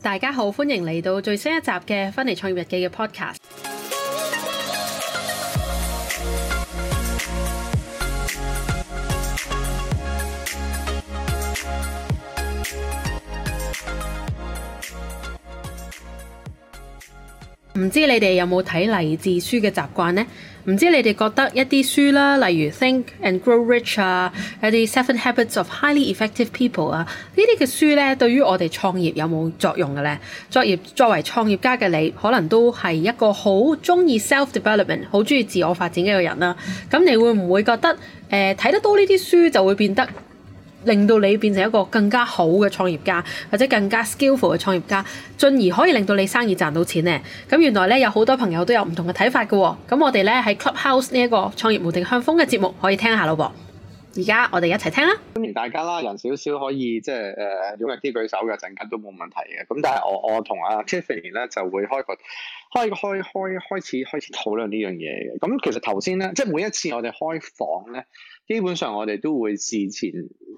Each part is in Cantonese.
大家好，歡迎嚟到最新一集嘅《芬尼創業日記》嘅 Podcast。唔知你哋有冇睇勵志書嘅習慣呢？唔知你哋覺得一啲書啦，例如《Think and Grow Rich》啊，一啲《The Seven Habits of Highly Effective People》啊，呢啲嘅書呢，對於我哋創業有冇作用嘅呢？作業作為創業家嘅你，可能都係一個好中意 self development，好中意自我發展嘅一個人啦、啊。咁你會唔會覺得誒睇、呃、得多呢啲書就會變得，令到你變成一個更加好嘅創業家，或者更加 skillful 嘅創業家，進而可以令到你生意賺到錢呢？咁原來呢，有好多朋友都有唔同嘅睇法嘅、哦。咁我哋呢，喺 Clubhouse 呢一個創業無定向瘋嘅節目可以聽下咯噃。而家我哋一齊聽啦。歡迎大家啦，人少少可以即係誒踴躍啲舉手嘅，陣間都冇問題嘅。咁但係我我同阿 Jeffrey 呢就會開個開開開開始開始討論呢樣嘢嘅。咁其實頭先呢，即係每一次我哋開房呢。基本上我哋都會事前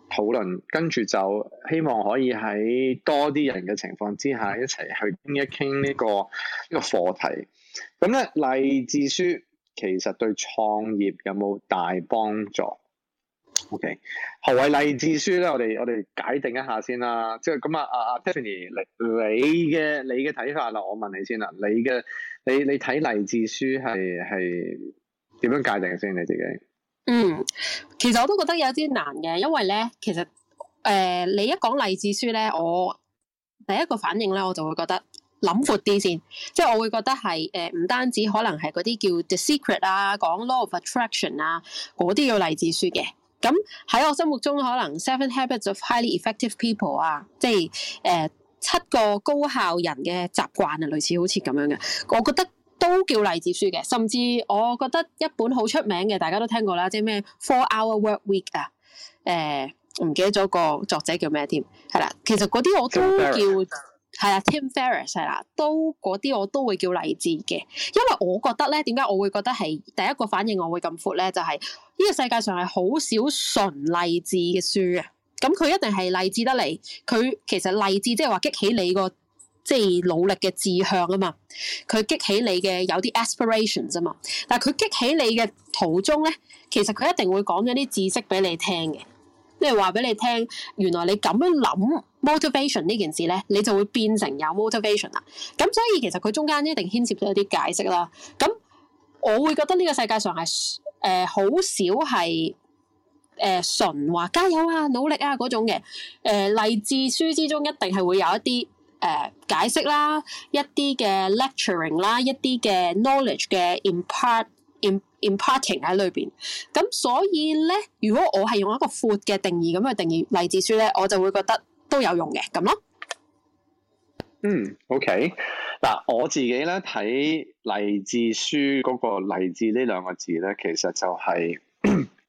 討論，跟住就希望可以喺多啲人嘅情況之下一齊去傾一傾呢個呢個課題。咁咧，勵志書其實對創業有冇大幫助？OK，何謂勵志書咧？我哋我哋解定一下先啦。即係咁啊，阿阿 Tiffany，你你嘅你嘅睇法啦，我問你先啦。你嘅你你睇勵志書係係點樣界定先你自己？嗯，其實我都覺得有啲難嘅，因為咧，其實誒、呃，你一講勵志書咧，我第一個反應咧，我就會覺得諗闊啲先，即係我會覺得係誒，唔、呃、單止可能係嗰啲叫 The Secret 啊，講 Law of Attraction 啊，嗰啲叫勵志書嘅。咁喺我心目中，可能 Seven Habits of Highly Effective People 啊，即係誒、呃、七個高效人嘅習慣啊，類似好似咁樣嘅，我覺得。都叫勵志書嘅，甚至我覺得一本好出名嘅，大家都聽過啦，即係咩《Four Hour Work Week》啊，誒，唔記得咗個作者叫咩添？係啦，其實嗰啲我都叫係啊，Tim Ferriss 係啦，都嗰啲我都會叫勵志嘅，因為我覺得咧，點解我會覺得係第一個反應我會咁闊咧，就係呢個世界上係好少純勵志嘅書啊，咁佢一定係勵志得嚟，佢其實勵志即係話激起你個。即係努力嘅志向啊嘛，佢激起你嘅有啲 aspiration 啫嘛。但係佢激起你嘅途中咧，其實佢一定會講咗啲知識俾你聽嘅，即係話俾你聽，原來你咁樣諗 motivation 呢件事咧，你就會變成有 motivation 啦。咁、嗯、所以其實佢中間一定牽涉到一啲解釋啦。咁、嗯、我會覺得呢個世界上係誒好少係誒純話加油啊，努力啊嗰種嘅誒勵志書之中一定係會有一啲。誒、uh, 解釋啦，一啲嘅 lecturing 啦，一啲嘅 knowledge 嘅 impart imparting imp 喺裏邊。咁所以咧，如果我係用一個闊嘅定義咁去定義，勵志書咧，我就會覺得都有用嘅咁咯。嗯，OK 嗱，我自己咧睇勵志書嗰個勵志呢兩個字咧，其實就係、是。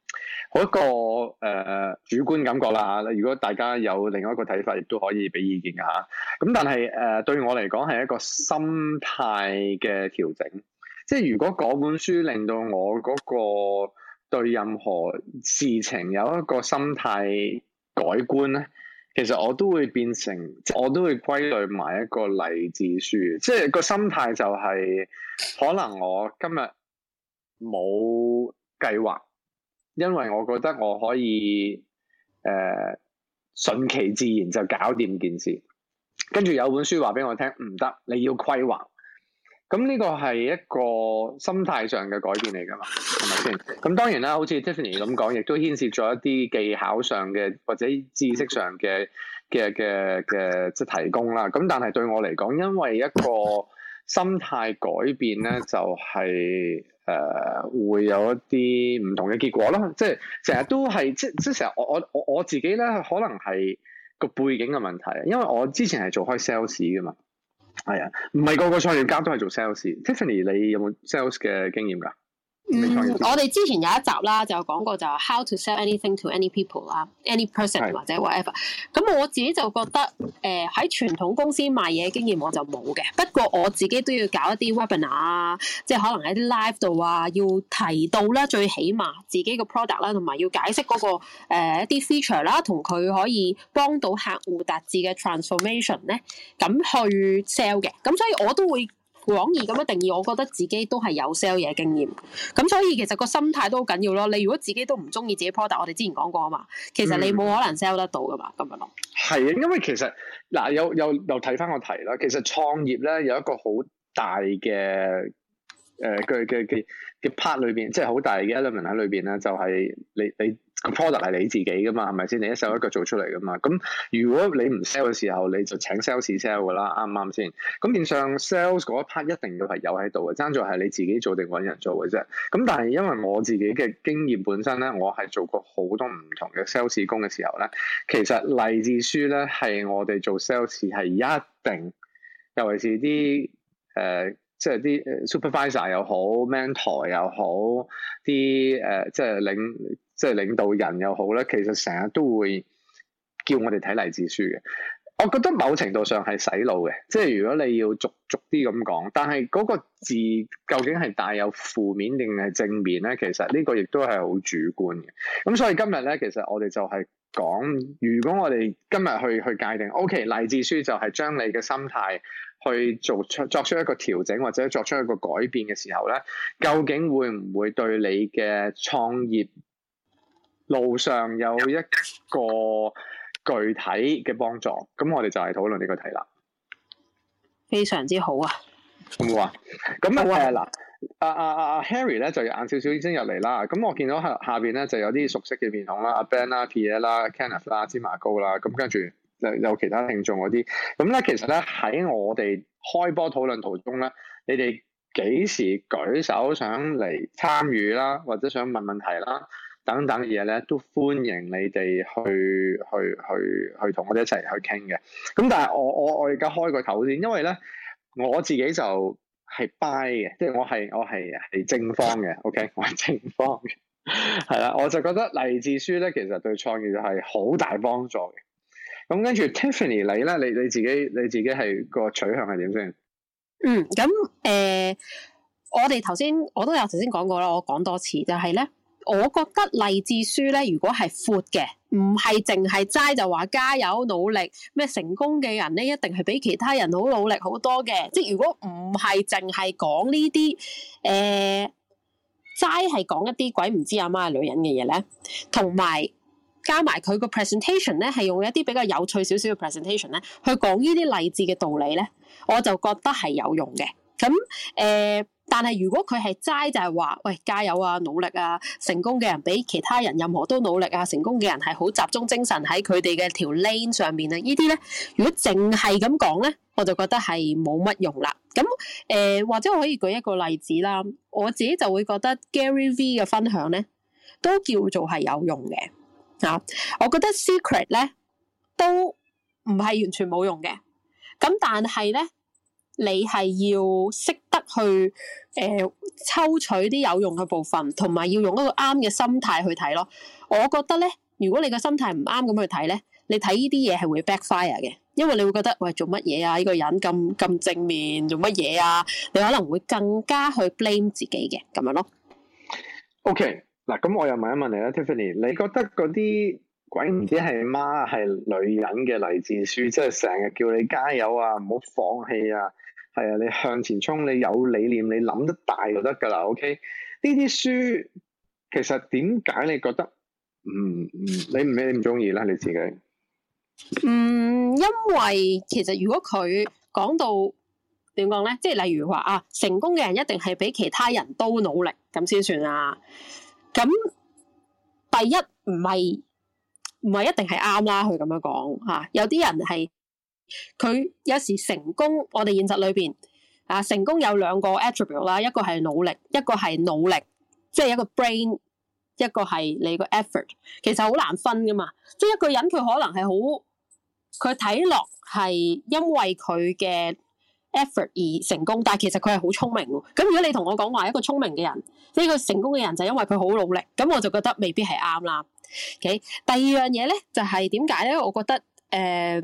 好一個誒、呃，主觀感覺啦吓。如果大家有另外一個睇法，亦都可以俾意見噶吓。咁、嗯、但係誒、呃，對我嚟講係一個心態嘅調整。即係如果嗰本書令到我嗰個對任何事情有一個心態改觀咧，其實我都會變成，我都會歸類埋一個勵志書。即係個心態就係、是、可能我今日冇計劃。因為我覺得我可以誒順其自然就搞掂件事，跟住有本書話俾我聽，唔得，你要規劃。咁呢個係一個心態上嘅改變嚟噶嘛，係咪先？咁當然啦，好似 Tiffany 咁講，亦都牽涉咗一啲技巧上嘅，或者知識上嘅嘅嘅嘅即係提供啦。咁但係對我嚟講，因為一個心態改變咧，就係。誒、呃，會有一啲唔同嘅結果咯，即係成日都係即即成日我我我我自己咧可能係個背景嘅問題，因為我之前係做開 sales 㗎嘛，係啊，唔係個個創業家都係做 sales。 Tiffany，你有冇 sales 嘅經驗㗎？嗯，我哋之前有一集啦，就講過就 how to sell anything to any people 啦，any person 是的 或者 whatever。咁我自己就覺得，誒喺傳統公司賣嘢經驗我就冇嘅。不過我自己都要搞一啲 webinar 啊，即係可能喺啲 live 度啊，要提到啦，最起碼自己個 product 啦、啊，同埋要解釋嗰、那個、呃、一啲 feature 啦、啊，同佢可以幫到客戶達致嘅 transformation 咧、啊，咁去 sell 嘅。咁所以我都會。往而咁樣定義，我覺得自己都係有 sell 嘢經驗，咁所以其實個心態都好緊要咯。你如果自己都唔中意自己 product，我哋之前講過啊嘛，其實你冇可能 sell 得到噶嘛，今日咯。係啊，因為其實嗱、啊，又又又睇翻個題啦。其實創業咧有一個好大嘅誒嘅嘅嘅嘅 part 裏邊，即係好大嘅 element 喺裏邊咧，就係、是、你、就是、你。你 product 係你自己噶嘛，係咪先？你一手一腳做出嚟噶嘛。咁如果你唔 sell 嘅時候，你就請 sales sell 噶啦，啱唔啱先？咁面上 sales 嗰一 part 一定要係有喺度嘅，爭在係你自己做定揾人做嘅啫。咁但係因為我自己嘅經驗本身咧，我係做過好多唔同嘅 sales 工嘅時候咧，其實勵志書咧係我哋做 sales 係一定，尤其是啲誒即係、呃、啲、就是、supervisor 又好，mentor 又好，啲誒即係領。即係領導人又好咧，其實成日都會叫我哋睇勵志書嘅。我覺得某程度上係洗腦嘅，即係如果你要逐逐啲咁講，但係嗰個字究竟係帶有負面定係正面咧？其實呢個亦都係好主觀嘅。咁所以今日咧，其實我哋就係講，如果我哋今日去去界定，O.K. 勵志書就係將你嘅心態去做出作出一個調整，或者作出一個改變嘅時候咧，究竟會唔會對你嘅創業路上有一個具體嘅幫助，咁我哋就係討論呢個題啦。非常之好啊！好啊！咁啊嗱，阿阿阿 Harry 咧就晏少少先入嚟啦。咁我見到下下邊咧就有啲熟悉嘅面孔啦，阿、啊、Ben 啦、啊、Peter 啦、Kenneth 啦、啊、芝麻糕啦。咁跟住有有其他聽眾嗰啲。咁咧其實咧喺我哋開波討論途中咧，你哋幾時舉手想嚟參與啦，或者想問問題啦，等等嘢咧，都歡迎你哋去去去去同我哋一齊去傾嘅。咁但係我我我而家開個頭先，因為咧我自己就係 buy 嘅，即係我係我係係正方嘅。OK，我係正方嘅係啦。我就覺得勵志書咧，其實對創業係好大幫助嘅。咁跟住 Tiffany，你咧你你自己你自己係、嗰個取向係點先？嗯，咁誒、呃，我哋頭先我都有頭先講過啦，我講多次就係、是、咧。我覺得勵志書咧，如果係闊嘅，唔係淨係齋就話加油努力，咩成功嘅人咧，一定係比其他人好努力好多嘅。即係如果唔係淨係講呢啲，誒齋係講一啲鬼唔知阿媽係女人嘅嘢咧，同埋加埋佢個 presentation 咧，係用一啲比較有趣少少嘅 presentation 咧，去講呢啲勵志嘅道理咧，我就覺得係有用嘅。咁誒。呃但係如果佢係齋就係話，喂，加油啊，努力啊，成功嘅人比其他人任何都努力啊，成功嘅人係好集中精神喺佢哋嘅條 lane 上面啊，呢啲咧，如果淨係咁講咧，我就覺得係冇乜用啦。咁誒、呃，或者我可以舉一個例子啦，我自己就會覺得 Gary V 嘅分享咧，都叫做係有用嘅。啊，我覺得 Secret 咧都唔係完全冇用嘅。咁但係咧。你係要識得去誒、呃、抽取啲有用嘅部分，同埋要用一個啱嘅心態去睇咯。我覺得咧，如果你個心態唔啱咁去睇咧，你睇呢啲嘢係會 backfire 嘅，因為你會覺得喂做乜嘢啊？呢、呢個人咁咁正面做乜嘢啊？你可能會更加去 blame 自己嘅咁樣咯。OK 嗱，咁我又問一問你啦，Tiffany，你覺得嗰啲鬼唔知係媽係女人嘅勵志書，即係成日叫你加油啊，唔好放棄啊？係啊，你向前衝，你有理念，你諗得大就得噶啦。OK，呢啲書其實點解你覺得唔、嗯嗯、你唔咩唔中意啦？你自己？嗯，因為其實如果佢講到點講咧，即係例如話啊，成功嘅人一定係比其他人都努力咁先算啊。咁第一唔係唔係一定係啱啦，佢咁樣講吓，有啲人係。佢有時成功，我哋現實裏邊啊，成功有兩個 attribute 啦，一個係努力，一個係腦力，即係一個 brain，一個係你個 effort，其實好難分噶嘛。即係一個人佢可能係好，佢睇落係因為佢嘅 effort 而成功，但係其實佢係好聰明。咁如果你同我講話一個聰明嘅人，呢個成功嘅人就因為佢好努力，咁我就覺得未必係啱啦。OK，第二樣嘢咧就係點解咧？我覺得誒。呃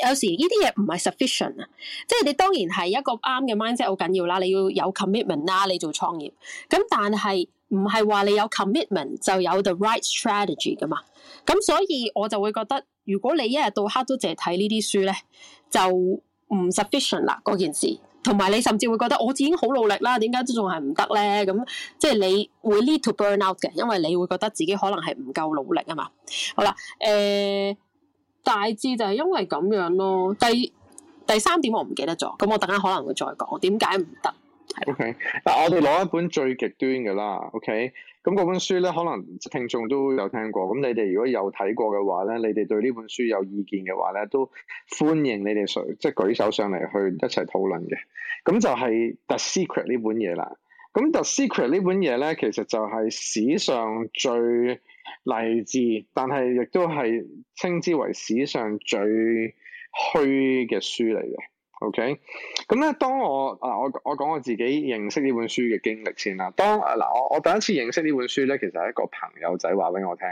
有時呢啲嘢唔係 sufficient 啊，即係你當然係一個啱嘅 mindset 好緊要啦，你要有 commitment 啦，你做創業。咁但係唔係話你有 commitment 就有 the right strategy 噶嘛？咁所以我就會覺得，如果你一日到黑都淨係睇呢啲書咧，就唔 sufficient 啦嗰件事。同埋你甚至會覺得我自己已經好努力啦，點解都仲係唔得咧？咁即係你會 lead to burnout 嘅，因為你會覺得自己可能係唔夠努力啊嘛。好啦，誒、呃。大致就係因為咁樣咯，第第三點我唔記得咗，咁我等下可能會再講點解唔得。O K，嗱我哋攞一本最極端嘅啦，O K，咁嗰本書咧可能聽眾都有聽過，咁你哋如果有睇過嘅話咧，你哋對呢本書有意見嘅話咧，都歡迎你哋上即係舉手上嚟，去一齊討論嘅。咁就係 The Secret 呢本嘢啦，咁 The Secret 呢本嘢咧，其實就係史上最勵志，但係亦都係稱之為史上最虛嘅書嚟嘅。OK，咁、嗯、咧，當我嗱、啊、我我講我自己認識呢本書嘅經歷先啦。當嗱我、啊啊、我第一次認識呢本書咧，其實係一個朋友仔話俾我聽。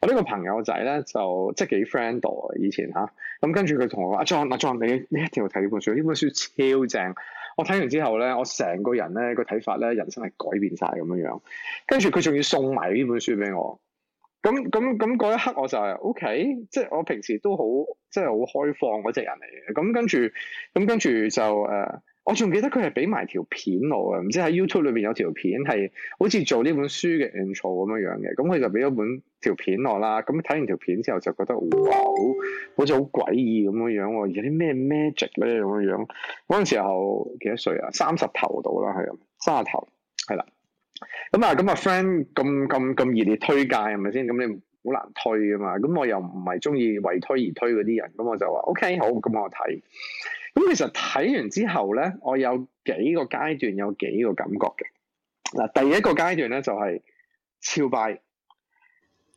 我呢個朋友仔咧就即係幾 friend 㗎以前吓咁、啊、跟住佢同我話阿壯，阿壯你你一定要睇呢本書，呢本書超正。我睇完之後咧，我成個人咧個睇法咧，人生係改變晒咁樣樣。跟住佢仲要送埋呢本書俾我。咁咁咁嗰一刻我就係 OK，即係我平時都好即係好開放嗰隻人嚟嘅。咁跟住咁跟住就誒，uh, 我仲記得佢係俾埋條片我啊。唔知喺 YouTube 裏邊有條片係好似做呢本書嘅 intro 咁樣樣嘅。咁佢就俾咗本條片我啦。咁睇完條片之後就覺得哇，好好似好詭異咁樣樣，而家啲咩 magic 咧咁樣樣。嗰陣時候幾多歲啊？三十頭到啦，係啊，三十頭係啦。咁啊，咁啊，friend 咁咁咁熱烈推介係咪先？咁你好難推㗎嘛。咁我又唔係鍾意為推而推嗰啲人，咁我就話 OK 好，咁我睇。咁、啊、其實睇完之後咧，我有幾個階段，有幾個感覺嘅。嗱、啊，第一個階段咧就係、是、超拜，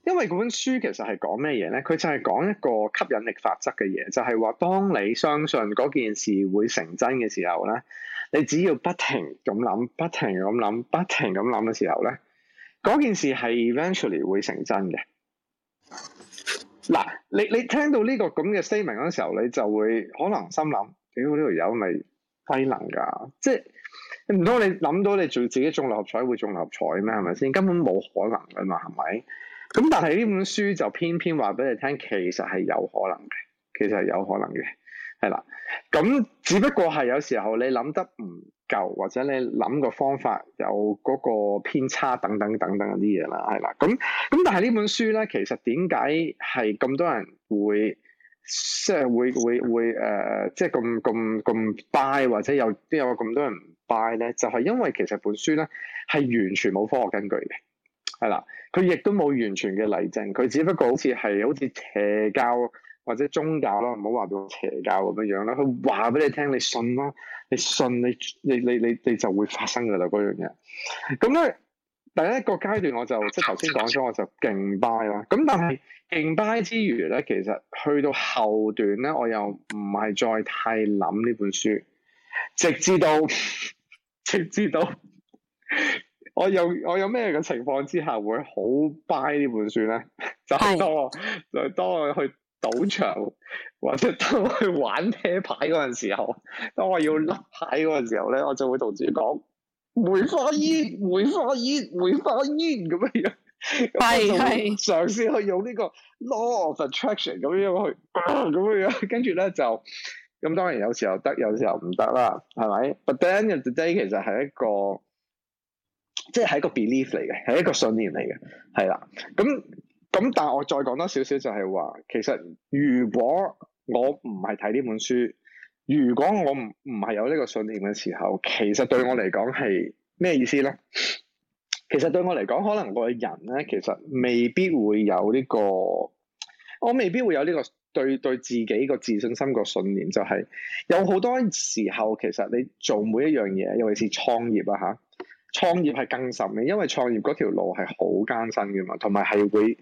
因為本書其實係講咩嘢咧？佢就係講一個吸引力法則嘅嘢，就係、是、話當你相信嗰件事會成真嘅時候咧。你只要不停咁諗，不停咁諗，不停咁諗嘅時候咧，嗰件事係 eventually 會成真嘅。嗱，你你聽到呢個咁嘅 statement 嗰時候，你就會可能心諗：屌呢條友係咪低能噶？即係唔通你諗到你做自己中六合彩會中六合彩咩？係咪先？根本冇可能噶嘛？係咪？咁但係呢本書就偏偏話俾你聽，其實係有可能嘅，其實係有可能嘅。係啦，咁只不過係有時候你諗得唔夠，或者你諗個方法有嗰個偏差等等等等啲嘢啦，係啦，咁咁但係呢本書咧，其實點解係咁多人會即係會會會誒即係咁咁咁 buy，或者又都有咁多人唔 buy 咧？就係因為其實本書咧係完全冇科學根據嘅，係啦，佢亦都冇完全嘅例證，佢只不過好似係好似邪教。或者宗教咯，唔好話到邪教咁樣樣啦。佢話俾你聽，你信啦，你信你你你你你就會發生噶啦嗰樣嘢。咁咧，第一個階段我就即係頭先講咗，我就勁 buy 啦。咁但係勁 buy 之餘咧，其實去到後段咧，我又唔係再太諗呢本書，直至到直至到 我，我有我有咩嘅情況之下會好 buy 呢本書咧，就當我就 當我去，賭場或者當我去玩啤牌嗰陣時候，當我要甩牌嗰陣時候咧，我就會同自己講：梅花煙，梅花煙，梅花煙咁樣樣，咁是是 我就嘗試去用呢個 law of attraction 咁樣去咁樣，跟住咧就咁。當然有時候得，有時候唔得啦，係咪？But at the end of the day, 其實係一個即係係一個 belief 嚟嘅，係、就是、一個信念嚟嘅，係啦，咁。咁但係我再講多少少就係話，其實如果我唔係睇呢本書，如果我唔唔係有呢個信念嘅時候，其實對我嚟講係咩意思咧？其實對我嚟講，可能我嘅人咧，其實未必會有呢個，我未必會有呢個對對自己個自信心個信念，就是，就係有好多時候，其實你做每一樣嘢，尤其是創業啊吓，創業係更甚嘅，因為創業嗰條路係好艱辛嘅嘛，同埋係會。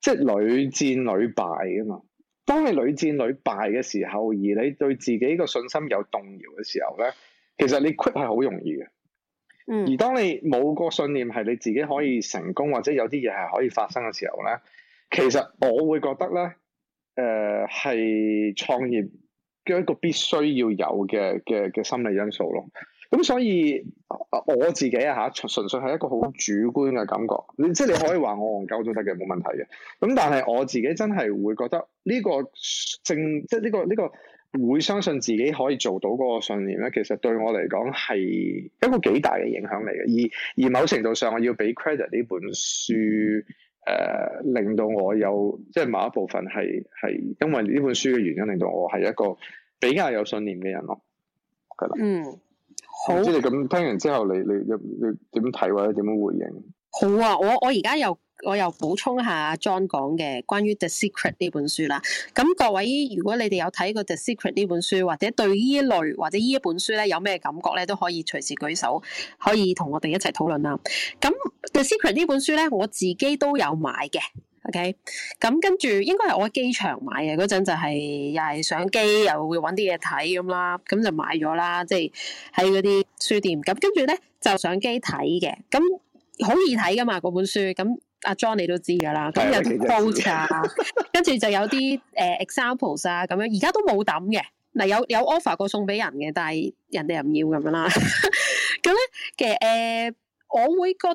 即係屢戰屢敗㗎嘛！當你屢戰屢敗嘅時候，而你對自己個信心有動搖嘅時候咧，其實你 quit 係好容易嘅。嗯。而當你冇個信念係你自己可以成功，或者有啲嘢係可以發生嘅時候咧，其實我會覺得咧，誒係創業嘅一個必須要有嘅嘅嘅心理因素咯。咁所以我自己啊吓，純粹係一個好主觀嘅感覺，你即係你可以話我戇鳩都得嘅，冇問題嘅。咁但係我自己真係會覺得呢、呢個正，即係、呢、呢個呢、呢個會相信自己可以做到嗰個信念咧，其實對我嚟講係一個幾大嘅影響嚟嘅。而而某程度上，我要俾 credit 呢本書，誒、呃、令到我有即係某一部分係係因為呢本書嘅原因，令到我係一個比較有信念嘅人咯。嗯。即係你咁聽完之後，你你你點睇或者點樣回應？好啊，我我而家又我又補充下 John 講嘅關於 The Secret 呢本書啦。咁各位，如果你哋有睇過 The Secret 呢本書，或者對呢一類或者呢一本書咧有咩感覺咧，都可以隨時舉手，可以同我哋一齊討論啦。咁 The Secret 呢本書咧，我自己都有買嘅。OK，咁跟住應該係我喺機場買嘅嗰陣，就係又係上機又會揾啲嘢睇咁啦，咁就買咗啦，即係喺嗰啲書店。咁跟住咧就上機睇嘅，咁好易睇噶嘛嗰本書。咁、啊、阿 John 你都知噶啦，咁有啲 b u c 跟住就有啲誒、呃、examples 啊咁樣。而家都冇抌嘅，嗱有有 offer 過送俾人嘅，但係人哋又唔要咁樣啦。咁咧 其實、呃、我會覺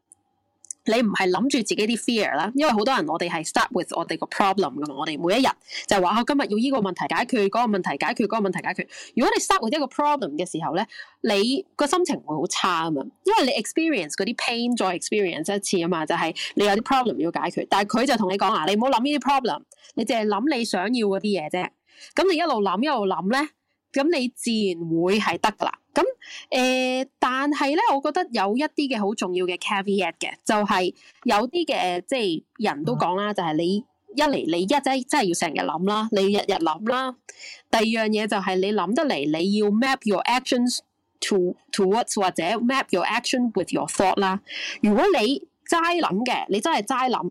你唔係諗住自己啲 fear 啦，因為好多人我哋係 start with 我哋個 problem 噶嘛，我哋每一日就話我今日要依個問題解決，嗰個問題解決，嗰個問題解決。如果你 start with 一個 problem 嘅時候咧，你個心情會好差啊嘛，因為你 experience 嗰啲 pain 再 experience 一次啊嘛，就係你有啲 problem 要解決。但係佢就同你講啊，你唔好諗呢啲 problem，你淨係諗你想要嗰啲嘢啫。咁你一路諗一路諗咧。咁你自然會係得噶啦。咁誒、呃，但係咧，我覺得有一啲嘅好重要嘅 caveat 嘅，就係、是、有啲嘅即係人都講啦，就係、是、你一嚟你一真真係要成日諗啦，你日日諗啦。第二樣嘢就係、是、你諗得嚟，你要 map your actions to towards 或者 map your action with your thought 啦。如果你齋諗嘅，你真係齋諗，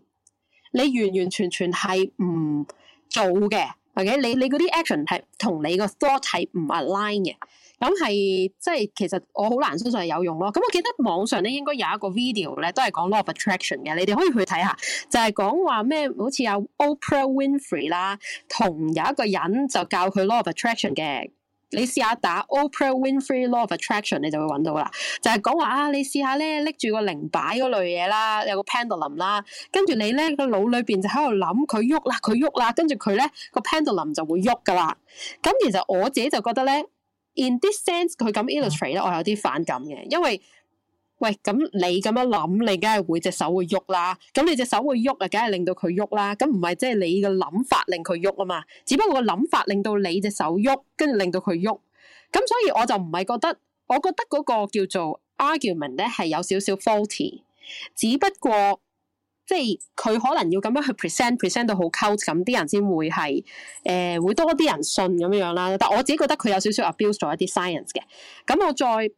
你完完全全係唔做嘅。係嘅、okay？你你嗰啲 action 係同你個 thought 係唔 align 嘅，咁係即係其實我好難相信係有用咯。咁我記得網上咧應該有一個 video 咧都係講 law of attraction 嘅，你哋可以去睇下，就係、係、講話咩好似有 Oprah Winfrey 啦，同有一個人就教佢 law of attraction 嘅。你試下打 Oprah Winfrey Law of Attraction，你就會揾到啦。就係講話啊，你試下咧，拎住個靈擺嗰類嘢啦，有個 pendulum 啦，跟住你咧個腦裏邊就喺度諗，佢喐啦，佢喐啦，跟住佢咧個 pendulum 就會喐噶啦。咁其實我自己就覺得咧，in this sense 佢咁 illustrate 咧，我有啲反感嘅，因為。喂，咁你咁樣諗，你梗係會隻手會喐啦。咁你隻手會喐啊，梗係令到佢喐啦。咁唔係即係你嘅諗法令佢喐啊嘛。只不過個諗法令到你隻手喐，跟住令到佢喐。咁所以我就唔係覺得，我覺得嗰個叫做 argument 咧係有少少 faulty。只不過即係佢可能要咁樣去 present，present 到好 cut 咁，啲人先會係誒、呃、會多啲人信咁樣樣啦。但我自己覺得佢有少少 abuse 咗一啲 science 嘅。咁我再。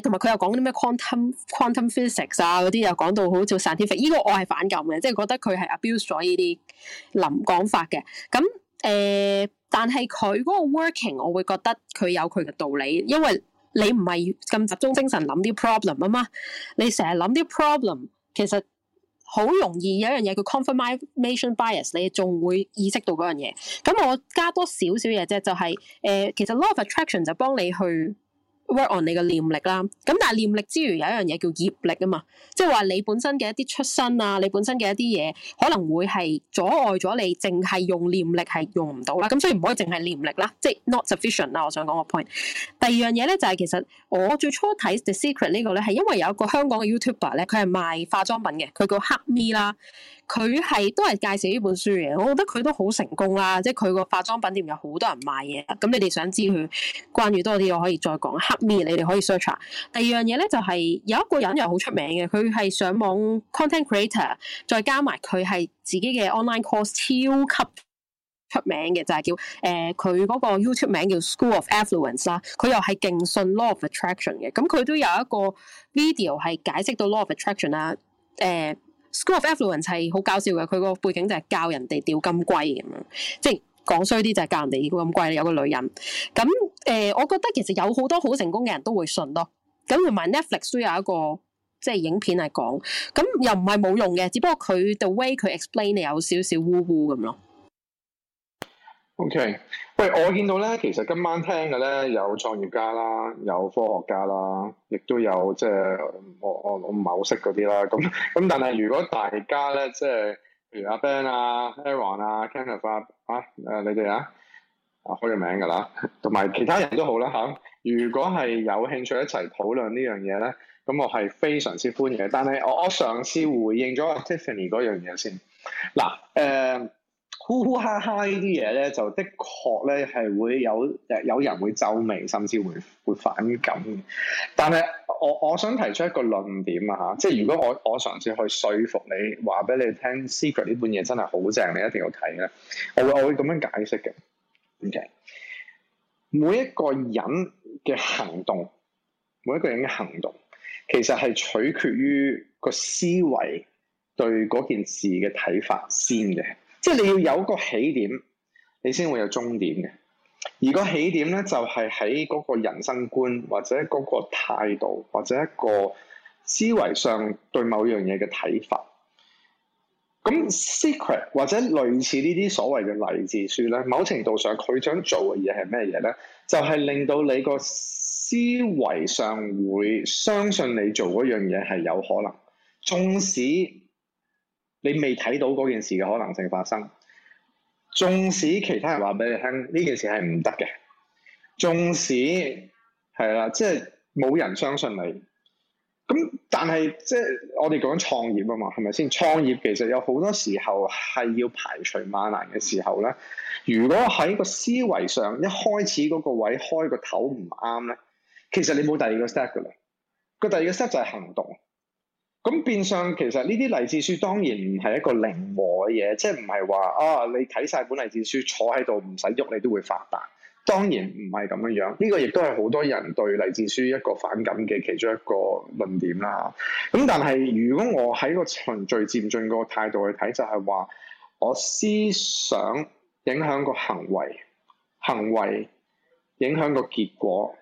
同埋佢又講啲咩 quantum quantum physics 啊，嗰啲又講到好似 scientific。呢個我係反感嘅，即係覺得佢係 abuse 咗呢啲諗講法嘅。咁誒、呃，但係佢嗰個 working，我會覺得佢有佢嘅道理，因為你唔係咁集中精神諗啲 problem 啊嘛，你成日諗啲 problem，其實好容易有一樣嘢叫 confirmation bias，你仲會意識到嗰樣嘢。咁我加多少少嘢啫，就係、是、誒、呃，其實 law of attraction 就幫你去，work on 你嘅念力啦，咁但係念力之餘有一樣嘢叫業力啊嘛，即係話你本身嘅一啲出身啊，你本身嘅一啲嘢可能會係阻礙咗你，淨係用念力係用唔到啦。咁所以唔可以淨係念力啦，即係 not sufficient 啦。我想講個 point。第二樣嘢咧就係其實我最初睇 The Secret 呢個咧，係因為有一個香港嘅 YouTuber 咧，佢係賣化妝品嘅，佢叫黑咪啦。佢係都係介紹呢本書嘅，我覺得佢都好成功啦，即係佢個化妝品店有好多人買嘢。咁你哋想知佢關於多啲，我可以再講。黑咪，你哋可以 search 下。第二樣嘢咧，就係有一個人又好出名嘅，佢係上網 content creator，再加埋佢係自己嘅 online course 超級出名嘅，就係叫誒佢嗰個 YouTube 名叫 School of Affluence 啦。佢又係勁信 law of attraction 嘅，咁佢都有一個 video 係解釋到 law of attraction 啦，誒、呃。School of Affluence 係好搞笑嘅，佢個背景就係教人哋吊金龜咁樣，即係講衰啲就係教人哋吊金龜，有個女人。咁誒、呃，我覺得其實有好多好成功嘅人都會信咯。咁同埋 Netflix 都有一個即係影片嚟講，咁又唔係冇用嘅，只不過佢 the way 佢 explain 你有少少污污咁咯。OK，喂，我見到咧，其實今晚聽嘅咧有創業家啦，有科學家啦，亦都有即係我我我唔係好識嗰啲啦。咁咁，但係如果大家咧，即係譬如阿 Ben 啊、Aaron 啊、Kenneth 啊，誒、啊，你哋啊，開個名噶啦，同埋其他人都好啦吓、啊。如果係有興趣一齊討論呢樣嘢咧，咁我係非常之歡迎。但係我我上次回應咗阿 Tiffany 嗰樣嘢先。嗱，誒、呃。呼呼哈哈呢啲嘢咧，就的確咧係會有誒有人會皺眉，甚至會會反感。但係我我想提出一個論點啊，嚇，即係如果我我嘗試去說服你話俾你聽，《Secret》呢本嘢真係好正，你一定要睇咧。我會我會咁樣解釋嘅。O.K. 每一個人嘅行動，每一個人嘅行動其實係取決於個思維對嗰件事嘅睇法先嘅。即係你要有一個起點，你先會有終點嘅。而個起點咧，就係喺嗰個人生觀或者嗰個態度或者一個思維上對某樣嘢嘅睇法。咁 secret 或者類似呢啲所謂嘅勵志書咧，某程度上佢想做嘅嘢係咩嘢咧？就係令到你個思維上會相信你做嗰樣嘢係有可能，縱使。你未睇到嗰件事嘅可能性發生，縱使其他人話俾你聽呢件事係唔得嘅，縱使係啦，即係冇人相信你。咁但係即係我哋講創業啊嘛，係咪先？創業其實有好多時候係要排除萬難嘅時候咧。如果喺個思維上一開始嗰個位開個頭唔啱咧，其實你冇第二個 step 㗎喇。個第二個 step 就係行動。咁變相其實呢啲勵志書當然唔係一個靈活嘅嘢，即係唔係話啊你睇晒本勵志書坐喺度唔使喐你都會發達，當然唔係咁樣樣。呢個亦都係好多人對勵志書一個反感嘅其中一個論點啦。咁但係如果我喺個循序漸進個態度去睇，就係話我思想影響個行為，行為影響個結果。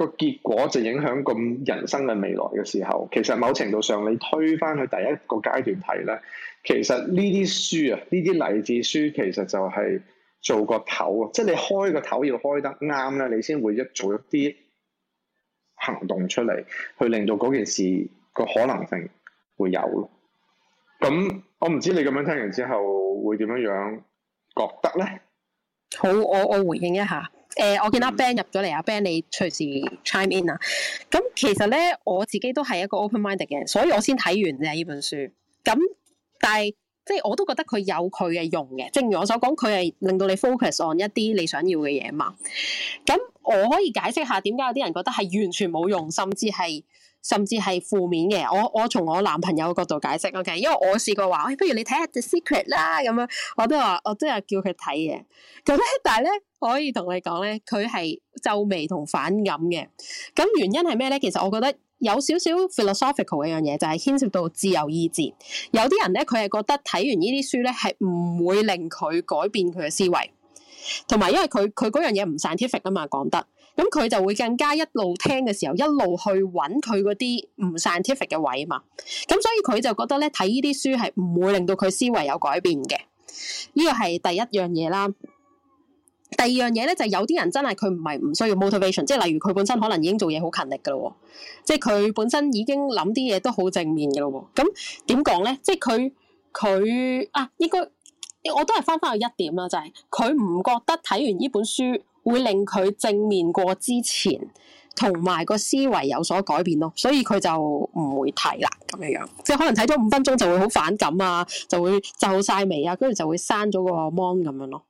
個結果就影響咁人生嘅未來嘅時候，其實某程度上你推返去第一個階段睇咧，其實呢啲書啊，呢啲勵志書其實就係做個頭啊，即係你開個頭要開得啱咧，你先會一做一啲行動出嚟，去令到嗰件事個可能性會有咯。咁、嗯、我唔知你咁樣聽完之後會點樣樣覺得咧？好，我我回應一下。誒、呃，我見阿 Ben 入咗嚟，阿、嗯、Ben 你隨時 chime in 啊。咁、嗯、其實咧，我自己都係一個 open mind 嘅，所以我先睇完啫呢本書。咁、嗯、但係，即係我都覺得佢有佢嘅用嘅。正如我所講，佢係令到你 focus on 一啲你想要嘅嘢嘛。咁、嗯、我可以解釋下點解有啲人覺得係完全冇用，甚至係。甚至係負面嘅，我我從我男朋友嘅角度解釋，我、okay? 其實因為我試過話、哎，不如你睇下 The Secret 啦，咁樣我都話，我都有叫佢睇嘅，咁咧，但係咧可以同你講咧，佢係皺眉同反感嘅。咁原因係咩咧？其實我覺得有少少 philosophical 一樣嘢，就係、是、牽涉到自由意志。有啲人咧，佢係覺得睇完呢啲書咧，係唔會令佢改變佢嘅思維，同埋因為佢佢嗰樣嘢唔 scientific 啊嘛，講得。咁佢就會更加一路聽嘅時候，一路去揾佢嗰啲唔 scientific 嘅位嘛。咁所以佢就覺得咧，睇呢啲書係唔會令到佢思維有改變嘅。呢個係第一樣嘢啦。第二樣嘢咧，就係有啲人真係佢唔係唔需要 motivation，即係例如佢本身可能已經做嘢好勤力㗎喇，即係佢本身已經諗啲嘢都好正面㗎喇。咁點講咧？即係佢佢啊，應該我都係返返去一點啦，就係佢唔覺得睇完呢本書，會令佢正面過之前，同埋個思維有所改變咯，所以佢就唔會提啦咁樣樣。即係可能睇咗五分鐘就會好反感啊，就會皺晒眉啊，跟住就會刪咗個 mon 咁樣咯。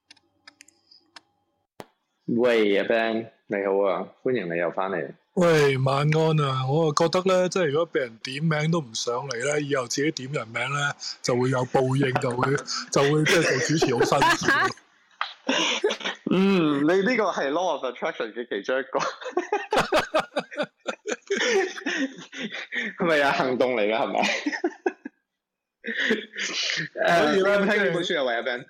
喂，阿 Ben，你好啊，歡迎你又翻嚟。喂，晚安啊！我啊覺得咧，即係如果俾人點名都唔上嚟咧，以後自己點人名咧就會有報應， 就會就會即係做主持好辛苦。 嗯，你呢個係 law of attraction 嘅其中一個，係咪啊？行動嚟噶係咪？所以睇呢本書係為咗咩？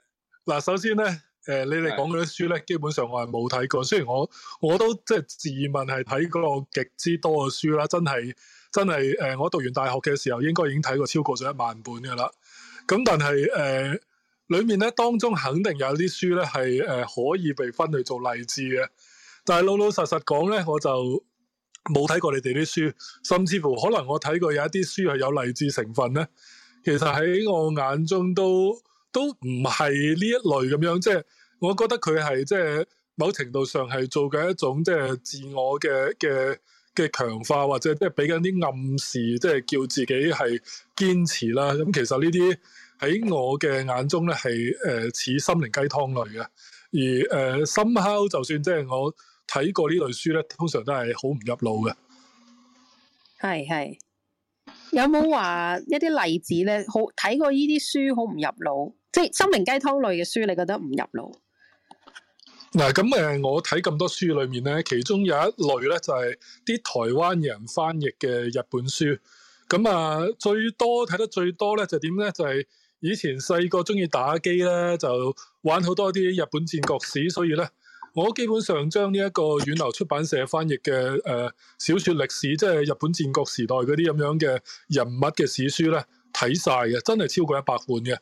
嗱，首先咧，誒，你哋講嗰啲書咧，基本上我係冇睇過。雖然我我都即係自問係睇過極之多嘅書啦，真係真係誒，我讀完大學嘅時候，應該已經睇過超過咗一萬本噶啦。咁但係誒。裏面咧當中肯定有啲書咧係誒可以被分去做勵志嘅，但係老老實實講咧，我就冇睇過你哋啲書，甚至乎可能我睇過有一啲書係有勵志成分咧，其實喺我眼中都都唔係呢一類咁樣，即係我覺得佢係即係某程度上係做緊一種即係自我嘅嘅嘅強化，或者即係俾緊啲暗示，即係叫自己係堅持啦。咁，嗯，其實呢啲。喺我嘅眼中咧，係誒似心靈雞湯類嘅，而誒 somehow 就算即係我睇過呢類書咧，通常都係好唔入腦嘅。係係，有冇話一啲例子咧？好睇過呢啲書好唔入腦，即係心靈雞湯類嘅書，你覺得唔入腦？嗱咁誒，我睇咁多書裏面咧，其中有一類咧就係啲台灣人翻譯嘅日本書，咁啊最多睇得最多咧就點咧就係。以前細個中意打機咧，就玩好多啲日本戰國史，所以咧，我基本上將呢一個遠流出版社翻譯嘅誒小說歷史，即係日本戰國時代嗰啲咁樣嘅人物嘅史書咧，睇晒嘅，真係超過一百本嘅。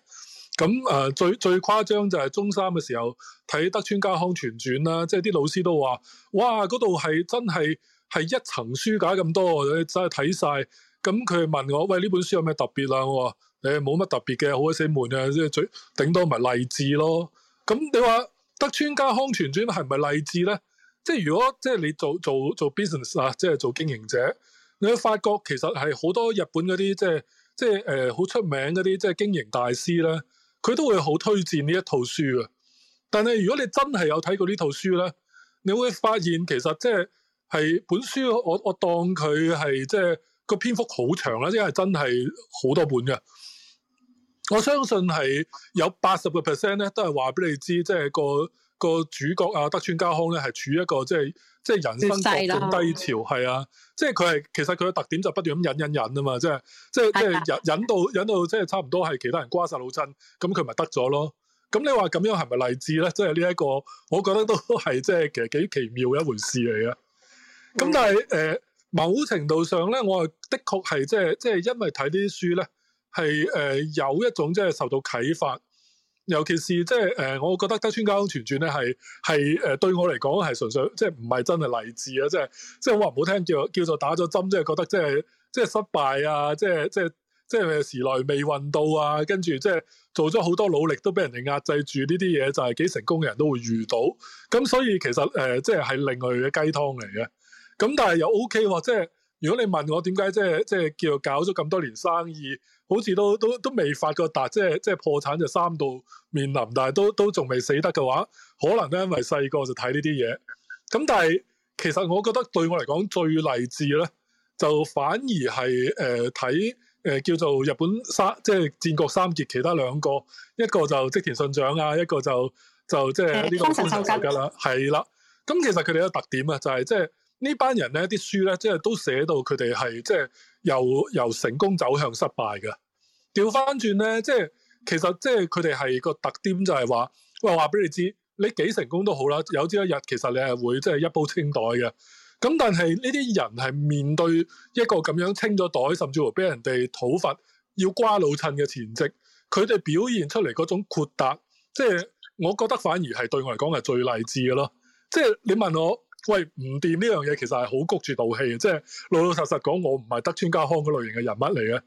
咁誒、呃、最最誇張就係中三嘅時候睇德川家康全傳啦，即係啲老師都話，哇嗰度係真係係一層書架咁多，你真係睇晒。咁佢問我，喂，呢本書有咩特別啊？誒，冇乜特別嘅，好鬼死悶啊！即係最頂多咪勵志咯。咁、嗯、你話德川家康傳傳係咪勵志咧？即係如果即係你做做做 business 啊，即係做經營者，你會發覺其實係好多日本嗰啲即係即係誒，好、呃、出名嗰啲即係經營大師咧，佢都會好推薦呢一套書嘅。但係如果你真係有睇過呢套書咧，你會發現其實即係係本書，我我當佢係即係、這個篇幅好長啦，即係真係好多本嘅。我相信係有八十個 percent 咧，都係話俾你知，即係個個主角啊，德川家康咧，係處於一個即係即係人生低潮，係啊，即係佢係其實佢嘅特點就不斷咁忍忍忍啊嘛，即係即係即係忍忍到的忍到，忍到即係差唔多係其他人瓜晒老襯，咁佢咪得咗咯？咁你話咁樣係咪勵志咧？即係呢一個，我覺得都係即係其實幾奇妙嘅一回事嚟嘅。咁但係誒、呃，某程度上咧，我係的確係即係即係因為睇啲書咧。係誒、呃，有一種即係受到啟發，尤其是即係誒，我覺得《德川家康全傳》咧係係誒，對我嚟講係純粹即係唔係真係勵志啊！即係即係好話唔好聽，叫、就是、叫做打咗針，即、就、係、是、覺得即係即係失敗啊！即係即係即係時來未運到啊！跟住即係做咗好多努力，都俾人哋壓制住呢啲嘢，就係、是、幾成功嘅人都會遇到。咁所以其實誒，即係係另外嘅雞湯嚟嘅。咁但係又 OK 喎、啊，即、就、係、是。如果你問我點解，即係即係叫搞咗咁多年生意，好似都都都未發過達，即係即係破產就三度面臨，但係都都仲未死得嘅話，可能咧因為細個就睇呢啲嘢。咁但係其實我覺得對我嚟講最勵志咧，就反而係誒睇誒叫做日本三即係戰國三傑，其他兩個一個就織田信長啊，一個就是、就即係呢個豐臣秀吉啦，係啦。咁其實佢哋有個特點啊，就是，就係即係。呢班人咧，啲書咧，即係都寫到佢哋係即係由由成功走向失敗嘅。調翻轉咧，即係其實即係佢哋係個特點就係話，喂、哎，話俾你知，你幾成功都好啦，有朝一日其實你係會即係一鋪清袋嘅。咁但係呢啲人係面對一個咁樣清咗袋，甚至乎俾人哋討伐，要瓜老襯嘅前夕，佢哋表現出嚟嗰種豁達，即係我覺得反而係對我嚟講係最勵志嘅咯。即係你問我。喂，唔掂呢樣嘢，其實係好谷住道氣啊！即係老老實實講，我唔係德川家康嗰類型嘅人物嚟嘅。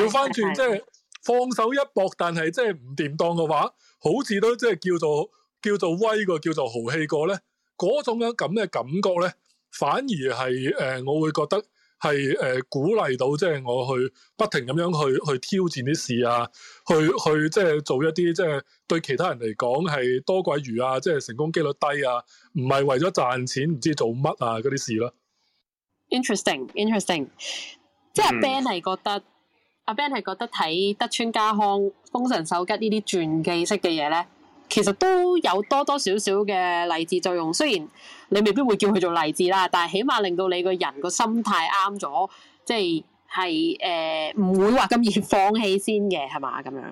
調翻轉，是是即係放手一搏，但係即係唔掂當嘅話，好似都即係叫做叫做威過，叫做豪氣過咧，嗰種咁咁嘅感覺咧，反而係誒、呃，我會覺得。係誒、呃、鼓勵到即係、就是、我去不停咁樣去去挑戰啲事啊，去去即係做一啲即係對其他人嚟講係多鬼餘啊，即、就、係、是、成功幾率低啊，唔係為咗賺錢唔知做乜啊嗰啲事咯、啊。Interesting，interesting，interesting.、mm. 即係 Ben 係覺得阿 Ben 係覺得睇德川家康、豐臣秀吉呢啲傳記式嘅嘢咧，其實都有多多少少嘅勵志作用，雖然你未必會叫佢做勵志啦，但係起碼令到你個人個心態啱咗，即係係誒唔會話咁易放棄先嘅，係嘛咁樣？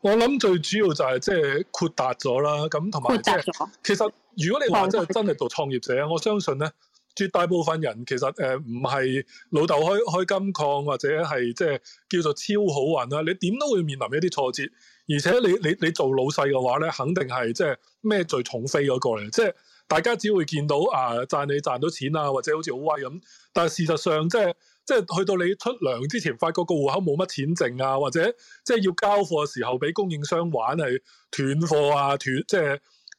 我諗最主要就係即係豁達咗啦，咁同埋即係其實如果你話真係真係做創業者，我相信咧。絕大部分人其實誒唔係老豆開開金礦或者係即係叫做超好運啦，你點都會面臨一啲挫折。而且你你你做老細嘅話咧，肯定係即係咩最重飛嗰個嚟。即係大家只會見到啊賺你賺到錢啊，或者好似好威咁。但係事實上即係即係去到你出糧之前，發覺個戶口冇乜錢剩啊，或者即係要交貨嘅時候俾供應商玩係斷貨啊、斷即係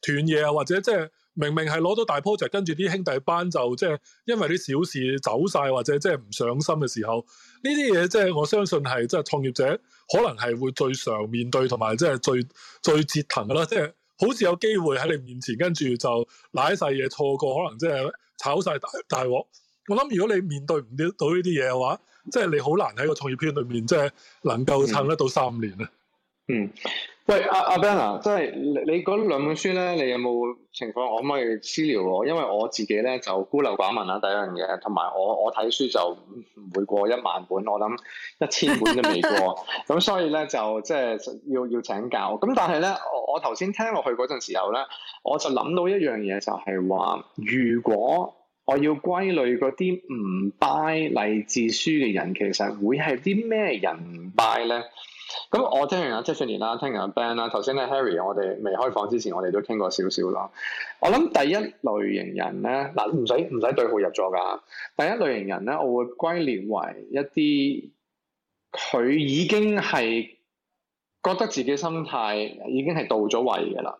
斷嘢啊，或者即係。明明係攞到大 project，跟住啲兄弟班就即係，即係因為啲小事走晒，或者即係唔上心嘅時候，呢啲嘢即係我相信係即係創業者可能係會最常面對同埋即係最最折騰噶啦，即係好似有機會喺你面前，跟住就瀨晒嘢錯過，可能即係炒晒大大鑊。我諗如果你面對唔到呢啲嘢嘅話，即係你好難喺個創業片裏面即係能夠撐得到三年啊。嗯。嗯。喂，阿阿 Ben 啊，即係你你嗰兩本書咧，你有冇情況？可唔可以私聊我？因為我自己咧就孤陋寡聞啦，第一樣嘢，同埋我我睇書就唔會過一萬本，我諗一千本都未過，咁 所以咧就即係要要請教。咁但係咧，我頭先聽落去嗰陣時候咧，我就諗到一樣嘢，就係話，如果我要歸類嗰啲唔 buy 勵志書嘅人，其實會係啲咩人唔 buy 咧？咁我聽完阿 Jasmine 啦，聽完阿 Ben 啦，頭先咧 Harry，我哋未開放之前，我哋都傾過少少咯。我諗第一類型人咧，嗱，唔使唔使對號入座噶。第一類型人咧，我會歸類為一啲佢已經係覺得自己心態已經係到咗位嘅啦，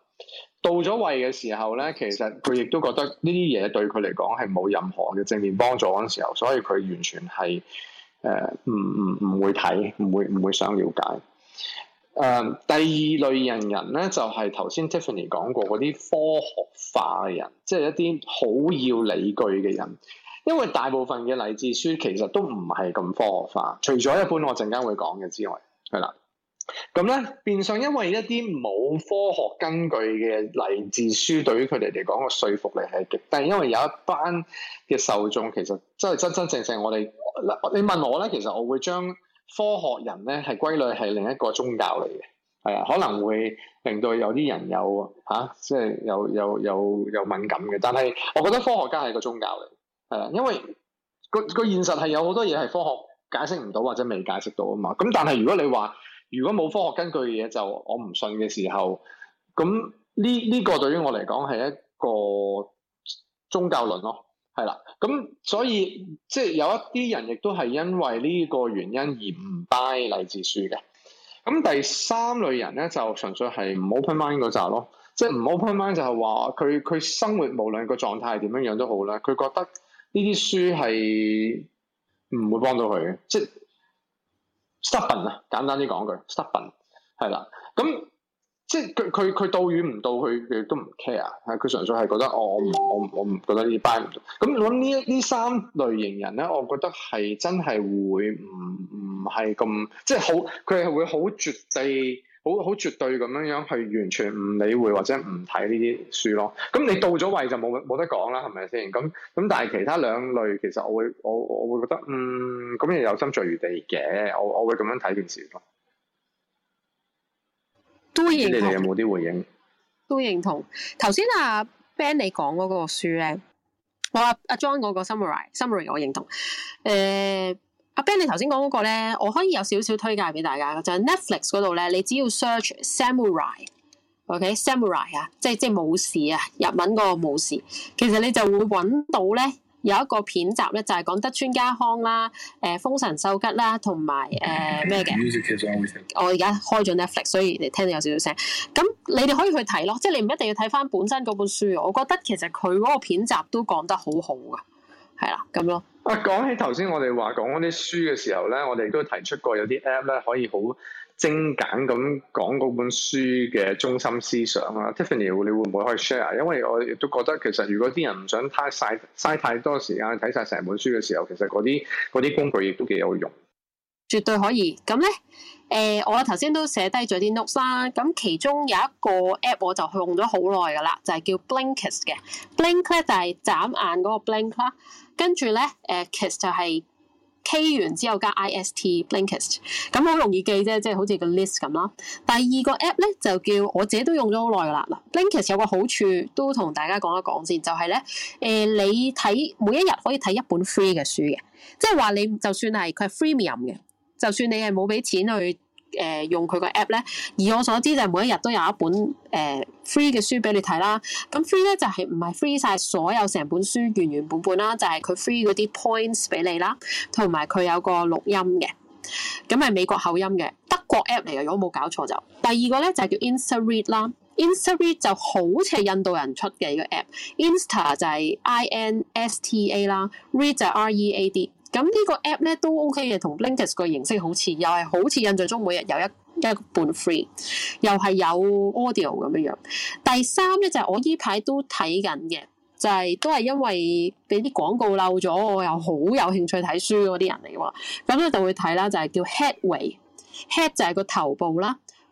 到咗位嘅時候咧，其實佢亦都覺得呢啲嘢對佢嚟講係冇任何嘅正面幫助嗰陣時候，所以佢完全係。誒唔唔唔會睇，唔會唔會想了解。誒、呃、第二類人人咧，就係頭先 Tiffany 講過嗰啲科學化嘅人，即、就、係、是、一啲好要理據嘅人。因為大部分嘅勵志書其實都唔係咁科學化，除咗一般我陣間會講嘅之外，係啦。咁咧，變相因為一啲冇科學根據嘅勵志書，對於佢哋嚟講個說服力係極低。因為有一班嘅受眾，其實真係真真正正我哋，你問我咧，其實我會將科學人咧係歸類係另一個宗教嚟嘅，係啊，可能會令到有啲人有吓、啊，即係有有有有敏感嘅。但係我覺得科學家係個宗教嚟，係啊，因為個個現實係有好多嘢係科學解釋唔到或者未解釋到啊嘛。咁但係如果你話，如果冇科學根據嘅嘢，就我唔信嘅時候，咁呢呢個對於我嚟講係一個宗教論咯，係啦。咁所以即係有一啲人亦都係因為呢個原因而唔 buy 勵志書嘅。咁第三類人咧就純粹係唔 open mind 嗰扎咯，即係唔 open mind 就係話佢佢生活無論個狀態係點樣樣都好咧，佢覺得呢啲書係唔會幫到佢嘅，即係。stubborn、嗯、care，啊，簡單啲講句 stubborn 係啦，咁即係佢佢佢到與唔到，佢亦都唔 care，係佢純粹係覺得、哦、我我我唔覺得呢班咁。如果呢一呢三類型人咧，我覺得係真係會唔唔係咁，即係好佢係會好絕地。好好絕對咁樣樣去完全唔理會或者唔睇呢啲書咯，咁你到咗位就冇冇得講啦，係咪先？咁咁但係其他兩類其實我會我我會覺得嗯，咁亦有心在餘地嘅，我我會咁樣睇件事咯。都認同。你哋有冇啲回應？都認同。頭先阿 Ben 你講嗰個書咧，我阿、啊、阿、啊、John 嗰個 summary summary 我認同。誒、呃。阿 Ben，你頭先講嗰個咧，我可以有少少推介俾大家，就係、是、Netflix 嗰度咧，你只要 search samurai，OK，samurai 啊，即係即係武士啊，日文嗰個武士，其實你就會揾到咧有一個片集咧，就係、是、講德川家康啦、誒豐臣秀吉啦，同埋誒咩嘅。呃、我而家開咗 Netflix，所以你聽到有少少聲。咁你哋可以去睇咯，即係你唔一定要睇返本身嗰本書，我覺得其實佢嗰個片集都講得好好、啊、㗎，係啦，咁咯。啊！講起頭先，我哋話講嗰啲書嘅時候咧，我哋都提出過有啲 app 咧，可以好精簡咁講嗰本書嘅中心思想啊。Tiffany，你會唔會可以 share？因為我亦都覺得其實如果啲人唔想太嘥嘥太多時間睇晒成本書嘅時候，其實嗰啲啲工具亦都幾有用。絕對可以咁咧。誒、呃，我頭先都寫低咗啲 note 啦。咁其中有一個 app 我就用咗好耐噶啦，就係叫 Blinkist 嘅。Blink 咧就係眨眼嗰個 blink 啦。跟住咧，誒，Kiss 就係 k 完之後加 i s t blinkist，咁好容易記啫，即係好似個 list 咁啦。第二個 app 咧就叫我自己都用咗好耐啦。嗱，blinkist 有個好處都同大家講一講先，就係、是、咧，誒、呃，你睇每一日可以睇一本 free 嘅書嘅，即係話你就算係佢係 freemium 嘅，就算你係冇俾錢去。誒、呃、用佢個 app 咧，而我所知就每一日都有一本誒、呃、free 嘅書俾你睇啦。咁 free 咧就係唔係 free 晒所有成本書原原本本啦，就係、是、佢 free 嗰啲 points 俾你啦，同埋佢有個錄音嘅，咁係美國口音嘅德國 app 嚟，嘅。如果冇搞錯就第二個咧就係叫 Insta Read 啦。Insta Read 就好似係印度人出嘅一、這個 app。Insta 就係 I N S T A 啦，Read 就係 R E A D。咁呢個 app 咧都 OK 嘅，同 Blinkist 個形式好似，又係好似印象中每日有一一個半 free，又係有 audio 咁樣樣。第三咧就係我依排都睇緊嘅，就係、是、都係、就是、因為俾啲廣告漏咗，我又好有興趣睇書嗰啲人嚟嘅話，咁咧就會睇啦，就係、是、叫 Headway，Head head 就係個頭部啦。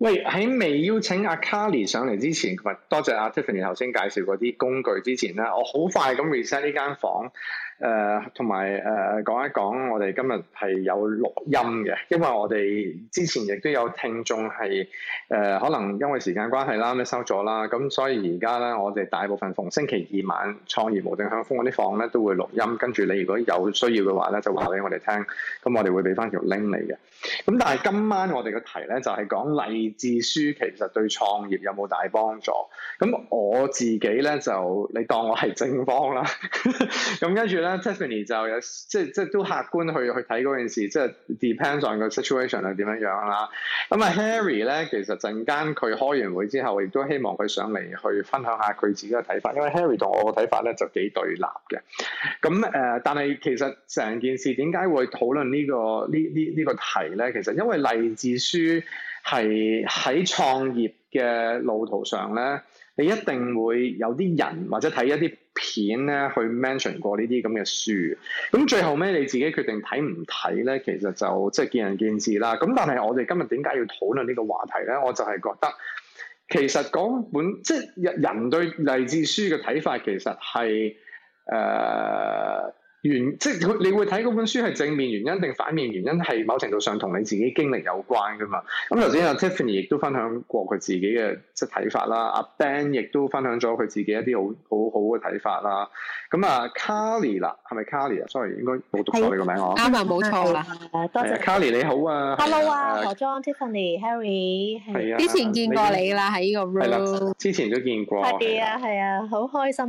喂，喺未邀請阿卡 a 上嚟之前，同埋多謝阿 Tiffany 頭先介紹嗰啲工具之前咧，我好快咁 reset 呢間房，誒、呃，同埋誒講一講我哋今日係有錄音嘅，因為我哋之前亦都有聽眾係誒，可能因為時間關係啦，咧收咗啦，咁所以而家咧，我哋大部分逢星期二晚創業無定向風嗰啲房咧都會錄音，跟住你如果有需要嘅話咧，就話俾我哋聽，咁我哋會俾翻條 link 你嘅。咁但係今晚我哋嘅題咧就係、是、講例。勵志書其實對創業有冇大幫助？咁我自己咧就，你當我係正方啦 呢。咁跟住咧 Tiffany 就有即係即係都客觀去去睇嗰件事，即係 depends on 個 situation 係點樣樣啦。咁啊，Harry 咧其實陣間佢開完會之後，亦都希望佢上嚟去分享下佢自己嘅睇法，因為 Harry 同我嘅睇法咧就幾對立嘅。咁誒、呃，但係其實成件事點解會討論呢個呢呢呢個題咧？其實因為勵志書。係喺創業嘅路途上咧，你一定會有啲人或者睇一啲片咧，去 mention 過呢啲咁嘅書。咁最後尾你自己決定睇唔睇咧，其實就即係見仁見智啦。咁但係我哋今日點解要討論呢個話題咧？我就係覺得其實嗰本即係人對勵志書嘅睇法，其實係誒。原即係你會睇嗰本書係正面原因定反面原因，係某程度上同你自己經歷有關噶嘛。咁頭先阿 Tiffany 亦都分享過佢自己嘅即係睇法啦，阿、 啊、Ben 亦都分享咗佢自己一啲好好好嘅睇法啦。咁啊，Carly 啦，係咪 Carly 啊？Sorry，應該冇讀錯你個名我。啱啊，冇錯。多謝 Carly，你好啊。Hello 啊，John、Tiffany、Harry，啊，之前見過你啦喺呢個 room。係啦，之前都見過。係啊，係啊，好開心。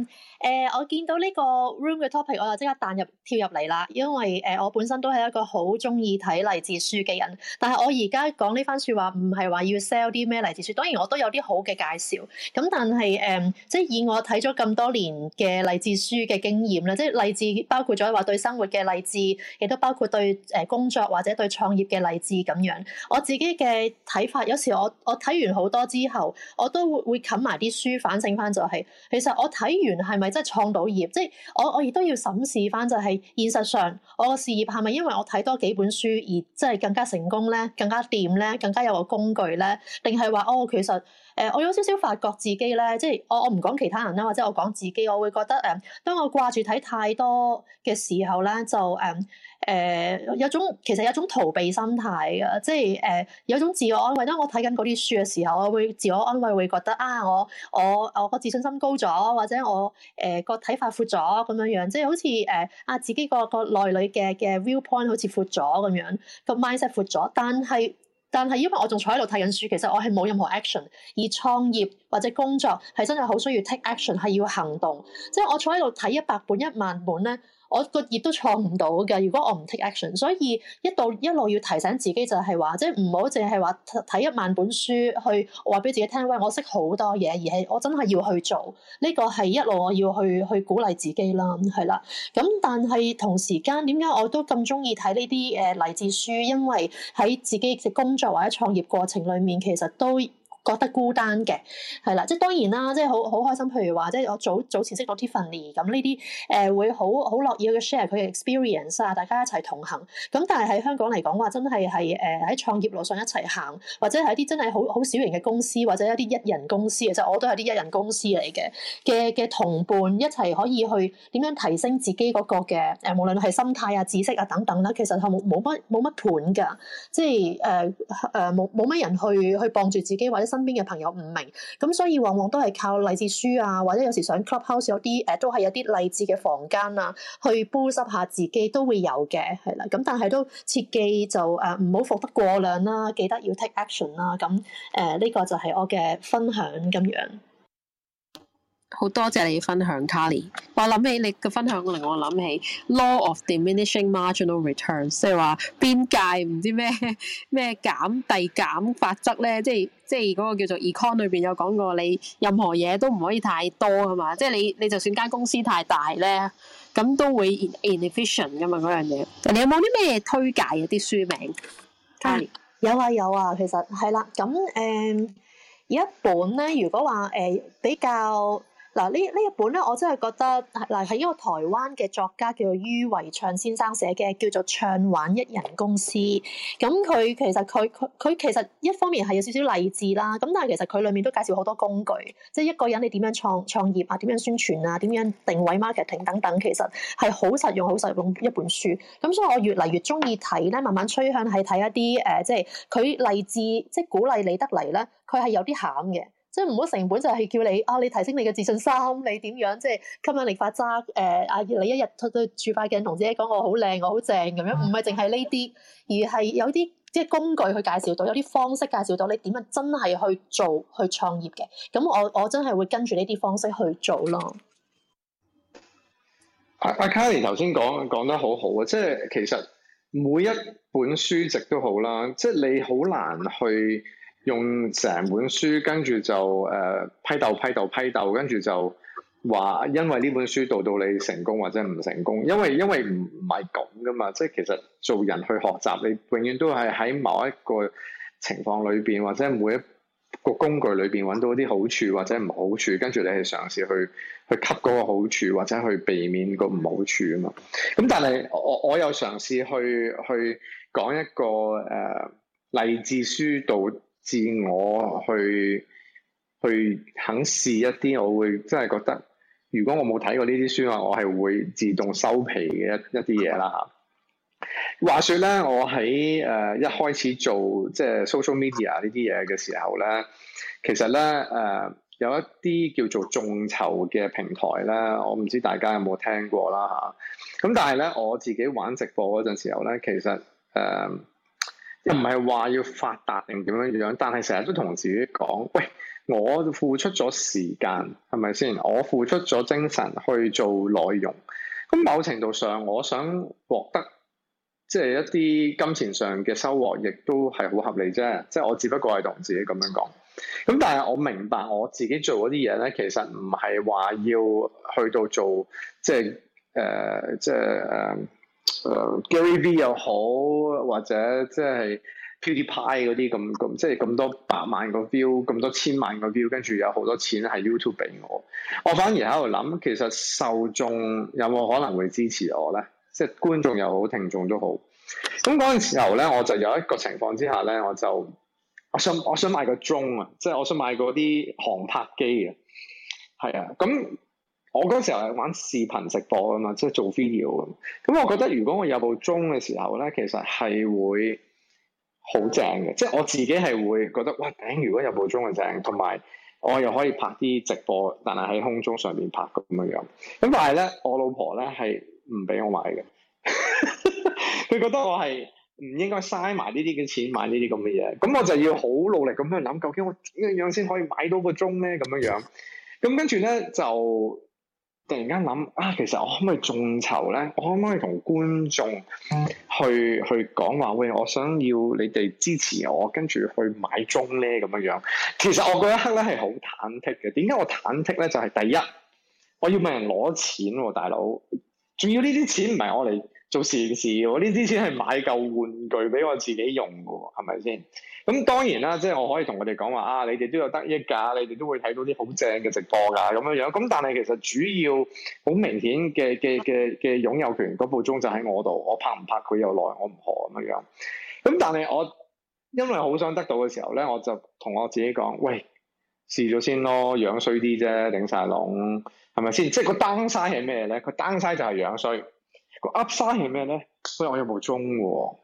誒，我見到呢個 room 嘅 topic，我就即刻彈入跳入嚟啦。因為誒，我本身都係一個好中意睇勵志書嘅人，但係我而家講呢番説話唔係話要 sell 啲咩勵志書。當然我都有啲好嘅介紹，咁但係誒，即係以我睇咗咁多年嘅勵志書。嘅經驗啦，即係勵志，包括咗話對生活嘅勵志，亦都包括對誒工作或者對創業嘅勵志。咁樣。我自己嘅睇法，有時我我睇完好多之後，我都會會冚埋啲書，反省翻就係、是，其實我睇完係咪真係創到業？即係我我亦都要審視翻就係、是、現實上，我個事業係咪因為我睇多幾本書而真係更加成功咧、更加掂咧、更加有個工具咧，定係話哦，其實？誒，我有少少發覺自己咧，即係我我唔講其他人啦，或者我講自己，我會覺得誒，當我掛住睇太多嘅時候咧，就誒誒有種其實有種逃避心態嘅，即係誒有種自我安慰。當我睇緊嗰啲書嘅時候，我會自我安慰，會覺得啊，我我我個自信心高咗，或者我誒個睇法闊咗咁樣樣，即係好似誒啊自己個個內裡嘅嘅 viewpoint 好似闊咗咁樣，個 mindset 闊咗，但係。但係因為我仲坐喺度睇緊書，其實我係冇任何 action。而創業或者工作係真係好需要 take action，係要行動。即係我坐喺度睇一百本、一萬本呢。我個業都創唔到嘅，如果我唔 take action。所以一到一路要提醒自己就係話，即係唔好淨係話睇一萬本書去話俾自己聽，喂，我識好多嘢，而係我真係要去做。呢個係一路我要去去鼓勵自己啦，係啦。咁但係同時間點解我都咁中意睇呢啲誒勵志書？因為喺自己嘅工作或者創業過程裡面，其實都覺得孤單嘅係啦，即係當然啦，即係好好開心。譬如話，即係我早早前識到 Tiffany 咁呢啲誒會好好樂意去 share 佢嘅 experience 啊，大家一齊同行。咁但係喺香港嚟講話，真係係誒喺創業路上一齊行，或者係一啲真係好好小型嘅公司，或者一啲一人公司嘅，其實我都係啲一,一人公司嚟嘅嘅嘅同伴一齊可以去點樣提升自己嗰個嘅誒、呃，無論係心態啊、知識啊等等啦。其實係冇乜冇乜盤㗎，即係誒誒冇冇乜人去去傍住自己或者。身邊嘅朋友唔明，咁所以往往都係靠勵志書啊，或者有時上 clubhouse 有啲誒，都係有啲勵志嘅房間啊，去補濕下自己都會有嘅，係啦。咁但係都切記就誒唔好服得過量啦，記得要 take action 啦。咁誒呢個就係我嘅分享咁樣。好多謝你分享 Carly，我諗起你嘅分享，令我諗起 Law of Diminishing Marginal Returns，即係話邊界唔知咩咩減遞減法則咧，即係即係嗰個叫做 Econ 裏邊有講過，你任何嘢都唔可以太多啊嘛，即係你你就算間公司太大咧，咁都會 inefficient 噶嘛樣嘢。你有冇啲咩推介？嗯、啊？啲書名 Carly，有啊有啊，其實係啦，咁誒有一本咧，如果話誒、呃、比較。嗱呢呢一本咧，我真係覺得，嗱係一個台灣嘅作家叫做于為暢先生寫嘅，叫做《暢玩一人公司》。咁佢其實佢佢佢其實一方面係有少少勵志啦，咁但係其實佢裡面都介紹好多工具，即係一個人你點樣創創業啊，點樣宣傳啊，點樣定位 marketing 等等，其實係好實用、好實用一本書。咁所以我越嚟越中意睇咧，慢慢趨向係睇一啲誒，即係佢勵志，即係鼓勵你得嚟咧，佢係有啲餡嘅。即係唔好成本，就係叫你啊，你提升你嘅自信心，你點樣即係吸引力法則誒啊，呃、你一日對住轉塊鏡，同自己講我好靚，我好正咁樣。唔係淨係呢啲，而係有啲即係工具去介紹到，有啲方式介紹到你點樣真係去做去創業嘅。咁我我真係會跟住呢啲方式去做咯。阿阿 Carrie 頭先講講得好好啊！剛剛好即係其實每一本書籍都好啦，即係你好難去。用成本書，跟住就誒、uh, 批鬥批鬥批鬥，跟住就話因為呢本書到到你成功或者唔成功，因為因為唔係咁噶嘛，即係其實做人去學習，你永遠都係喺某一個情況裏邊或者每一個工具裏邊揾到啲好處或者唔好處，跟住你係嘗試去去吸嗰個好處或者去避免個唔好處啊嘛。咁但係我我有嘗試去去講一個誒勵志書到。自我去去肯試一啲，我會真係覺得，如果我冇睇過呢啲書話，我係會自動收皮嘅一一啲嘢啦。話說咧，我喺誒、呃、一開始做即係 social media 呢啲嘢嘅時候咧，其實咧誒、呃、有一啲叫做眾籌嘅平台咧，我唔知大家有冇聽過啦吓。咁、啊、但係咧，我自己玩直播嗰陣時候咧，其實誒。呃又唔係話要發達定點樣樣，但係成日都同自己講：喂，我付出咗時間，係咪先？我付出咗精神去做內容，咁某程度上，我想獲得即係一啲金錢上嘅收穫，亦都係好合理啫。即係我只不過係同自己咁樣講。咁但係我明白我自己做嗰啲嘢咧，其實唔係話要去到做，即係誒、呃，即係誒。呃誒、so, Gary V 又好，或者即係 PewDiePie 嗰啲咁咁，即係咁多百萬個 view，咁多千萬個 view，跟住有好多錢喺 YouTube 俾我。我反而喺度諗，其實受眾有冇可能會支持我咧？即係觀眾又好，聽眾都好。咁嗰陣時候咧，我就有一個情況之下咧，我就我想我想買個鐘啊，即係我想買嗰啲航拍機啊。係啊，咁。我嗰時候係玩視頻直播噶嘛，即係做 video 咁。咁我覺得如果我有部鐘嘅時候咧，其實係會好正嘅。即係我自己係會覺得，哇頂！如果有部鐘係正，同埋我又可以拍啲直播，但係喺空中上面拍嘅咁樣樣。咁但係咧，我老婆咧係唔俾我買嘅。佢 覺得我係唔應該嘥埋呢啲嘅錢買呢啲咁嘅嘢。咁我就要好努力咁樣諗，究竟我點樣先可以買到個鐘咧？咁樣樣。咁跟住咧就。突然間諗啊，其實我可唔可以眾籌咧？我可唔可以同觀眾去去講話？喂，我想要你哋支持我，跟住去買鐘咧咁樣樣。其實我嗰一刻咧係好忐忑嘅。點解我忐忑咧？就係第一，我要問人攞錢喎，大佬仲要呢啲錢唔係我嚟。做善事，我呢啲先係買嚿玩具俾我自己用嘅，係咪先？咁當然啦，即係我可以同佢哋講話啊，你哋都有得益噶，你哋都會睇到啲好正嘅直播噶，咁樣樣。咁但係其實主要好明顯嘅嘅嘅嘅擁有權，嗰部鐘就喺我度，我拍唔拍佢又奈我唔何咁樣樣。咁但係我因為好想得到嘅時候咧，我就同我自己講：喂，試咗先咯，樣衰啲啫，頂晒籠，係咪先？即係個 downside 係咩咧？佢 downside 就係樣衰。個 upside 係咩咧？不如我有部鐘喎，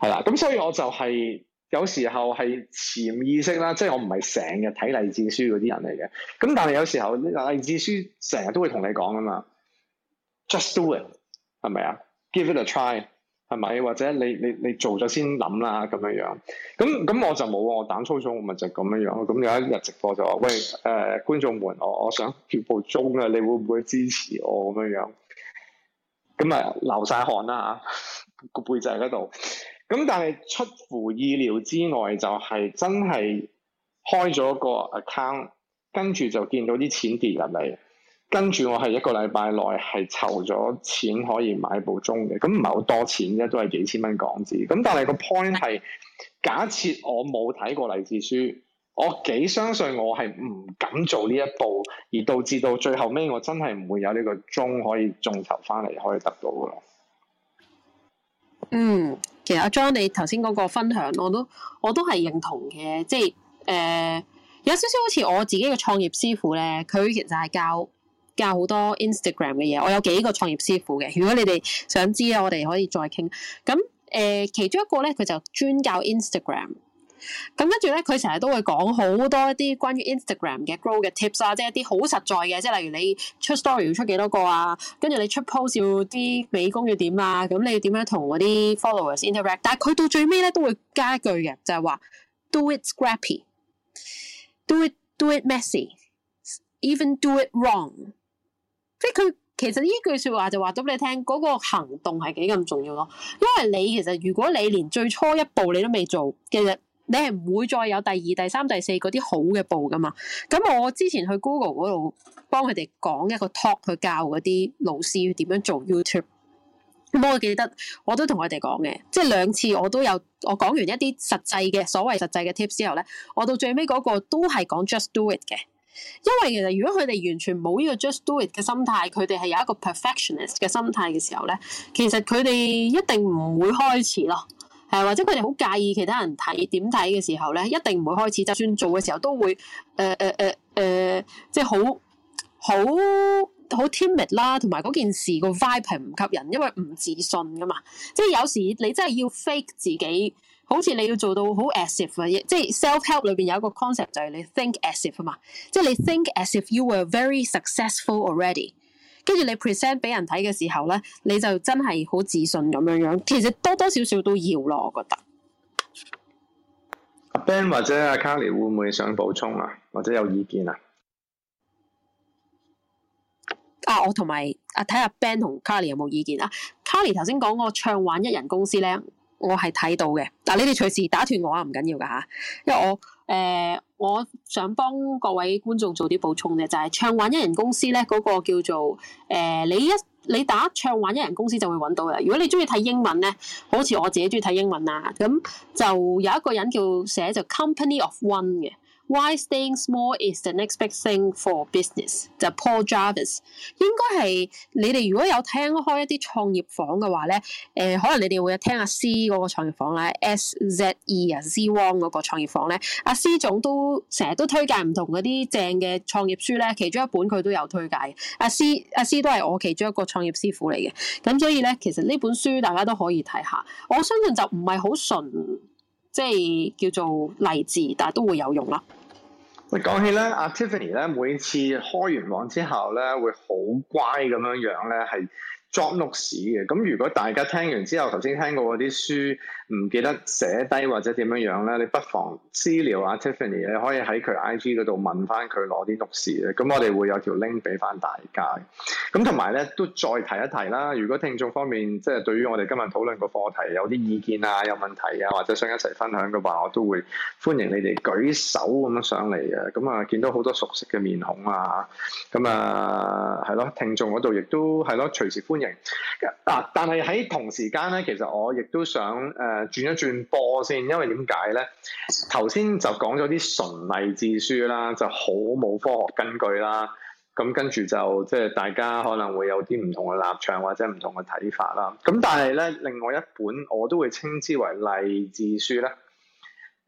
係啦，咁所以我就係、是、有時候係潛意識啦，即、就、係、是、我唔係成日睇勵志書嗰啲人嚟嘅。咁但係有時候，勵志書成日都會同你講啊嘛，Just do it，係咪啊？Give it a try，係咪？或者你你你做咗先諗啦，咁樣愴愴愴樣。咁咁我就冇啊，我膽粗粗，我咪就咁樣樣。咁有一日直播就話：喂，誒、呃，觀眾們，我我想跳部鐘啊，你會唔會支持我咁樣樣？咁啊，流晒汗啦嚇，個背脊嗰度。咁但係出乎意料之外，就係、是、真係開咗個 account，跟住就見到啲錢跌入嚟。跟住我係一個禮拜內係籌咗錢可以買部鐘嘅，咁唔係好多錢啫，都係幾千蚊港紙。咁但係個 point 係，假設我冇睇過勵志書。我幾相信我係唔敢做呢一步，而導致到最後尾我真係唔會有呢個鐘可以眾籌翻嚟，可以得到㗎喇。嗯，其實阿 John 你頭先嗰個分享，我都我都係認同嘅，即係誒、呃、有少少好似我自己嘅創業師傅咧，佢其實係教教好多 Instagram 嘅嘢。我有幾個創業師傅嘅，如果你哋想知呀，我哋可以再傾。咁誒、呃，其中一個咧，佢就專教 Instagram。咁跟住咧，佢成日都會講好多一啲關於 Instagram 嘅 grow 嘅 tips 啊，即係一啲好實在嘅，即係例如你出 story 要出幾多個啊，跟住你出 post 要啲美工要點啊，咁你要點樣同嗰啲 followers interact？但係佢到最尾咧都會加一句嘅，就係話 do it scrappy，do it do it messy，even do it wrong。即係佢其實呢句說話就話咗俾你聽，嗰個行動係幾咁重要咯，因為你其實如果你連最初一步你都未做，其實。你係唔會再有第二、第三、第四嗰啲好嘅步㗎嘛？咁我之前去 Google 嗰度幫佢哋講一個 talk 去教嗰啲老師要點樣做 YouTube。咁我記得我都同佢哋講嘅，即係兩次我都有。我講完一啲實際嘅所謂實際嘅 tips 之後咧，我到最尾嗰個都係講 just do it 嘅。因為其實如果佢哋完全冇呢個 just do it 嘅心態，佢哋係有一個 perfectionist 嘅心態嘅時候咧，其實佢哋一定唔會開始咯。誒，或者佢哋好介意其他人睇點睇嘅時候咧，一定唔會開始。就算做嘅時候都會誒誒誒誒，即係好好好 timid 啦，同埋嗰件事個 vibe 係唔吸引，因為唔自信㗎嘛。即係有時你真係要 fake 自己，好似你要做到好 as if 啊，即係 self help 裏邊有一個 concept 就係你 think as if 嘛，即係你 think as if you were very successful already。跟住你 present 俾人睇嘅時候咧，你就真係好自信咁樣樣。其實多多少少都要咯，我覺得。阿 Ben 或者阿 Carrie 會唔會想補充啊？或者有意見啊？啊，我同埋啊，睇下 Ben 同 Carrie 有冇意見啊？Carrie 頭先講我唱玩一人公司咧，我係睇到嘅。嗱、啊，你哋隨時打斷我啊，唔緊要噶吓，因為我誒。呃我想幫各位觀眾做啲補充嘅、就是，就係唱玩一人公司咧嗰、那個叫做誒、呃，你一你打唱玩一人公司就會揾到啦。如果你中意睇英文咧，好似我自己中意睇英文啊，咁就有一個人叫寫就 Company of One 嘅。Why staying small is the next big thing for business？就 Paul Jarvis 應該係你哋如果有聽開一啲創業房嘅話咧，誒、呃、可能你哋會聽阿、啊、C 嗰個創業房啦，S Z E 啊，Sze Wong 嗰個創業房咧，阿、啊、C 總都成日都推介唔同嗰啲正嘅創業書咧，其中一本佢都有推介阿、啊、C 阿、啊、C 都係我其中一個創業師傅嚟嘅，咁所以咧，其實呢本書大家都可以睇下，我相信就唔係好純。即係叫做例志，但係都會有用啦。喂，講起咧，阿 Tiffany 咧，每次開完網之後咧，會好乖咁樣樣咧，係作 r o 嘅。咁如果大家聽完之後，頭先聽過嗰啲書，唔記得寫低或者點樣樣咧，你不妨私聊阿、啊、Tiffany 你可以喺佢 IG 嗰度問翻佢攞啲讀士咧。咁我哋會有條 link 俾翻大家。咁同埋咧都再提一提啦。如果聽眾方面即係、就是、對於我哋今日討論個課題有啲意見啊、有問題啊，或者想一齊分享嘅話，我都會歡迎你哋舉手咁樣上嚟啊。咁啊，見到好多熟悉嘅面孔啊，咁啊係咯、啊，聽眾嗰度亦都係咯、啊，隨時歡迎。嗱、啊，但係喺同時間咧，其實我亦都想誒。呃轉一轉播先，因為點解咧？頭先就講咗啲純勵志書啦，就好冇科學根據啦。咁跟住就即係大家可能會有啲唔同嘅立場或者唔同嘅睇法啦。咁但係咧，另外一本我都會稱之為勵志書咧，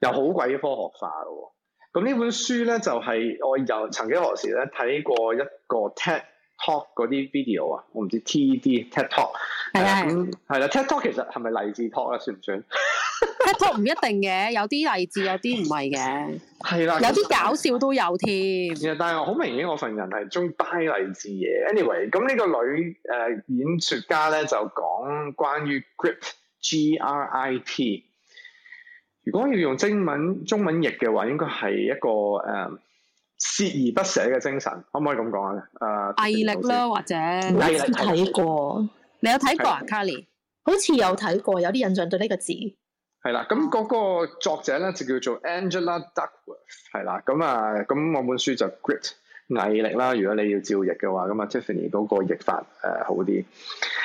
又好鬼科學化嘅。咁呢本書咧就係、是、我由曾幾何時咧睇過一個 TED Talk 嗰啲 video 啊，我唔知 TD TED Talk。係係係，係啦。嗯嗯嗯、talk 其實係咪勵志 talk 咧？算唔算？talk 唔一定嘅，有啲勵志，有啲唔係嘅。係啦，有啲搞笑都有添。但係我好明顯，我份人係中意勵志嘢。anyway，咁呢個女誒演說家咧就講關於 grip，g r i t。如果要用英文中文譯嘅話，應該係一個誒鍥、呃、而不捨嘅精神，可唔可以咁講啊？誒、呃、毅力啦，或者睇過。你有睇過啊，Carrie？好似有睇過，有啲印象對呢個字。係啦，咁嗰個作者咧就叫做 Angela Duckworth。係啦，咁啊，咁我本書就 Grit 毅力啦。如果你要照譯嘅話，咁啊，Tiffany 嗰個譯法誒、呃、好啲。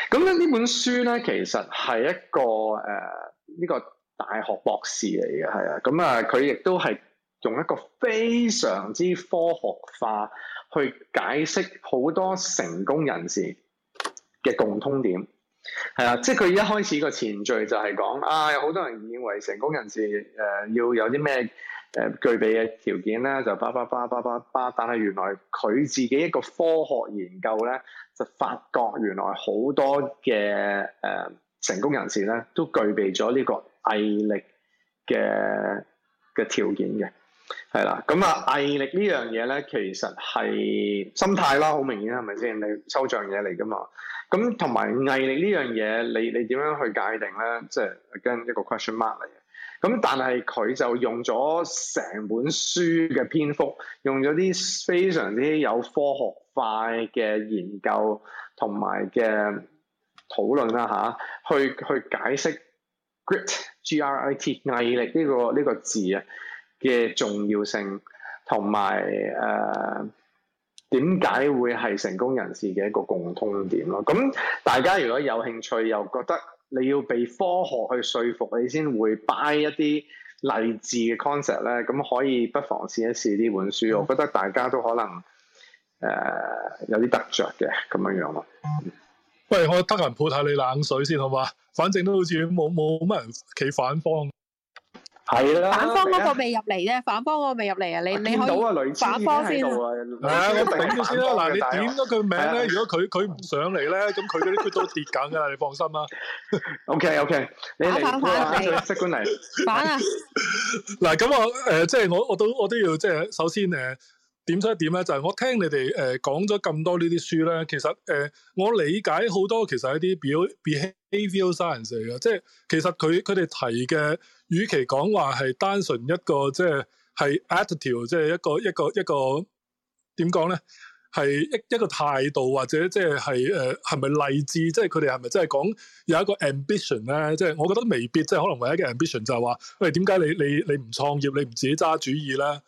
咁咧呢本書咧，其實係一個誒呢、呃這個大學博士嚟嘅，係啊。咁啊，佢亦都係用一個非常之科學化去解釋好多成功人士嘅共通點，係啦，即係佢一開始個前序就係講，啊，有好多人認為成功人士誒、呃、要有啲咩誒具備嘅條件咧，就叭叭叭叭叭叭，但係原來佢自己一個科學研究咧，就發覺原來好多嘅誒、呃、成功人士咧，都具備咗呢個毅力嘅嘅條件嘅。係啦，咁啊毅力呢樣嘢咧，其實係心態啦，好明顯係咪先？你抽象嘢嚟噶嘛？咁同埋毅力呢樣嘢，你你點樣去界定咧？即係跟一個 question mark 嚟嘅。咁但係佢就用咗成本書嘅篇幅，用咗啲非常之有科學化嘅研究同埋嘅討論啦，吓、啊、去去解釋 Grit，G-R-I-T，毅力呢個呢個字啊，嘅重要性，同埋誒點解會係成功人士嘅一個共通點咯。咁大家如果有興趣，又覺得你要被科學去說服，你先會 buy 一啲勵志嘅 concept 咧，咁可以不妨試一試呢本書，我覺得大家都可能誒、呃、有啲得着嘅咁樣樣咯。喂，我得閒潑下你冷水先好嘛，反正都好似冇冇乜人企反方。係啦，反方嗰個未入嚟，咧，反方嗰個未入嚟啊！你你可以反方先啊，係啊，我頂住先啦。嗱，你點咗佢名咧？如果佢佢唔上嚟咧，咁佢嗰啲都跌緊噶啦，你放心啦。OK OK，你反反即管嚟。反啊！嗱，咁啊，誒，即係我我都我都要即係首先誒，點出一點咧，就係我聽你哋誒講咗咁多呢啲書咧，其實誒，我理解好多其實一啲表 A. V. i O. 三人社嘅，即係其實佢佢哋提嘅，與其講話係單純一個，即係係 attitude，即係一個一個一個點講咧？係一一個態度或者即係係誒係咪勵志？即係佢哋係咪真係講有一個 ambition 咧？即係我覺得未必，即係可能唯一嘅 ambition 就係話，喂，點解你你你唔創業，你唔自己揸主意咧？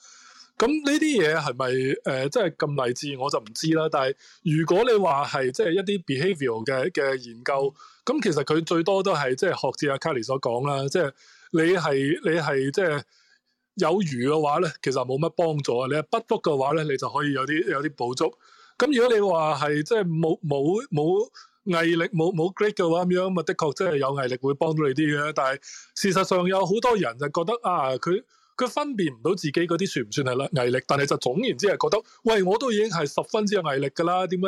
咁呢啲嘢係咪誒即係咁勵志我就唔知啦。但係如果你話係即係一啲 behavior 嘅嘅研究，咁其實佢最多都係即係學似阿卡莉所講啦。即係你係你係即係有餘嘅話咧，其實冇乜幫助；你係不足嘅話咧，你就可以有啲有啲補足。咁如果你話係即係冇冇冇毅力冇冇 great 嘅話咁樣，咁啊的確真係有毅力會幫到你啲嘅。但係事實上有好多人就覺得啊，佢。佢分辨唔到自己嗰啲算唔算係啦毅力，但係就總言之係覺得，喂，我都已經係十分之有毅力噶啦，點解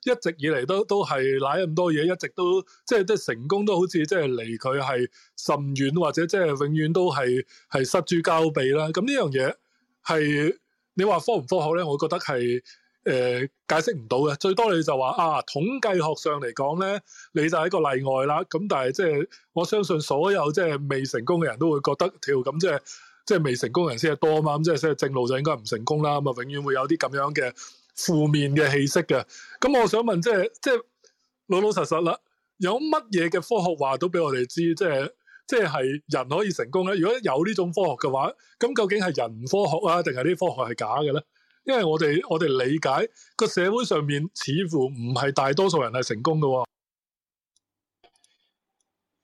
即係一直以嚟都都係舐咁多嘢，一直都即係即係成功都好似即係離佢係甚遠，或者即係永遠都係係失諸交臂啦。咁呢樣嘢係你話科唔科學咧？我覺得係誒、呃、解釋唔到嘅，最多你就話啊，統計學上嚟講咧，你就係一個例外啦。咁但係即係我相信所有即係、就是、未成功嘅人都會覺得，跳咁即係。即係未成功人先係多啊嘛，咁即係即係正路就應該唔成功啦。咁啊，永遠會有啲咁樣嘅負面嘅氣息嘅。咁我想問，即係即係老老實實啦，有乜嘢嘅科學話都俾我哋知？即係即係人可以成功咧？如果有呢種科學嘅話，咁究竟係人科學啊，定係啲科學係假嘅咧？因為我哋我哋理解個社會上面似乎唔係大多數人係成功嘅。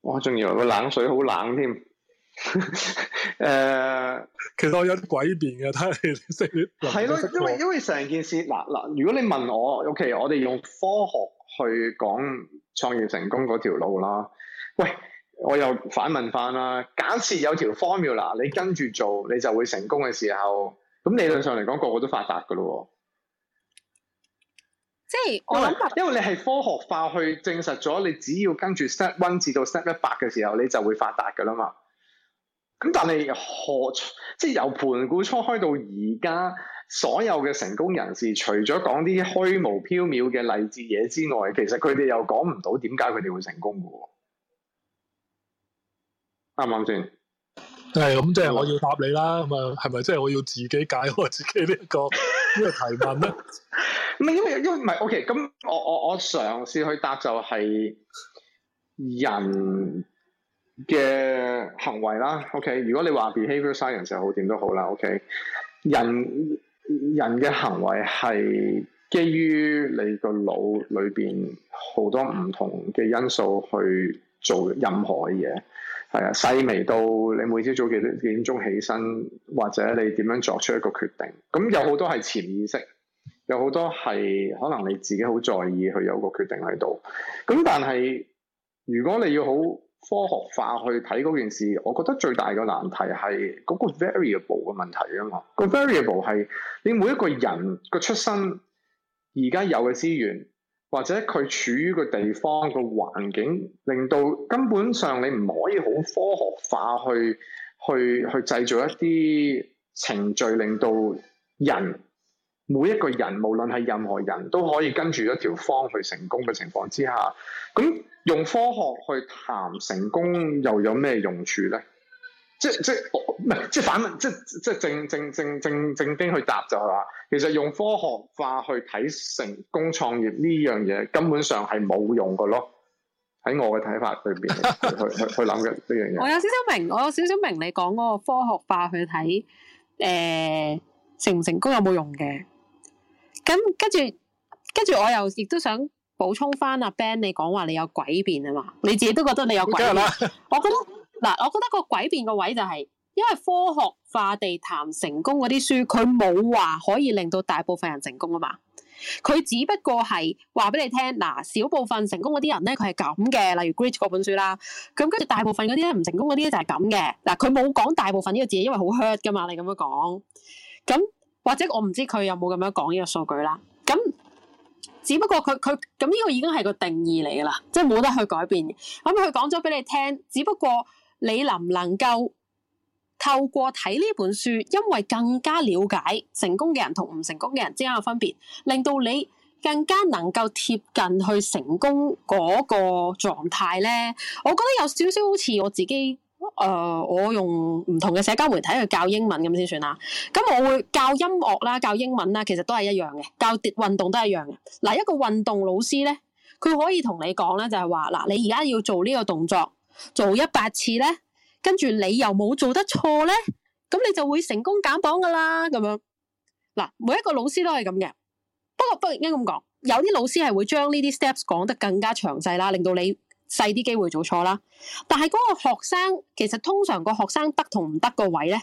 哇！仲以為個冷水好冷添。誒， uh, 其實我有啲詭辯嘅，睇你的識唔識，係咯，因為因為成件事嗱嗱，如果你問我，OK，我哋用科學去講創業成功嗰條路啦。喂，我又反問翻啦，假設有條 formula，你跟住做，你就會成功嘅時候，咁理論上嚟講，個個都發達噶咯。即係我諗， 因為你係科學化去證實咗，你只要跟住 step one 至到 step 一百嘅時候，你就會發達噶啦嘛。咁但係何，即係由盤古初開到而家，所有嘅成功人士，除咗講啲虛無縹緲嘅勵志嘢之外，其實佢哋又講唔到點解佢哋會成功嘅。啱唔啱先？係咁、嗯，即係我要答你啦。咁啊、嗯，係咪即係我要自己解開自己呢、這個呢 個提問咧？唔係 因為因為唔係，OK、嗯。咁我我我嘗試去答就係人嘅行為啦，OK，如果你話 behavior science 好點都好啦，OK，人人嘅行為係基於你個腦裏邊好多唔同嘅因素去做任何嘢，係啊，細微到你每朝早幾幾點鐘起身，或者你點樣作出一個決定，咁有好多係潛意識，有好多係可能你自己好在意去有個決定喺度，咁但係如果你要好。科學化去睇嗰件事，我覺得最大嘅難題係嗰個 variable 嘅問題啊嘛。個 variable 係你每一個人個出身，而家有嘅資源，或者佢處於個地方個環境，令到根本上你唔可以好科學化去去去製造一啲程序，令到人。每一個人無論係任何人都可以跟住一條方去成功嘅情況之下，咁、嗯嗯、用科學去談成功又有咩用處咧？即即唔係即反問即即正正正正，正正正正正經去答就係、是、話，其實用科學化去睇成功創業呢樣嘢，根本上係冇用㗎咯。喺我嘅睇法裏邊， 去去去諗嘅呢樣嘢。 我有少少明，我有少少明你講嗰個科學化去睇誒、呃、成唔成功有冇用嘅。咁跟住，跟住我又亦都想補充翻阿 Ben，你講話你有詭辯啊嘛？你自己都覺得你有詭辯。 我覺得嗱，我覺得個詭辯個位就係、是，因為科學化地談成功嗰啲書，佢冇話可以令到大部分人成功啊嘛。佢只不過係話俾你聽，嗱，小部分成功嗰啲人咧，佢係咁嘅，例如 Grit 嗰本書啦。咁跟住大部分嗰啲咧唔成功嗰啲咧就係咁嘅。嗱，佢冇講大部分呢個字，因為好 hurt 噶嘛，你咁樣講咁。或者我唔知佢有冇咁樣講呢個數據啦，咁只不過佢佢咁呢個已經係個定義嚟噶啦，即係冇得去改變。咁佢講咗俾你聽，只不過你能唔能夠透過睇呢本書，因為更加了解成功嘅人同唔成功嘅人之間嘅分別，令到你更加能夠貼近去成功嗰個狀態咧？我覺得有少少好似我自己。誒、呃，我用唔同嘅社交媒體去教英文咁先算啦。咁我會教音樂啦，教英文啦，其實都係一樣嘅。教跌運動都係一樣嘅。嗱，一個運動老師咧，佢可以同你講咧，就係話嗱，你而家要做呢個動作，做一百次咧，跟住你又冇做得錯咧，咁你就會成功減磅噶啦。咁樣嗱，每一個老師都係咁嘅。不過不過應該咁講，有啲老師係會將呢啲 steps 講得更加詳細啦，令到你。細啲機會做錯啦，但係嗰個學生其實通常個學生得同唔得個位咧，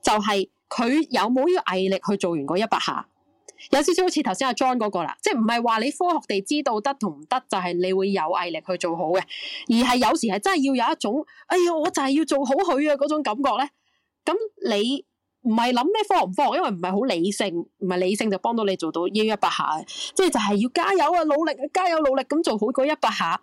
就係佢有冇呢個毅力去做完嗰一百下？有少少好似頭先阿 John 嗰個啦，即係唔係話你科學地知道得同唔得，就係你會有毅力去做好嘅，而係有時係真係要有一種，哎呀，我就係要做好佢啊嗰種感覺咧。咁你唔係諗咩科唔科，因為唔係好理性，唔係理性就幫到你做到呢一百下，即係就係要加油啊，努力啊，加油努力咁做好嗰一百下。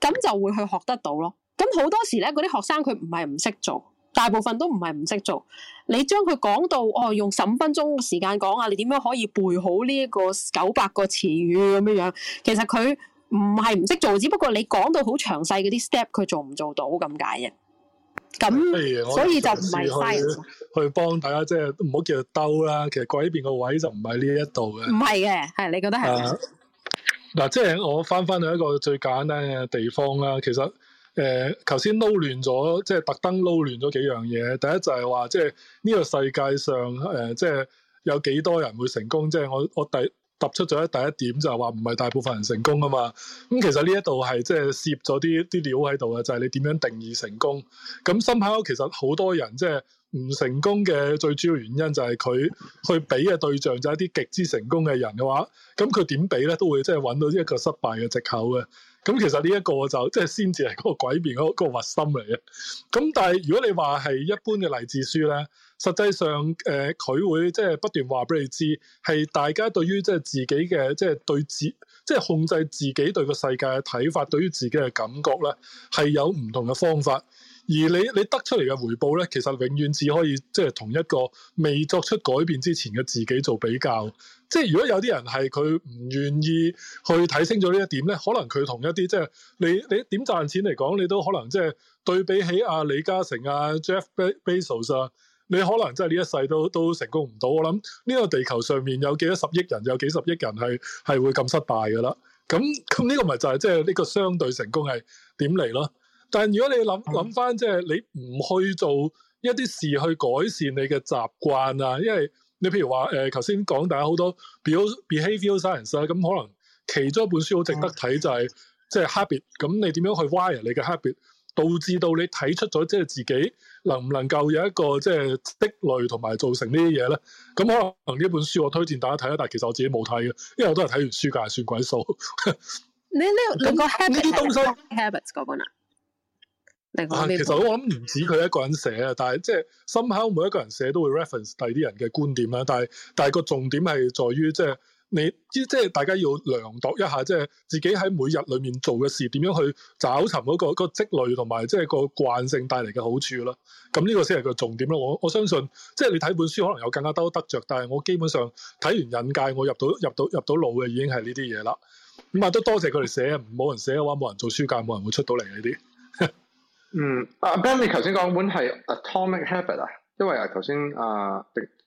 咁就會去學得到咯。咁好多時咧，嗰啲學生佢唔係唔識做，大部分都唔係唔識做。你將佢講到哦，用十五分鐘時間講啊，你點樣可以背好呢一個九百個詞語咁樣樣？其實佢唔係唔識做，只不過你講到好詳細嗰啲 step，佢做唔做到咁解嘅。咁，hey，所以就唔係、hey, 去去幫大家，即係唔好叫佢兜啦。其實過呢邊個位就唔係呢一度嘅，唔係嘅，係你覺得係。Uh, 嗱、啊，即係我翻翻去一個最簡單嘅地方啦。其實，誒、呃，頭先撈亂咗，即係特登撈亂咗幾樣嘢。第一就係話，即係呢個世界上，誒、呃，即係有幾多人會成功？即係我我第。突出咗一第一點就係話唔係大部分人成功啊嘛，咁其實呢一度係即係攝咗啲啲料喺度啊，就係、是、你點樣定義成功？咁深烤其實好多人即係唔成功嘅最主要原因就係佢去比嘅對象就係一啲極之成功嘅人嘅話，咁佢點比咧都會即係揾到一個失敗嘅藉口嘅。咁其實呢一個就即係先至係嗰個鬼面嗰個核心嚟嘅。咁但係如果你話係一般嘅勵志書咧，實際上誒佢會即係不斷話俾你知，係大家對於即係自己嘅即係對自即係、就是、控制自己對個世界嘅睇法，對於自己嘅感覺咧，係有唔同嘅方法。而你你得出嚟嘅回報咧，其實永遠只可以即係同一個未作出改變之前嘅自己做比較。即係如果有啲人係佢唔願意去睇清楚呢一點咧，可能佢同一啲即係你你點賺錢嚟講，你都可能即係對比起阿、啊、李嘉誠啊、Jeff Bezos 啊，你可能即係呢一世都都成功唔到。我諗呢個地球上面有幾多十億人，有幾十億人係係會咁失敗噶啦。咁咁呢個咪就係即係呢個相對成功係點嚟咯？但如果你諗諗翻，即係你唔去做一啲事去改善你嘅習慣啊，因為你譬如話誒，頭先講大家好多 be behavior science 啊，咁、嗯、可能其中一本書好值得睇就係即係 habit，咁你點樣去 wire 你嘅 habit，導致到你睇出咗即係自己能唔能夠有一個即係積累同埋造成呢啲嘢咧？咁可能呢本書我推薦大家睇啦，但係其實我自己冇睇嘅，因為我都係睇完書噶，算鬼數。你呢兩個 habit 呢啲東西 habits 嗰本其實我諗唔止佢一個人寫啊，但係即係深刻，口每一個人寫都會 reference 第啲人嘅觀點啦。但係但係個重點係在於、就是，即係你即即係大家要量度一下，即、就、係、是、自己喺每日裏面做嘅事，點樣去找尋嗰、那個、那個積累同埋即係個慣性帶嚟嘅好處啦。咁呢個先係個重點咯。我我相信，即、就、係、是、你睇本書可能有更加多得着，但係我基本上睇完引介，我入到入到入到腦嘅已經係呢啲嘢啦。咁啊，都多謝佢哋寫，冇人寫嘅話，冇人做書介，冇人會出到嚟呢啲。嗯，阿 Ben，你頭先講本係 Atomic Habit 啊，因為啊頭先啊，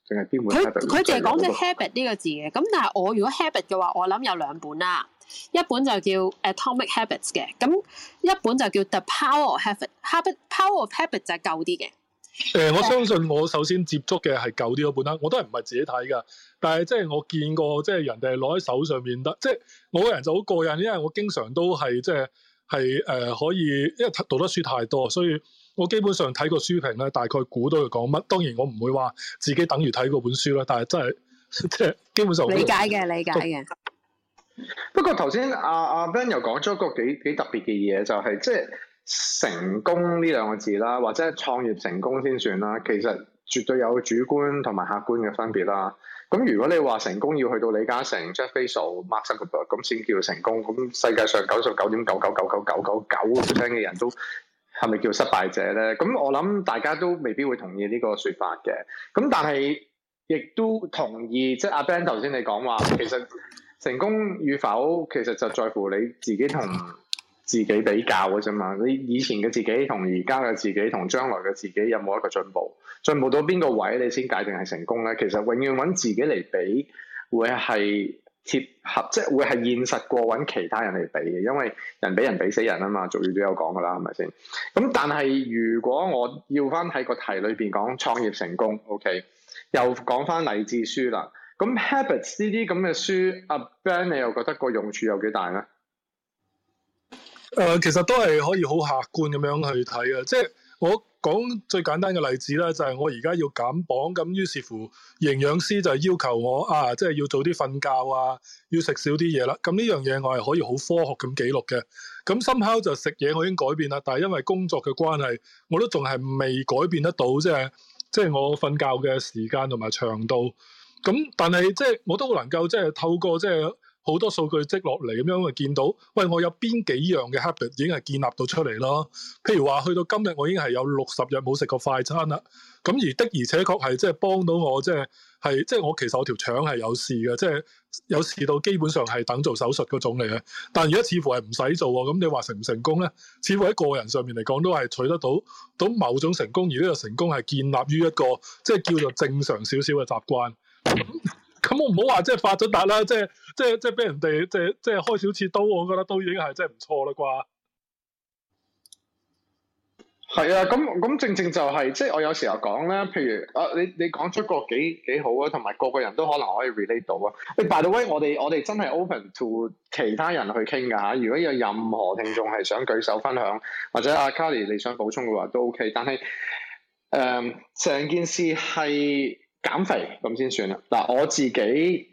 淨係邊本佢佢就係講咗 habit 呢個字嘅，咁但係我如果 habit 嘅話，我諗有兩本啦、啊，一本就叫 Atomic Habits 嘅，咁一本就叫 The Power of Habit。habit Power of Habit 就係舊啲嘅。誒、呃，我相信我首先接觸嘅係舊啲嗰本啦，我都係唔係自己睇㗎，但係即係我見過，即、就、係、是、人哋攞喺手上面得，即、就、係、是、我個人就好過癮，因為我經常都係即係。就是係誒、呃，可以因為讀得書太多，所以我基本上睇個書評咧，大概估到佢講乜。當然我唔會話自己等於睇嗰本書啦，但係真係即係基本上理解嘅，理解嘅。都不過頭先阿阿 Ben 又講咗一個幾幾特別嘅嘢，就係即係成功呢兩個字啦，或者係創業成功先算啦，其實絕對有主觀同埋客觀嘅分別啦。咁如果你話成功要去到李嘉誠、Jeff Bezos、Mark Zuckerberg 咁先叫成功，咁世界上九十九點九九九九九九九 percent 嘅人都係咪叫失敗者咧？咁我諗大家都未必會同意呢個說法嘅。咁但係亦都同意，即係阿 Ben 頭先你講話，其實成功與否其實就在乎你自己同自己比較嘅啫嘛。你以前嘅自己同而家嘅自己同將來嘅自己有冇一個進步？進步到邊個位你先界定係成功咧？其實永遠揾自己嚟比，會係貼合，即係會係現實過揾其他人嚟比嘅，因為人比人比死人啊嘛，俗語都有講噶啦，係咪先？咁但係如果我要翻喺個題裏邊講創業成功，OK，又講翻勵志書啦。咁 habits 呢啲咁嘅書，阿 Ben 你又覺得個用處有幾大咧？誒、呃，其實都係可以好客觀咁樣去睇啊，即係。我講最簡單嘅例子咧，就係我而家要減磅，咁於是乎營養師就要求我啊，即係要早啲瞓覺啊，要食少啲嘢啦。咁呢樣嘢我係可以好科學咁記錄嘅。咁深烤就食嘢我已經改變啦，但係因為工作嘅關係，我都仲係未改變得到，即係即係我瞓覺嘅時間同埋長度。咁但係即係我都能夠即係透過即係，就是好多數據積落嚟咁樣會見到，喂，我有邊幾樣嘅 habit 已經係建立到出嚟啦。譬如話去到今日，我已經係有六十日冇食過快餐啦。咁而的而且確係即係幫到我，即係係即係我其實我條腸係有事嘅，即係有事到基本上係等做手術嗰種嚟嘅。但如果似乎係唔使做啊。咁你話成唔成功咧？似乎喺個人上面嚟講，都係取得到，到某種成功，而呢個成功係建立於一個即係叫做正常少少嘅習慣。 咁我唔好話即係發咗達啦，即係即係即係俾人哋即係即係開少次刀，我覺得都已經係真係唔錯啦啩。係啊，咁咁正正就係、是、即係我有時候講咧，譬如啊，你你講出個幾幾好啊，同埋個個人都可能可以 relate 到啊。你 by the way，我哋我哋真係 open to 其他人去傾㗎嚇。如果有任何聽眾係想舉手分享，或者阿 Carrie 你想補充嘅話都 OK。但係誒，成、嗯、件事係。減肥咁先算啦。嗱，我自己係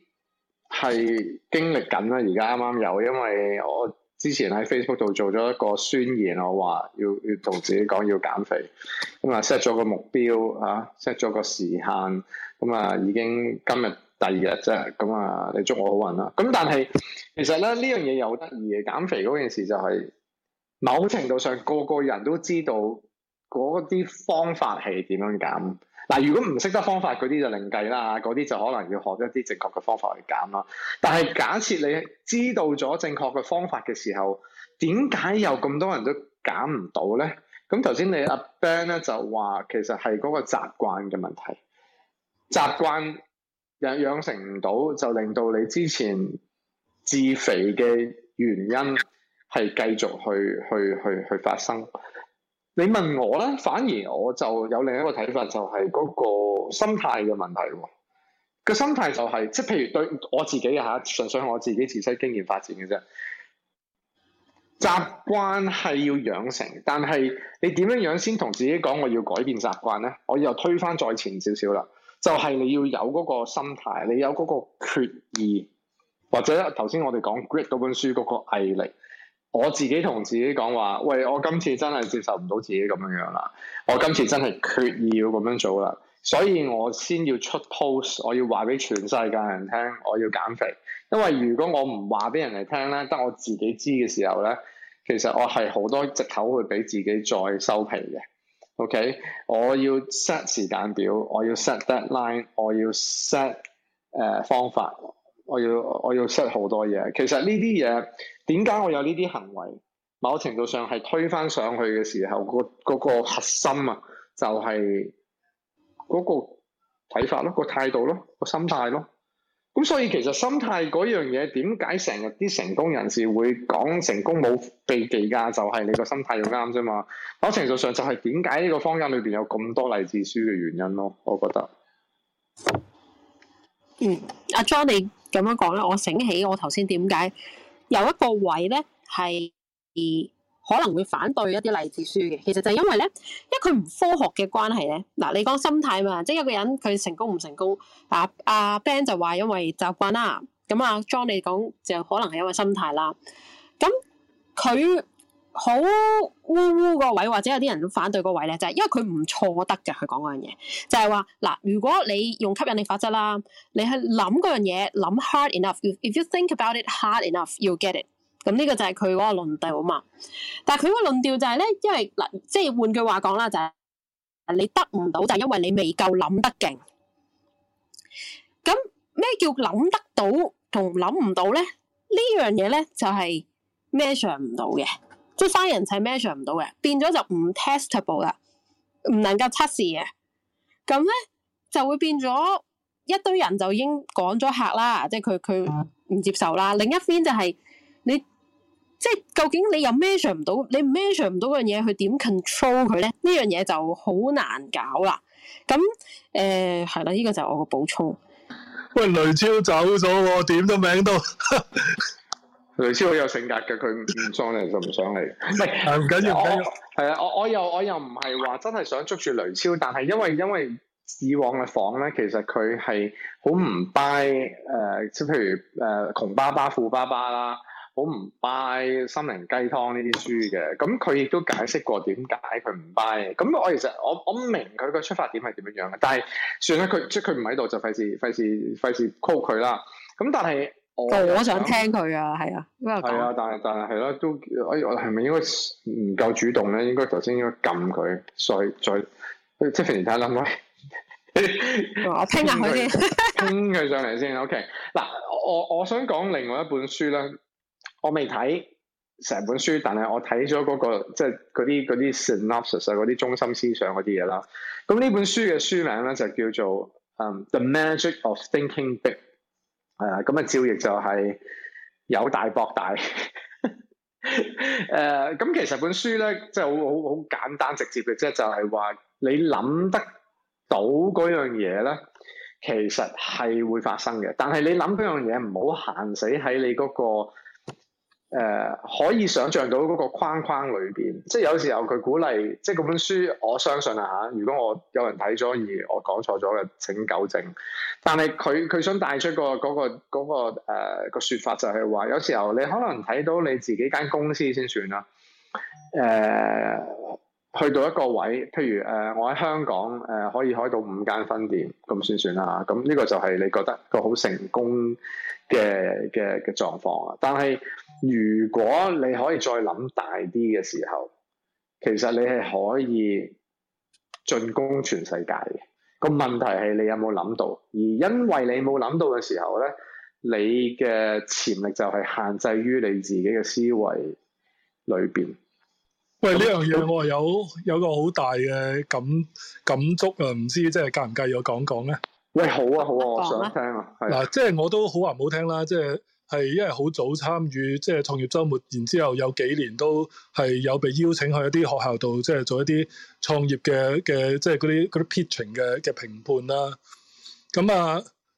經歷緊啦，而家啱啱有，因為我之前喺 Facebook 度做咗一個宣言，我話要要同自己講要減肥，咁啊 set 咗個目標啊，set 咗個時限，咁、嗯、啊已經今日第二日啫，咁、嗯、啊你祝我好運啦。咁、嗯、但係其實咧呢樣嘢又好得意嘅，減肥嗰件事就係、是、某程度上個個人都知道嗰啲方法係點樣減。嗱，如果唔識得方法嗰啲就另計啦，嗰啲就可能要學一啲正確嘅方法去減啦。但係假設你知道咗正確嘅方法嘅時候，點解又咁多人都減唔到咧？咁頭先你阿、啊、Ben 咧就話，其實係嗰個習慣嘅問題，習慣養養成唔到，就令到你之前自肥嘅原因係繼續去去去去發生。你問我咧，反而我就有另一個睇法，就係、是、嗰個心態嘅問題。個心態就係、是，即係譬如對我自己吓，純粹我自己自身經驗發展嘅啫。習慣係要養成，但係你點樣樣先同自己講我要改變習慣咧？我又推翻再前少少啦，就係、是、你要有嗰個心態，你有嗰個決意，或者頭先我哋講 Grit 嗰本書嗰個毅力。我自己同自己講話，喂！我今次真係接受唔到自己咁樣樣啦，我今次真係決意要咁樣做啦，所以我先要出 post，我要話俾全世界人聽，我要減肥。因為如果我唔話俾人哋聽咧，得我自己知嘅時候咧，其實我係好多借口會俾自己再收皮嘅。OK，我要 set 時間表，我要 set deadline，我要 set 誒、uh, 方法。我要我要 set 好多嘢，其實呢啲嘢點解我有呢啲行為，某程度上係推翻上去嘅時候，嗰、嗰、嗰、個嗰個核心啊，就係嗰個睇法咯，個態度咯，個心態咯。咁所以其實心態嗰樣嘢，點解成日啲成功人士會講成功冇秘技㗎，就係、係、你個心態要啱啫嘛。某程度上就係點解呢個坊間裏邊有咁多勵志書嘅原因咯，我覺得。嗯，阿 Johnny。咁樣講咧，我醒起我頭先點解有一個位咧係可能會反對一啲勵志書嘅，其實就因為咧，因為佢唔科學嘅關係咧。嗱，你講心態嘛，即係一個人佢成功唔成功啊？阿 Ben 就話因為習慣啦，咁啊 John 你講就可能係因為心態啦。咁佢。好污污個位，或者有啲人反對個位咧，就係因為佢唔錯得嘅。佢講嗰樣嘢就係話嗱，如果你用吸引力法則啦，你去諗嗰樣嘢，諗 hard enough，if you think about it hard enough，you get it，嗯。咁呢個就係佢嗰個論調啊嘛。但係佢個論調就係咧，因為嗱，即係換句話講啦，就係你得唔到，就係因為你未夠諗得勁。咁咩叫諗得到同諗唔到咧？呢樣嘢咧就係 measure 唔到嘅。出係生人氣，measure 唔到嘅，變咗就唔 testable 啦，唔能夠測試嘅。咁咧就會變咗一堆人就已經趕咗客啦，即係佢佢唔接受啦。另一邊就係、是、你，即係究竟你又 measure 唔到，你 measure 唔到嗰樣嘢，佢點 control 佢咧？呢樣嘢就好難搞啦。咁誒係啦，呢、呃呢個就係我個補充。喂，雷超走咗喎，點咗名都。 雷超好有性格嘅，佢唔上嚟就唔想嚟，唔係，唔緊要。我係啊，我又我又我又唔係話真係想捉住雷超，但係因為因為以往嘅房咧，其實佢係好唔 buy 誒，即、呃、譬如誒、呃、窮爸爸、富爸爸啦，好唔 buy《心靈雞湯》呢啲書嘅。咁佢亦都解釋過點解佢唔 buy。咁我其實我我明佢個出發點係點樣樣嘅，但係算啦，佢即係佢唔喺度就費事費事費事 call 佢啦。咁但係。我對我想聽佢樣啊，係啊，咁係啊，但係但係係咯，都哎，我係咪應該唔夠主動咧？應該頭先應該撳佢所以再，Tiffany，你等唔等我？ 我聽下佢先，聽佢上嚟先。OK，嗱，我我想講另外一本書啦，我未睇成本書，但係我睇咗嗰個即係嗰啲嗰啲 synopsis 啊，嗰啲中心思想嗰啲嘢啦。咁呢本書嘅書名咧就叫做《嗯 The Magic of Thinking Big》。係啊，咁啊、嗯、照易就係有大博大、 嗯。誒、嗯，咁其實本書咧，即係好好好簡單直接嘅，即係就係、係、話你諗得到嗰樣嘢咧，其實係會發生嘅。但係你諗嗰樣嘢唔好限死喺你嗰、嗰個。誒、呃、可以想像到嗰個框框裏邊，即係有時候佢鼓勵，即係嗰本書我相信啊。嚇。如果我有人睇咗而我講錯咗嘅，請糾正。但係佢佢想帶出個嗰、這個嗰、這個誒、這個、呃、說法就係話，有時候你可能睇到你自己間公司先算啦、啊。誒、呃、去到一個位，譬如誒、呃、我喺香港誒、呃、可以開到五間分店咁先算啦、啊。咁、嗯、呢、這個就係你覺得個好成功嘅嘅嘅狀況啊。但係，如果你可以再諗大啲嘅時候，其實你係可以進攻全世界嘅。個問題係你有冇諗到？而因為你冇諗到嘅時候咧，你嘅潛力就係限制於你自己嘅思維裏邊。喂，呢樣嘢我有有個好大嘅感感觸啊！唔知即係介唔介意我講講咧？喂，好啊，好啊，我想聽啊。嗱，啊，即係我都好話唔好聽啦，即係。係因為好早參與即係創業週末，然之後有幾年都係有被邀請去一啲學校度，即係做一啲創業嘅嘅，即係嗰啲嗰啲 pitching 嘅嘅評判啦。咁啊，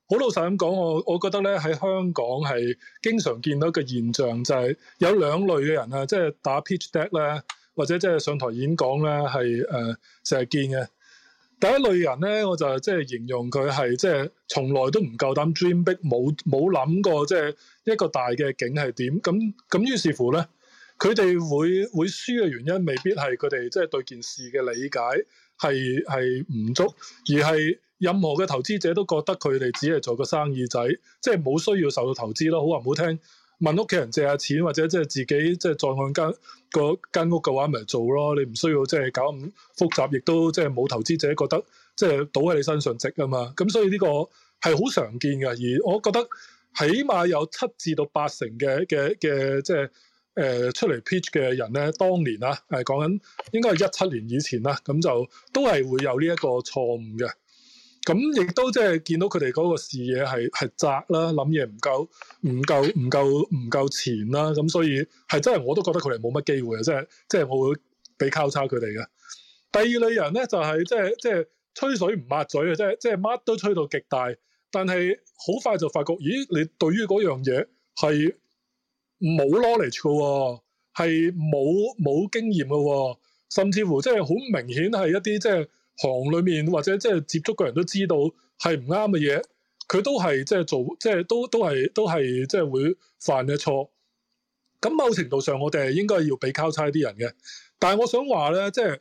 好老實咁講，我我覺得咧，喺香港係經常見到一個現象就係有兩類嘅人啊，即係打 pitch deck 咧，或者即係上台演講咧，係誒成日見嘅。第一類人咧，我就即係形容佢係即係從來都唔夠膽 dream big，冇冇諗過即係一個大嘅景係點。咁咁於是乎咧，佢哋會會輸嘅原因未必係佢哋即係對件事嘅理解係係唔足，而係任何嘅投資者都覺得佢哋只係做個生意仔，即係冇需要受到投資咯。好話唔好聽。問屋企人借下錢，或者即係自己即係再按間個間屋嘅話，咪、就是、做咯。你唔需要即係搞咁複雜，亦都即係冇投資者覺得即係、就是、倒喺你身上值啊嘛。咁所以呢個係好常見嘅。而我覺得起碼有七至到八成嘅嘅嘅即係誒出嚟 pitch 嘅人咧，當年啊係講緊應該係一七年以前啦，咁就都係會有呢一個錯誤嘅。咁亦都即係見到佢哋嗰個視野係係窄啦，諗嘢唔夠唔夠唔夠唔夠前啦，咁所以係真係我都覺得佢哋冇乜機會啊！即係即係我會俾交叉佢哋嘅。第二類人咧就係即係即係吹水唔抹嘴啊！即係即係乜都吹到極大，但係好快就發覺，咦？你對於嗰樣嘢係冇 knowledge 嘅喎、哦，係冇冇經驗嘅喎、哦，甚至乎即係好明顯係一啲即係。即係行裏面或者即係接觸嘅人都知道係唔啱嘅嘢，佢都係即係做即係、就是、都都係都係即係會犯嘅錯。咁某程度上，我哋係應該要俾交叉啲人嘅。但係我想話咧，即、就、係、是、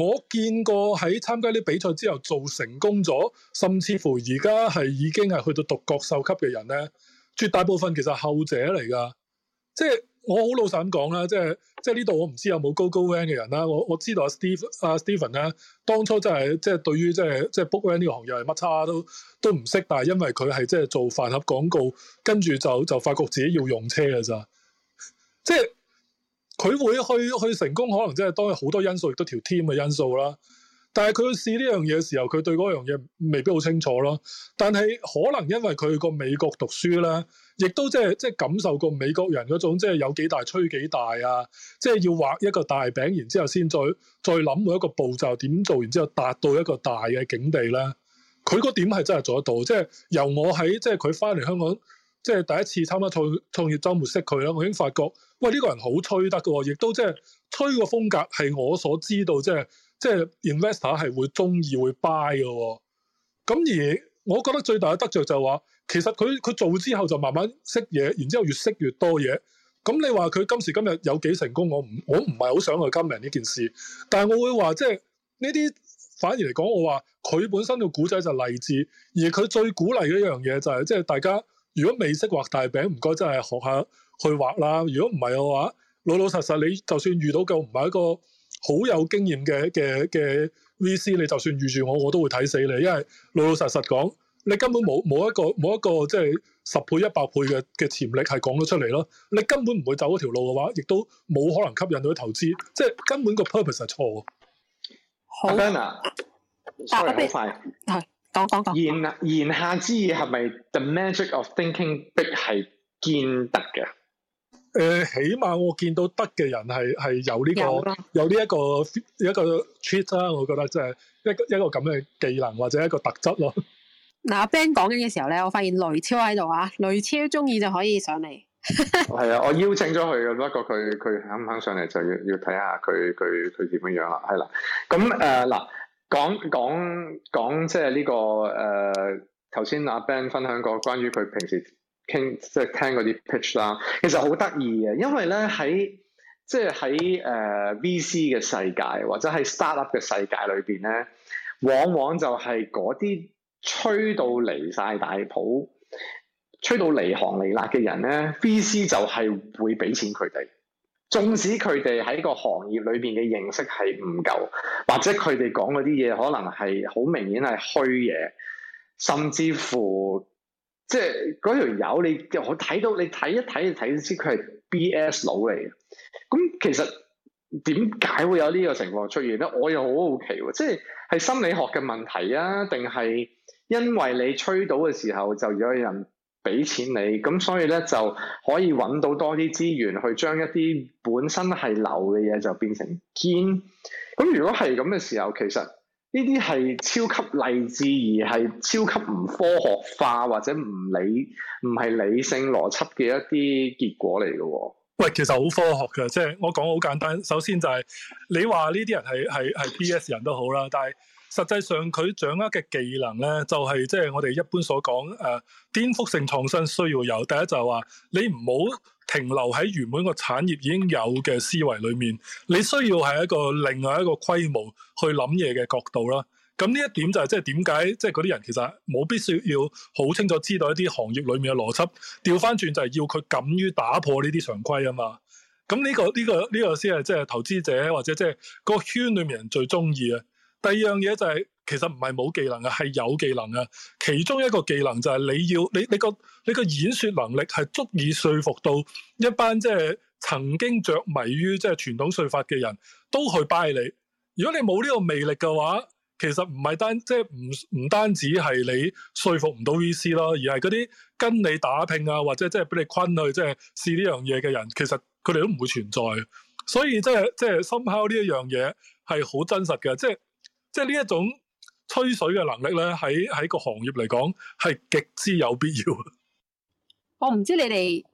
我見過喺參加呢比賽之後做成功咗，甚至乎而家係已經係去到獨角獸級嘅人咧，絕大部分其實係後者嚟噶，即係。我好老實咁講啦，即係即係呢度我唔知有冇 Go Go Van 嘅人啦、啊。我我知道阿、啊、Steve 阿、啊、Stephen 咧、啊，當初真係即係對於即係即係 Book Van 呢個行業係乜叉都都唔識，但係因為佢係即係做飯盒廣告，跟住就就發覺自己要用車嘅咋。即係佢會去去成功，可能即係當然好多因素，亦都條 team 嘅因素啦。但係佢試呢樣嘢嘅時候，佢對嗰樣嘢未必好清楚咯。但係可能因為佢個美國讀書啦，亦都即係即係感受過美國人嗰種即係有幾大吹幾大啊，即係要畫一個大餅，然之後先再再諗每一個步驟點做，然之後達到一個大嘅境地咧。佢個點係真係做得到，即係由我喺即係佢翻嚟香港，即係第一次參加創創業週末識佢咧，我已經發覺喂，呢個人好吹得噶，亦都即係吹個風格係我所知道即係。即係 investor 係會中意會 buy 嘅喎，咁而我覺得最大嘅得着就係、是、話，其實佢佢做之後就慢慢識嘢，然之後越識越多嘢。咁、嗯、你話佢今時今日有幾成功，我唔我唔係好想去 comment 呢件事。但係我會話即係呢啲反而嚟講，我話佢本身個古仔就勵志，而佢最鼓勵嘅一樣嘢就係、是、即係大家如果未識畫大餅，唔該真係學下去畫啦。如果唔係嘅話，老老實實你就算遇到嘅唔係一個好有經驗嘅嘅嘅 VC，你就算遇住我，我都會睇死你。因為老老實實講，你根本冇冇一個冇一個即係十倍一百倍嘅嘅潛力係講得出嚟咯。你根本唔會走嗰條路嘅話，亦都冇可能吸引到啲投資。即係根本個 purpose 係錯。好，Anna，sorry 好快，啊、言言下之意係咪 the magic of thinking big 係堅得嘅？誒、呃，起碼我見到得嘅人係係有呢、這個有呢的一個一個 treat 啦，我覺得即係一個一個咁嘅技能或者一個特質咯、啊。嗱、啊，阿 Ben 講緊嘅時候咧，我發現雷超喺度啊，雷超中意就可以上嚟。係 啊，我邀請咗佢嘅，不過佢佢肯唔肯上嚟就要要睇下佢佢佢點樣樣啦。係、呃、啦，咁誒嗱，講講講即係呢個誒，頭先阿 Ben 分享過關於佢平時。傾即係聽嗰啲 pitch 啦，其實好得意嘅，因為咧喺即係喺誒 VC 嘅世界或者喺 startup 嘅世界裏邊咧，往往就係嗰啲吹到離晒大譜、吹到離行離辣嘅人咧，VC 就係會俾錢佢哋，縱使佢哋喺個行業裏邊嘅認識係唔夠，或者佢哋講嗰啲嘢可能係好明顯係虛嘢，甚至乎。即係嗰條友，你我睇到你睇一睇就睇知佢係 B.S. 佬嚟嘅。咁其實點解會有呢個情況出現咧？我又好好奇喎，啊。即係係心理學嘅問題啊，定係因為你吹到嘅時候就有人俾錢你，咁所以咧就可以揾到多啲資源去將一啲本身係流嘅嘢就變成堅。咁如果係咁嘅時候，其實呢啲係超級勵志而係超級唔科學化，或者唔理唔係理性邏輯嘅一啲結果嚟嘅。喂，其實好科學嘅，即係我講好簡單。首先就係你話呢啲人係係係 B.S. 人都好啦，但係實際上佢掌握嘅技能咧，就係即係我哋一般所講誒顛覆性創新需要有。第一就係話你唔好停留喺原本個產業已經有嘅思維裏面，你需要係一個另外一個規模去諗嘢嘅角度啦。咁呢一點就係即係點解即係嗰啲人其實冇必須要好清楚知道一啲行業裏面嘅邏輯，調翻轉就係要佢敢於打破呢啲常規啊嘛。咁呢個呢個呢個先係即係投資者或者即係嗰個圈裏面人最中意啊。第二樣嘢就係。其實唔係冇技能啊，係有技能啊。其中一個技能就係你要你你個你個演說能力係足以說服到一班即係曾經着迷於即係傳統稅法嘅人都去拜你。如果你冇呢個魅力嘅話，其實唔係單即係唔唔單止係你說服唔到 VC 咯，而係嗰啲跟你打拼啊，或者即係俾你困去即係試呢樣嘢嘅人，其實佢哋都唔會存在。所以即係即係深拋呢一樣嘢係好真實嘅，即係即係呢一種。吹水嘅能力咧，喺喺個行業嚟講係極之有必要我、啊。我唔知你哋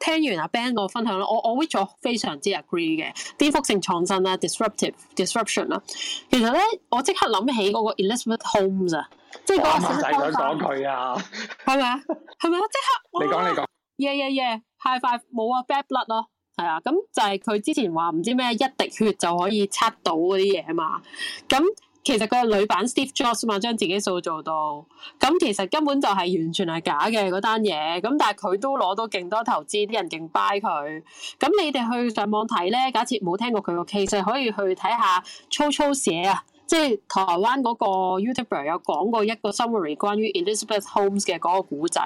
聽完阿 Ben 個分享啦，我我搵非常之 agree 嘅顛覆性創新啊 disruptive disruption 啊，其實咧，我即刻諗起嗰個 Elizabeth Holmes 啊，即係我唔使想講佢啊，係咪啊？係咪啊？即刻你講你講，yeah yeah yeah，high five！冇啊，bad blood 咯，係啊。咁就係佢之前話唔知咩一滴血就可以測到嗰啲嘢嘛，咁。其實佢係女版 Steve Jobs 嘛，將自己塑造到咁，其實根本就係完全係假嘅嗰單嘢。咁但係佢都攞到勁多投資，啲人勁 buy 佢。咁你哋去上網睇咧，假設冇聽過佢個 case，可以去睇下粗粗寫啊。即係台灣嗰個 YouTuber 有講過一個 summary 關於 Elizabeth Holmes 嘅嗰個古仔，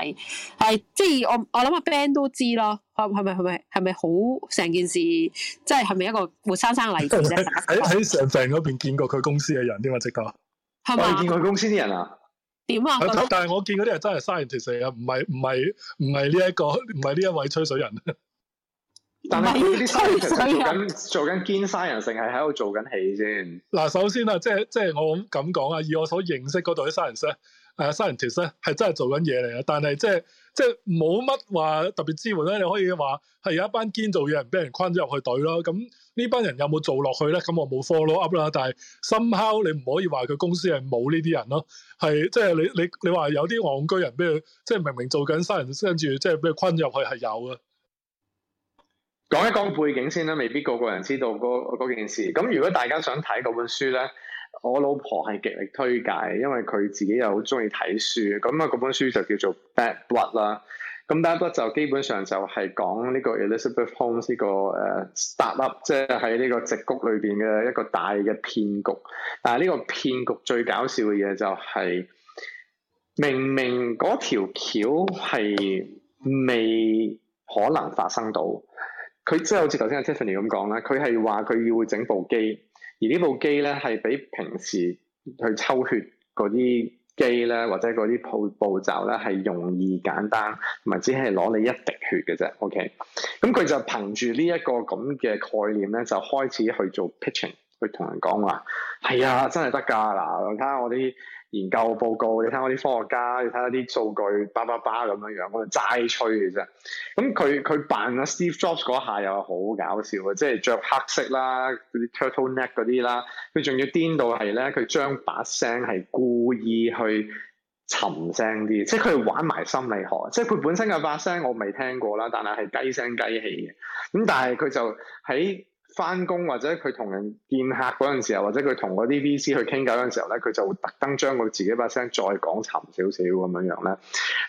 係即係我我諗阿 Ben 都知咯，係咪係咪係咪好成件事，即係係咪一個活生生嘅例子咧？喺喺 Sanford 嗰邊見過佢公司嘅人，點啊？直覺係咪見過佢公司啲人啊？點啊？啊啊但係我見嗰啲人真係 scientist 啊，唔係唔係唔係呢一個唔係呢一位吹水人。 但係呢啲衰人 做緊做緊堅 science 人，成係喺度做緊戲先。嗱、就是，首先啊，即係即係我咁講啊，以我所認識嗰隊 science 人咧，誒，scientist 咧係真係做緊嘢嚟嘅。但係即係即係冇乜話特別支援咧。你可以話係有一班堅做嘢人，俾人昆咗入去隊咯。咁呢班人有冇做落去咧？咁我冇 follow up 啦。但係 somehow 你唔可以話佢公司係冇呢啲人咯。係即係你你你話有啲戇居人俾佢即係明明做緊 science 人，跟住即係俾佢昆咗入去係有嘅。講一講背景先啦，未必個個人知道嗰件事。咁如果大家想睇嗰本書咧，我老婆係極力推介，因為佢自己又好中意睇書。咁啊，嗰本書就叫做《Bad Blood》啦。咁《Bad Blood》就基本上就係講呢個 Elizabeth Holmes 呢個誒，start up，即係喺呢個矽谷裏邊嘅一個大嘅騙局。但係呢個騙局最搞笑嘅嘢就係、是，明明嗰條橋係未可能發生到。佢即係好似頭先阿 Tiffany 咁講啦，佢係話佢要整部機，而呢部機咧係比平時去抽血嗰啲機咧，或者嗰啲步步驟咧係容易簡單，同埋只係攞你一滴血嘅啫。OK，咁佢就憑住呢一個咁嘅概念咧，就開始去做 pitching，去同人講話係啊，真係得㗎嗱，睇下我啲。研究報告，你睇下啲科學家，你睇下啲數據，叭叭叭咁樣樣，我係齋吹嘅啫。咁佢佢扮阿 Steve Jobs 嗰下又好搞笑啊，即係着黑色啦，嗰啲 turtle neck 嗰啲啦，佢仲要癲到係咧，佢將把聲係故意去沉聲啲，即係佢玩埋心理學。即係佢本身嘅把聲我未聽過啦，但係係雞聲雞氣嘅。咁但係佢就喺。翻工或者佢同人見客嗰陣時候，或者佢同嗰啲 VC 去傾偈嗰陣時候咧，佢就會特登將佢自己把聲再講沉少少咁樣樣咧，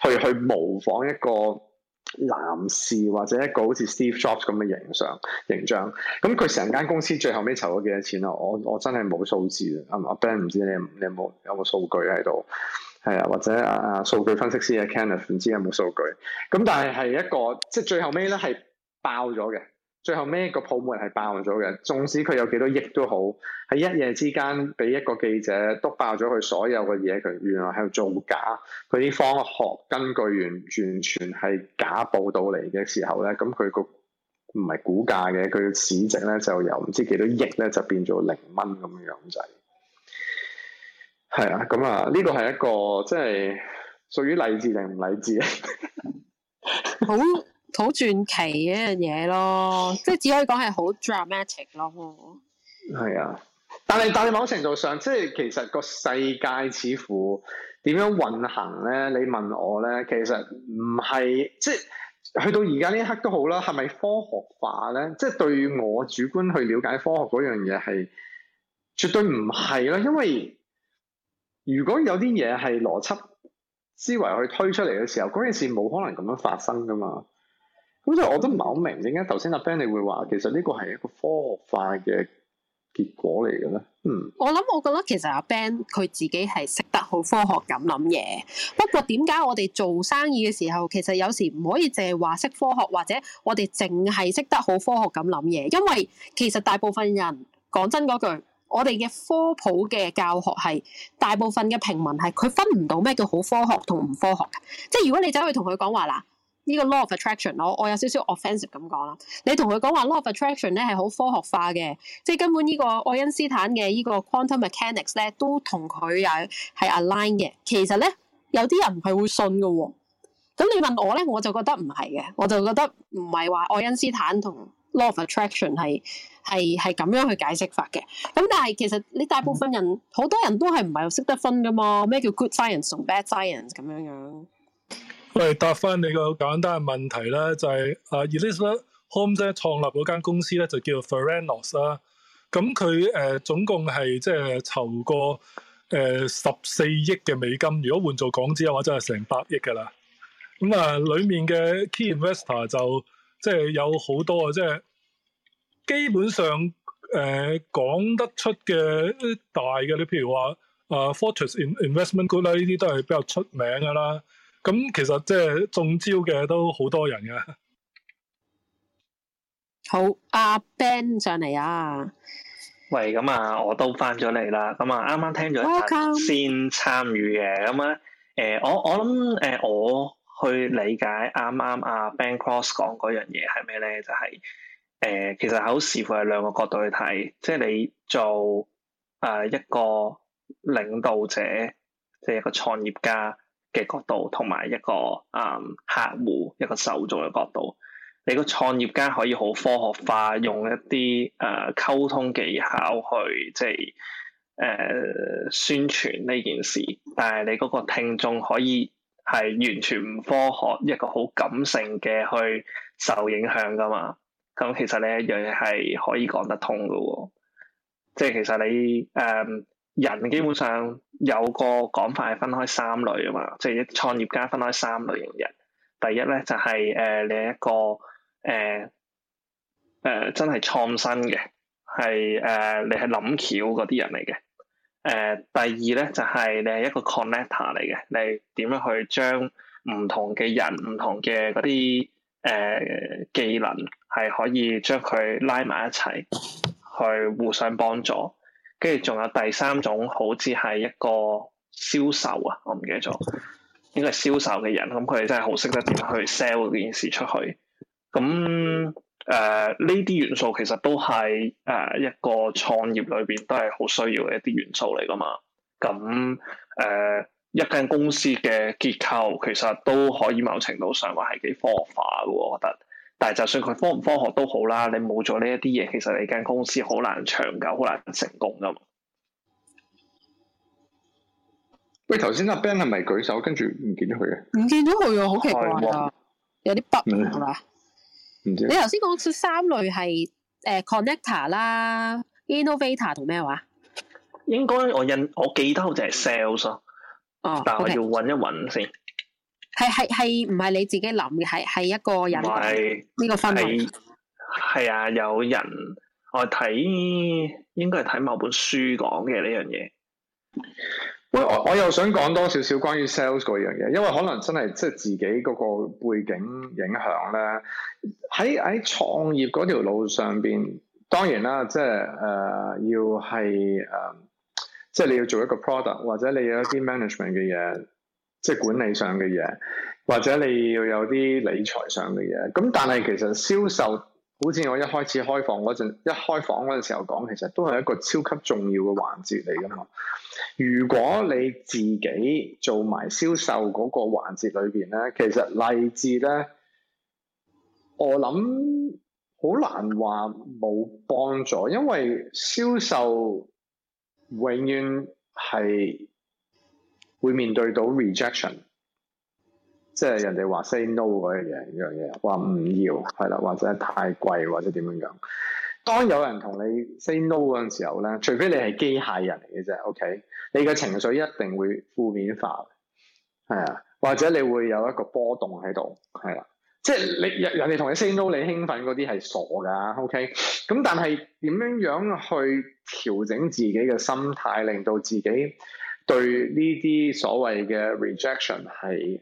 去去模仿一個男士或者一個好似 Steve Jobs 咁嘅形象形象。咁佢成間公司最後尾籌咗幾多錢啊？我我真係冇數字啊！阿、um, Ben 唔知你你有冇有冇數據喺度？係啊，或者啊啊數據分析師啊 Kenneth 唔知有冇數據？咁但係係一個即係、就是、最後尾咧係爆咗嘅。最後尾個泡沫係爆咗嘅，縱使佢有幾多億都好，喺一夜之間俾一個記者督爆咗佢所有嘅嘢，佢原來喺度做假，佢啲科學根據完完全係假報導嚟嘅時候咧，咁佢個唔係股價嘅，佢嘅市值咧就由唔知幾多億咧就變咗零蚊咁樣樣就係，係啊，咁啊，呢個係一個即係屬於勵志定唔勵志？好。好傳奇嘅一樣嘢咯，即係只可以講係好 dramatic 咯。係啊，但係但係某程度上，即係其實個世界似乎點樣運行咧？你問我咧，其實唔係即係去到而家呢一刻都好啦。係咪科學化咧？即係對於我主觀去了解科學嗰樣嘢，係絕對唔係啦。因為如果有啲嘢係邏輯思維去推出嚟嘅時候，嗰件事冇可能咁樣發生噶嘛。咁所以我都唔係好明點解頭先阿 Ben 你會話其實呢個係一個科學化嘅結果嚟嘅咧。嗯，我諗我覺得其實阿 Ben 佢自己係識得好科學咁諗嘢。不過點解我哋做生意嘅時候，其實有時唔可以淨係話識科學，或者我哋淨係識得好科學咁諗嘢？因為其實大部分人講真嗰句，我哋嘅科普嘅教學係大部分嘅平民係佢分唔到咩叫好科學同唔科學嘅。即係如果你走去同佢講話嗱。呢個 law of attraction，我我有少少 offensive 咁講啦。你同佢講話 law of attraction 咧係好科學化嘅，即係根本呢個愛因斯坦嘅、um、呢個 quantum mechanics 咧都同佢係係 align 嘅。其實咧有啲人唔係會信嘅喎、哦。咁你問我咧，我就覺得唔係嘅。我就覺得唔係話愛因斯坦同 law of attraction 係係係咁樣去解釋法嘅。咁但係其實你大部分人好、嗯、多人都係唔係識得分嘅嘛？咩叫 good science 同 bad science 咁樣樣？我嚟答翻你個簡單嘅問題啦，就係阿 Elizabeth Holmes 咧創立嗰間公司咧就叫 Theranos 啦。咁佢誒總共係即係籌過誒十四億嘅美金，如果換做港紙嘅話，真係成百億噶啦。咁啊，裏面嘅 Key Investor 就即係有好多啊，即係基本上誒講得出嘅大嘅，你譬如話誒 Fortress Investment Group 啦，呢啲都係比較出名噶啦。咁其實即係中招嘅都好多人嘅。好，阿、啊、Ben 上嚟啊。喂，咁啊，我都翻咗嚟啦。咁啊，啱啱聽咗先參與嘅。咁啊，誒、呃，我我諗，誒、呃，我去理解啱啱阿 Ben Cross 講嗰樣嘢係咩咧？就係、是、誒、呃，其實好視乎係兩個角度去睇，即係你做誒、呃、一個領導者，即係一個創業家。嘅角度，同埋一個嗯客戶，一個受眾嘅角度，你個創業家可以好科學化，用一啲誒、呃、溝通技巧去即係誒、呃、宣傳呢件事，但係你嗰個聽眾可以係完全唔科學，一個好感性嘅去受影響噶嘛？咁其實呢一樣嘢係可以講得通噶，即係其實你誒。嗯人基本上有個講法係分開三類啊嘛，即係啲創業家分開三類型人。第一咧就係、是、誒、呃、你一個誒誒、呃呃、真係創新嘅，係誒、呃、你係諗巧嗰啲人嚟嘅。誒、呃、第二咧就係、是、你係一個 connector、er、嚟嘅，你點樣去將唔同嘅人、唔同嘅嗰啲誒技能係可以將佢拉埋一齊去互相幫助。跟住仲有第三種，好似係一個銷售啊，我唔記得咗，應該係銷售嘅人，咁佢哋真係好識得點樣去 sell 件事出去。咁誒呢啲元素其實都係誒一個創業裏邊都係好需要嘅一啲元素嚟噶嘛。咁誒、呃、一間公司嘅結構其實都可以某程度上話係幾科學化嘅，我覺得。但係就算佢科唔科學都好啦，你冇咗呢一啲嘢，其實你間公司好難長久，好難成功噶。喂，頭先阿 Ben 係咪舉手，跟住唔見咗佢嘅？唔見咗佢啊，好奇怪啊，有啲 bug 係嘛？唔 right?、嗯、知。你頭先講說三類係誒 connector 啦，innovator 同咩話？呃、or, ator, 應該我印我記得好似係 sales 咯，但係我要搵一搵先。係係係唔係你自己諗嘅？係係一個人嚟，呢是個氛圍係啊！有人我睇，應該係睇某本書講嘅呢樣嘢。喂，我我又想講多少少關於 sales 嗰樣嘢，因為可能真係即係自己嗰個背景影響咧。喺喺創業嗰條路上邊，當然啦，即係誒、呃，要係誒、呃，即係你要做一個 product，或者你有一啲 management 嘅嘢。即係管理上嘅嘢，或者你要有啲理財上嘅嘢。咁但係其實銷售，好似我一開始開房嗰陣，一開房嗰陣時候講，其實都係一個超級重要嘅環節嚟㗎嘛。如果你自己做埋銷售嗰個環節裏邊咧，其實勵志咧，我諗好難話冇幫助，因為銷售永遠係會面對到 rejection，即係人哋話 say no 嗰樣嘢，一樣嘢話唔要係啦，或者太貴或者點樣樣。當有人同你 say no 嗰陣時候咧，除非你係機械人嚟嘅啫，OK，你嘅情緒一定會負面化，係啊，或者你會有一個波動喺度，係啦，即係你人人哋同你 say no，你興奮嗰啲係傻㗎，OK，咁但係點樣樣去調整自己嘅心態，令到自己對呢啲所謂嘅 rejection 係誒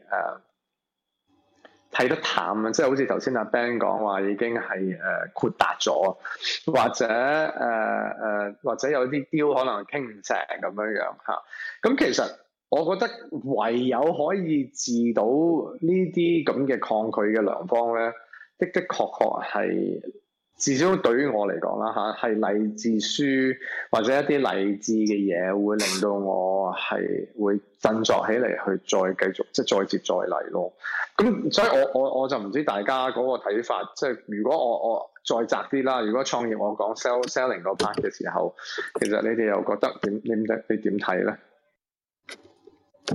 睇、uh, 得淡啊，即、就、係、是、好似頭先阿 Ben 講話已經係誒擴大豁達咗，或者誒誒、uh, 或者有啲雕 deal 可能傾唔成咁樣樣嚇。咁、啊、其實我覺得唯有可以治到呢啲咁嘅抗拒嘅良方咧，的的確確係。至少對於我嚟講啦嚇，係勵志書或者一啲勵志嘅嘢，會令到我係會振作起嚟，去再繼續即係再接再厲咯。咁所以我我我就唔知大家嗰個睇法，即係如果我我再窄啲啦，如果創業我講 sell selling 嗰 part 嘅時候，其實你哋又覺得點？你得？你點睇咧？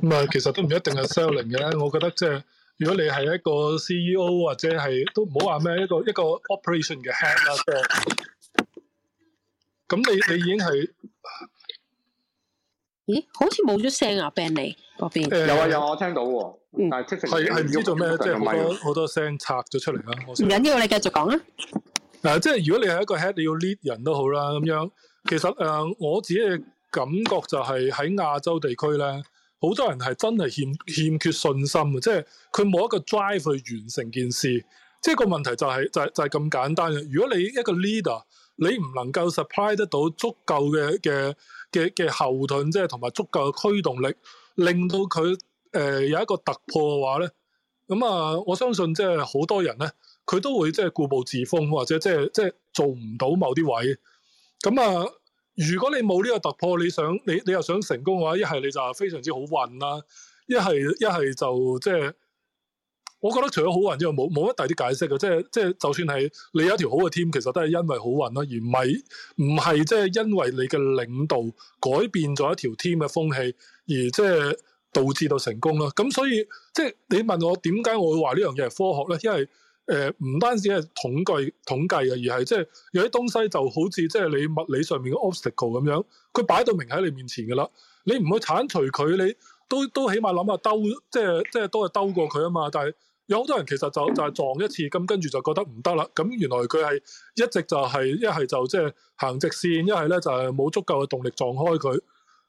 唔係，其實都唔一定係 selling 嘅啦。我覺得即係。如果你係一個 CEO 或者係都唔好話咩一個一個 operation 嘅 head 啦， 咁你你已經係，咦？好似冇咗聲啊 Ben 你嗰邊。欸、有啊有啊，我聽到喎。嗯。係係唔知做咩，嗯、即係好多好、嗯、多，多聲拆咗出嚟啦。唔緊要，你繼續講啊。誒，即係如果你係一個 head，你要 lead 人都好啦，咁樣其實誒、呃，我自己嘅感覺就係喺亞洲地區咧。好多人係真係欠欠缺信心，即係佢冇一個 drive 去完成件事，即係個問題就係就係就係咁簡單嘅。如果你一個 leader，你唔能夠 supply 得到足夠嘅嘅嘅嘅後盾，即係同埋足夠嘅驅動力，令到佢誒、呃、有一個突破嘅話咧，咁、嗯、啊，我相信即係好多人咧，佢都會即係固步自封，或者即係即係做唔到某啲位，咁、嗯、啊。如果你冇呢個突破，你想你你又想成功嘅話，一係你就非常之好運啦，一係一係就即係，就是、我覺得除咗好運之外，冇冇乜大啲解釋嘅，即係即係就算係你有一條好嘅 team，其實都係因為好運啦，而唔係唔係即係因為你嘅領導改變咗一條 team 嘅風氣，而即係導致到成功啦。咁所以即係、就是、你問我點解我會話呢樣嘢係科學咧？因為誒唔、呃、單止係統計統計嘅，而係即係有啲東西就好似即係你物理上面嘅 obstacle 咁樣，佢擺到明喺你面前嘅啦。你唔去剷除佢，你都都起碼諗下兜，即係即係都係兜過佢啊嘛。但係有好多人其實就就係、是、撞一次，咁跟住就覺得唔得啦。咁原來佢係一直就係一係就即係行直線，一係咧就係冇足夠嘅動力撞開佢。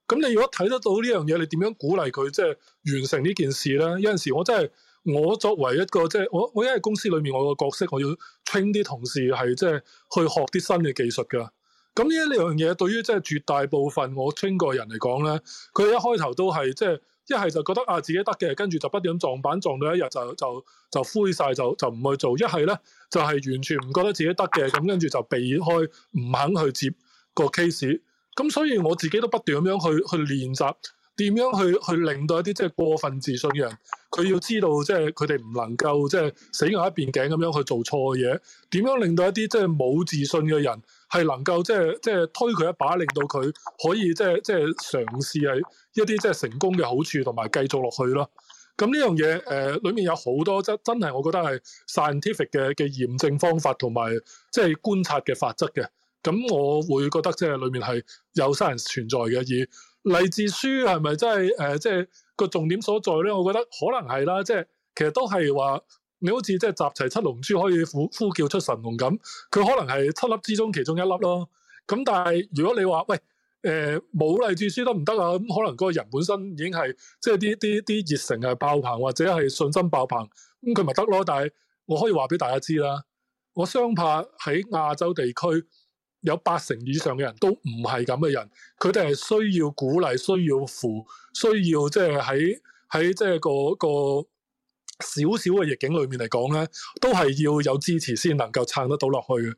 咁你如果睇得到呢樣嘢，你點樣鼓勵佢即係完成呢件事咧？有陣時我真係～我作為一個即係、就是、我我因為公司裏面我個角色，我要 train 啲同事係即係去學啲新嘅技術嘅。咁呢呢樣嘢對於即係絕大部分我 train 個人嚟講咧，佢一開頭都係即係一係就覺得啊自己得嘅，跟住就不斷撞板撞到一日就就就灰晒，就就唔去做。一係咧就係、是、完全唔覺得自己得嘅，咁跟住就避開唔肯去接個 case。咁所以我自己都不斷咁樣去去練習。點樣去去令到一啲即係過分自信嘅人，佢要知道即係佢哋唔能夠即係死硬一邊頸咁樣去做錯嘅嘢。點樣令到一啲即係冇自信嘅人係能夠即係即係推佢一把，令到佢可以即係即係嘗試係一啲即係成功嘅好處同埋繼續落去咯。咁呢樣嘢誒，裏面有好多真真係我覺得係 scientific 嘅嘅驗證方法同埋即係觀察嘅法則嘅。咁我會覺得即係裏面係有 science 存在嘅而。勵志書係咪真係誒，即係個重點所在咧？我覺得可能係啦，即、就、係、是、其實都係話你好似即係集齊七龍珠可以呼呼叫出神龍咁，佢可能係七粒之中其中一粒咯。咁但係如果你話喂，誒冇勵志書得唔得啊？咁、嗯、可能嗰個人本身已經係即係啲啲啲熱誠係爆棚或者係信心爆棚，咁佢咪得咯。但係我可以話俾大家知啦，我相怕喺亞洲地區。有八成以上嘅人都唔係咁嘅人，佢哋係需要鼓勵、需要扶、需要即係喺喺即係個個小小嘅逆境裏面嚟講咧，都係要有支持先能夠撐得到落去嘅。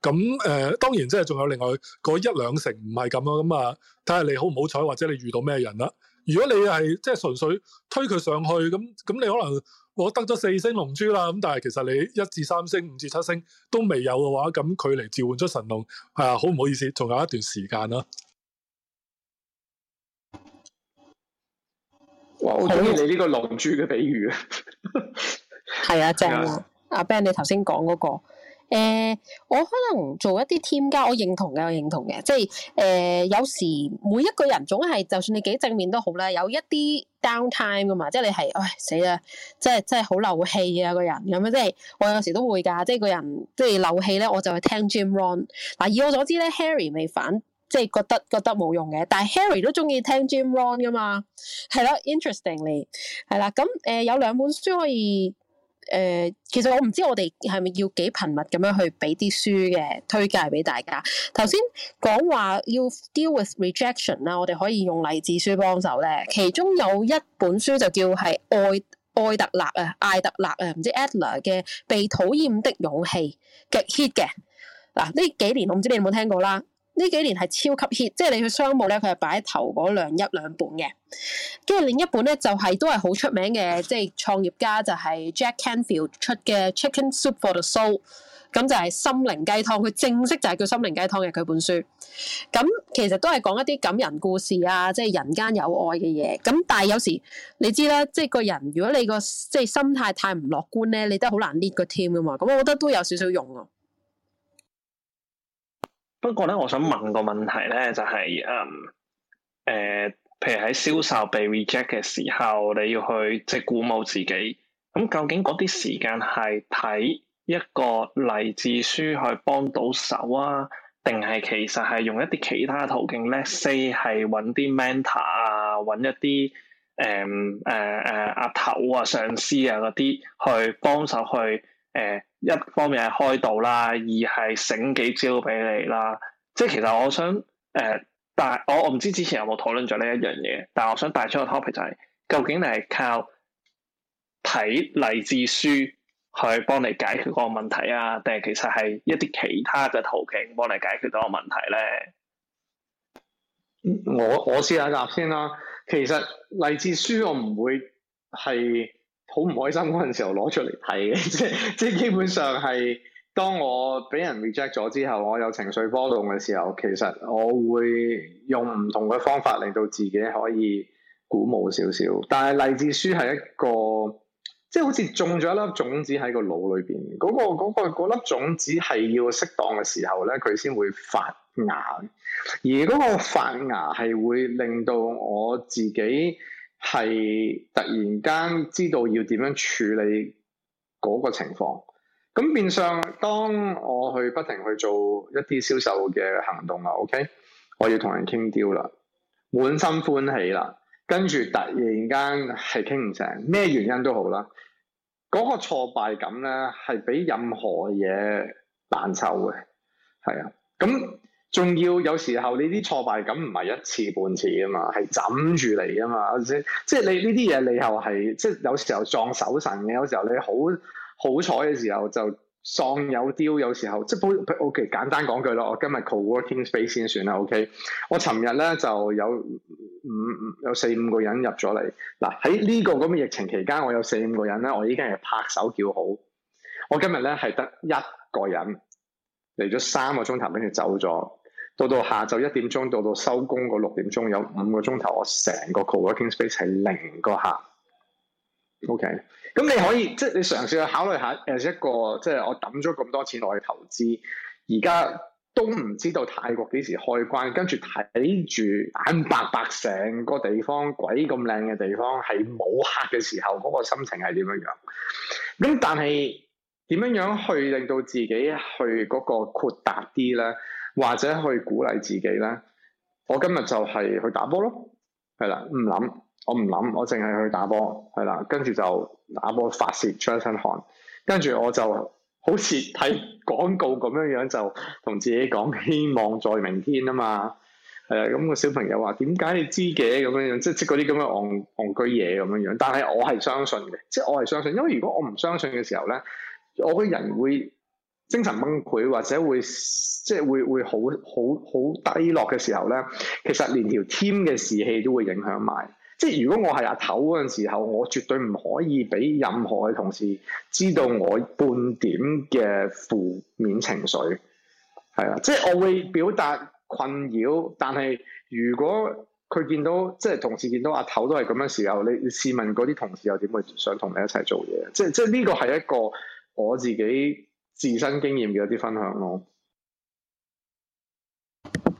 咁、嗯、誒、呃，當然即係仲有另外嗰一兩成唔係咁咯。咁、嗯、啊，睇下你好唔好彩，或者你遇到咩人啦。如果你係即係純粹推佢上去咁，咁你可能，我得咗四星龍珠啦，咁但係其實你一至三星、五至七星都未有嘅話，咁距離召喚出神龍係啊，好唔好意思，仲有一段時間囉！哇，我好中意你呢個龍珠嘅比喻啊！係 啊，正啊，阿、啊、Ben 你頭先講嗰個。誒、呃，我可能做一啲添加，我認同嘅，我認同嘅，即係誒、呃，有時每一個人總係，就算你幾正面都好啦，有一啲 down time 噶嘛，即係你係，唉、哎，死啦，即係即係好漏氣啊個人咁樣，即係我有時都會噶，即係個人即係漏氣咧，我就聽 Jim Rohn。嗱，以我所知咧，Harry 未反，即係覺得覺得冇用嘅，但係 Harry 都中意聽 Jim Rohn 噶嘛，係囉，interestingly 係啦，咁誒、呃、有兩本書可以。誒、呃，其實我唔知我哋係咪要幾頻密咁樣去俾啲書嘅推介俾大家。頭先講話要 deal with rejection 啦，我哋可以用勵志書幫手咧。其中有一本書就叫係艾艾特納啊，艾特納啊，唔知 Adler 嘅《被討厭的勇氣》嘅，極 hit 嘅。嗱，呢幾年我唔知你有冇聽過啦。呢幾年係超級 hit，即係你去商務咧，佢係擺喺頭嗰兩一兩本嘅，跟住另一本咧就係都係好出名嘅，即係創業家就係 Jack Canfield 出嘅 Chicken Soup for the Soul，咁就係心靈雞湯，佢正式就係叫心靈雞湯嘅佢本書，咁其實都係講一啲感人故事啊，即係人間有愛嘅嘢。咁但係有時你知啦，即係個人如果你個即係心態太唔樂觀咧，你都好難 lead 個 team 噶嘛。咁我覺得都有少少用啊。不過咧，我想問個問題咧，就係、是、嗯誒、呃，譬如喺銷售被 reject 嘅時候，你要去即係鼓舞自己，咁究竟嗰啲時間係睇一個勵志書去幫到手啊，定係其實係用一啲其他途徑咧？say 係揾啲 mentor 啊，揾一啲誒誒誒阿頭啊、上司啊嗰啲去幫手去。誒、呃，一方面係開導啦，二係醒幾招俾你啦。即係其實我想誒、呃，但係我我唔知之前有冇討論咗呢一樣嘢。但係我想帶出個 topic 就係、是，究竟你係靠睇勵志書去幫你解決嗰個問題啊，定係其實係一啲其他嘅途徑幫你解決到個問題咧、嗯？我我試下答先啦。其實勵志書我唔會係。好唔開心嗰陣時候攞出嚟睇嘅，即即基本上係當我俾人 reject 咗之後，我有情緒波動嘅時候，其實我會用唔同嘅方法令到自己可以鼓舞少少。但係勵志書係一個即係好似種咗一粒種子喺個腦裏邊，嗰個嗰個嗰粒種子係要適當嘅時候咧，佢先會發芽。而嗰個發芽係會令到我自己。係突然間知道要點樣處理嗰個情況，咁變相當我去不停去做一啲銷售嘅行動啦。OK，我要同人傾 deal 啦，滿心歡喜啦，跟住突然間係傾唔成，咩原因都好啦，嗰、嗰個挫敗感咧係比任何嘢難受嘅，係啊，咁。仲要有時候你啲挫敗感唔係一次半次啊嘛，係枕住嚟啊嘛，即即係你呢啲嘢你又係即係有時候撞手神嘅，有時候你好好彩嘅時候就喪有雕，有時候即係 OK 簡單講句咯，我今日 co-working space 先算啦。OK，我尋日咧就有五有四五個人入咗嚟，嗱喺呢個咁嘅疫情期間，我有四五個人咧，我已經係拍手叫好。我今日咧係得一個人嚟咗三個鐘頭，跟住走咗。到到下晝一點鐘，到到收工個六點鐘，有五個鐘頭，我成個 co working space 係零個客。O K。咁你可以即係你嘗試去考慮下，誒一個即係我抌咗咁多錢落去投資，而家都唔知道泰國幾時開關，跟住睇住眼白白成個地方，鬼咁靚嘅地方係冇客嘅時候，嗰、嗰個心情係點樣樣？咁但係點樣樣去令到自己去嗰個豁達啲咧？或者去鼓勵自己咧，我今日就係去打波咯，係啦，唔諗，我唔諗，我淨係去打波，係啦，跟住就打波發泄，出一身汗，跟住我就好似睇廣告咁樣樣，就同自己講，希望在明天啊嘛，係啊，咁、嗯那個小朋友話點解你知嘅咁樣樣，即係即嗰啲咁嘅戇戇居嘢咁樣樣，但係我係相信嘅，即係我係相信，因為如果我唔相信嘅時候咧，我個人會。精神崩潰或者會即係會會好好好低落嘅時候咧，其實連條 team 嘅士氣都會影響埋。即係如果我係阿頭嗰陣時候，我絕對唔可以俾任何嘅同事知道我半點嘅負面情緒。係啊，即係我會表達困擾，但係如果佢見到即係同事見到阿頭都係咁樣時候，你試問嗰啲同事又點會想同你一齊做嘢？即係即係呢個係一個我自己。自身經驗嘅一啲分享咯，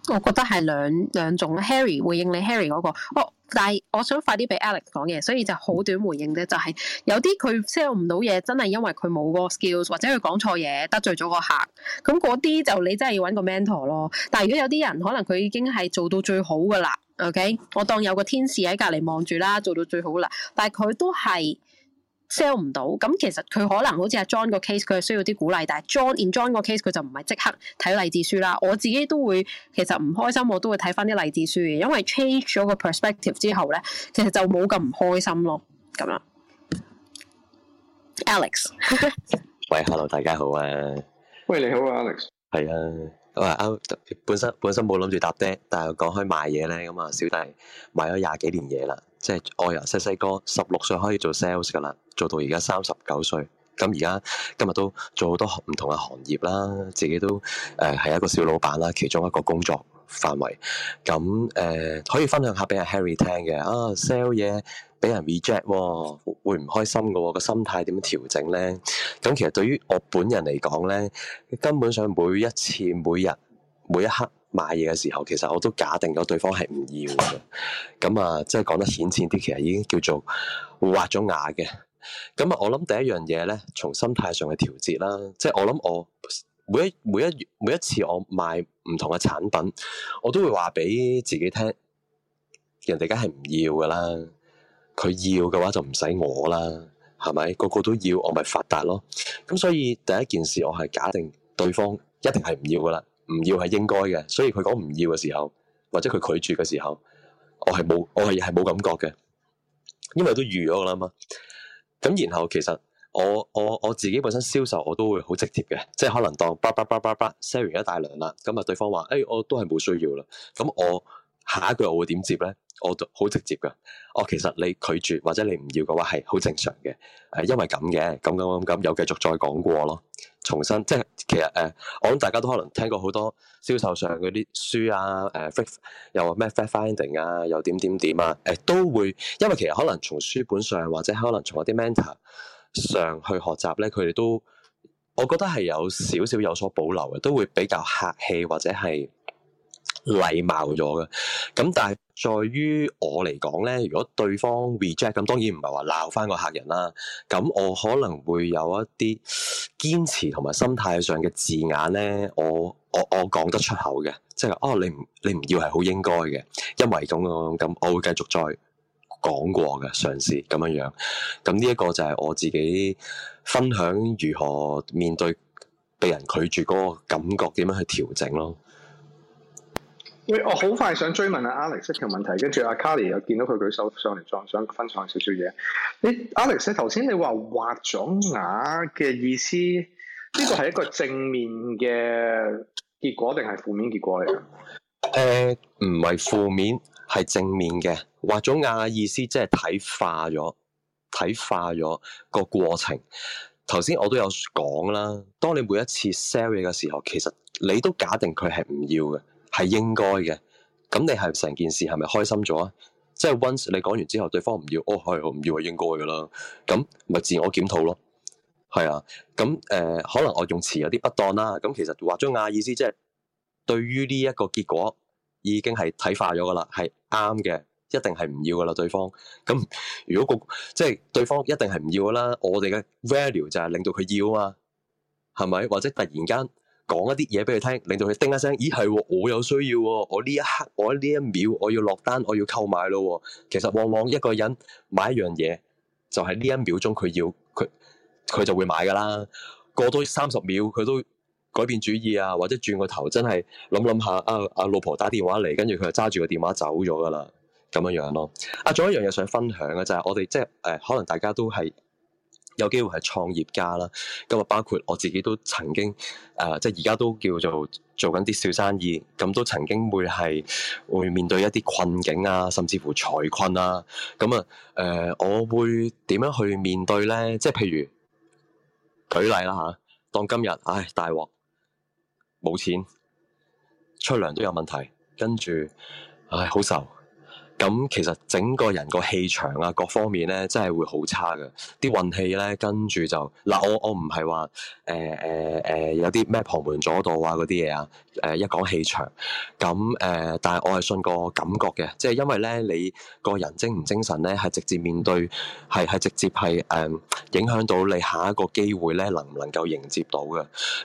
我覺得係兩兩種啦。Harry 回應你 Harry 嗰個，哦，但係我想快啲俾 Alex 講嘢，所以就好短回應啫。就係有啲佢 sell 唔到嘢，真係因為佢冇嗰個 skills，或者佢講錯嘢得罪咗個客，咁嗰啲就你真係要搵個 mentor 咯。但係如果有啲人可能佢已經係做到最好㗎喇，OK？我當有個天使喺隔離望住啦，做到最好啦，但係佢都係，sell 唔到，咁其實佢可能好似阿 John 個 case，佢係需要啲鼓勵。但係 John enjoy 個 case，佢就唔係即刻睇勵志書啦。我自己都會其實唔開心，我都會睇翻啲勵志書嘅，因為 change 咗個 perspective 之後咧，其實就冇咁唔開心咯。咁樣，Alex， 喂，hello，大家好啊，喂，你好啊，Alex，係啊，我話歐本身本身冇諗住搭爹，但係講開賣嘢咧，咁啊，小弟賣咗廿幾年嘢啦。即係我由細細個十六歲可以做 sales 噶啦，做到而家三十九歲。咁而家今日都做好多唔同嘅行業啦，自己都誒係一個小老闆啦，其中一個工作範圍。咁誒、呃、可以分享下俾阿 Harry 聽嘅啊 sell 嘢俾人 reject，、哦、會唔開心噶？個、哦、心態點樣調整咧？咁其實對於我本人嚟講咧，根本上每一次、每日、每一刻。買嘢嘅時候，其實我都假定咗對方係唔要嘅。咁啊，即係講得顯淺啲，其實已經叫做畫咗牙嘅。咁啊，我諗第一樣嘢咧，從心態上去調節啦。即係我諗，我每一每一每一次我賣唔同嘅產品，我都會話俾自己聽，人哋梗係唔要噶啦。佢要嘅話就唔使我啦，係咪？個個都要，我咪發達咯。咁所以第一件事，我係假定對方一定係唔要噶啦。唔要係應該嘅，所以佢講唔要嘅時候，或者佢拒絕嘅時候，我係冇，我係係冇感覺嘅，因為我都預咗啦嘛。咁然後其實我我我自己本身銷售我都會好直接嘅，即係可能當叭叭叭叭叭 sell 完一大輪啦，咁啊對方話，哎，我都係冇需要啦。咁我。下一句我會點接咧？我好直接㗎。我其實你拒絕或者你唔要嘅話，係好正常嘅。係因為咁嘅，咁咁咁咁，又繼續再講過咯。重新即係其實誒、呃，我諗大家都可能聽過好多銷售上嗰啲書啊，誒、呃，又話咩 fact finding 啊，又點點點啊，誒、呃，都會因為其實可能從書本上或者可能從一啲 mentor 上去學習咧，佢哋都我覺得係有少少有所保留嘅，都會比較客氣或者係，禮貌咗嘅，咁但係在於我嚟講呢，如果對方 reject 咁，當然唔係話鬧返個客人啦。咁我可能會有一啲堅持同埋心態上嘅字眼呢，我我我講得出口嘅，即係啊，你唔你唔要係好應該嘅，因為咁樣咁，我會繼續再講過嘅，嘗試咁樣樣。咁呢一個就係我自己分享如何面對被人拒絕嗰個感覺，點樣去調整咯。喂，我好、哦、快想追問阿、啊、Alex 嘅一條問題，跟住阿 Carly 又見到佢舉手上嚟，想想分享少少嘢。你 Alex，頭先你話畫咗牙嘅意思，呢、這個係一個正面嘅結果定係負面結果嚟啊？誒、呃，唔係負面，係正面嘅畫咗牙嘅意思，即係睇化咗，睇化咗個過程。頭先我都有講啦，當你每一次 sell 嘢嘅時候，其實你都假定佢係唔要嘅。係應該嘅，咁你係成件事係咪開心咗啊？即係 once 你講完之後，對方唔要，哦，係我唔要係，應該噶啦，咁咪自我檢討咯。係啊，咁誒、呃，可能我用詞有啲不當啦。咁其實話咗亞意思，即係對於呢一個結果已經係睇化咗噶啦，係啱嘅，一定係唔要噶啦。對方咁，如果個即係對方一定係唔要噶啦，我哋嘅 value 就係令到佢要啊嘛，係咪？或者突然間。講一啲嘢俾佢聽，令到佢叮一聲，咦係我有需要喎、啊，我呢一刻，我呢一秒，我要落單，我要購買咯、啊。其實往往一個人買一樣嘢，就係、是、呢一秒中鐘佢要佢佢就會買噶啦。過多三十秒佢都改變主意啊，或者轉個頭真想想，真係諗諗下阿阿老婆打電話嚟，跟住佢就揸住個電話走咗噶啦，咁樣樣咯。啊，仲有一樣嘢想分享嘅就係、是、我哋即係誒、呃，可能大家都係。有機會係創業家啦，咁啊包括我自己都曾經，誒、呃、即係而家都叫做做緊啲小生意，咁都曾經會係會面對一啲困境啊，甚至乎財困啊，咁啊誒，我會點樣去面對呢？即係譬如舉例啦嚇，當今日唉，大鑊，冇錢，出糧都有問題，跟住唉好愁。咁其實整個人個氣場啊，各方面咧，真係會好差嘅。啲運氣咧，跟住就嗱、啊，我我唔係話誒誒誒有啲咩旁門左道啊嗰啲嘢啊。誒、呃、一講氣場，咁、嗯、誒、呃，但係我係信個感覺嘅，即係因為咧，你個人精唔精神咧，係直接面對，係係直接係誒、嗯、影響到你下一個機會咧，能唔能夠迎接到嘅。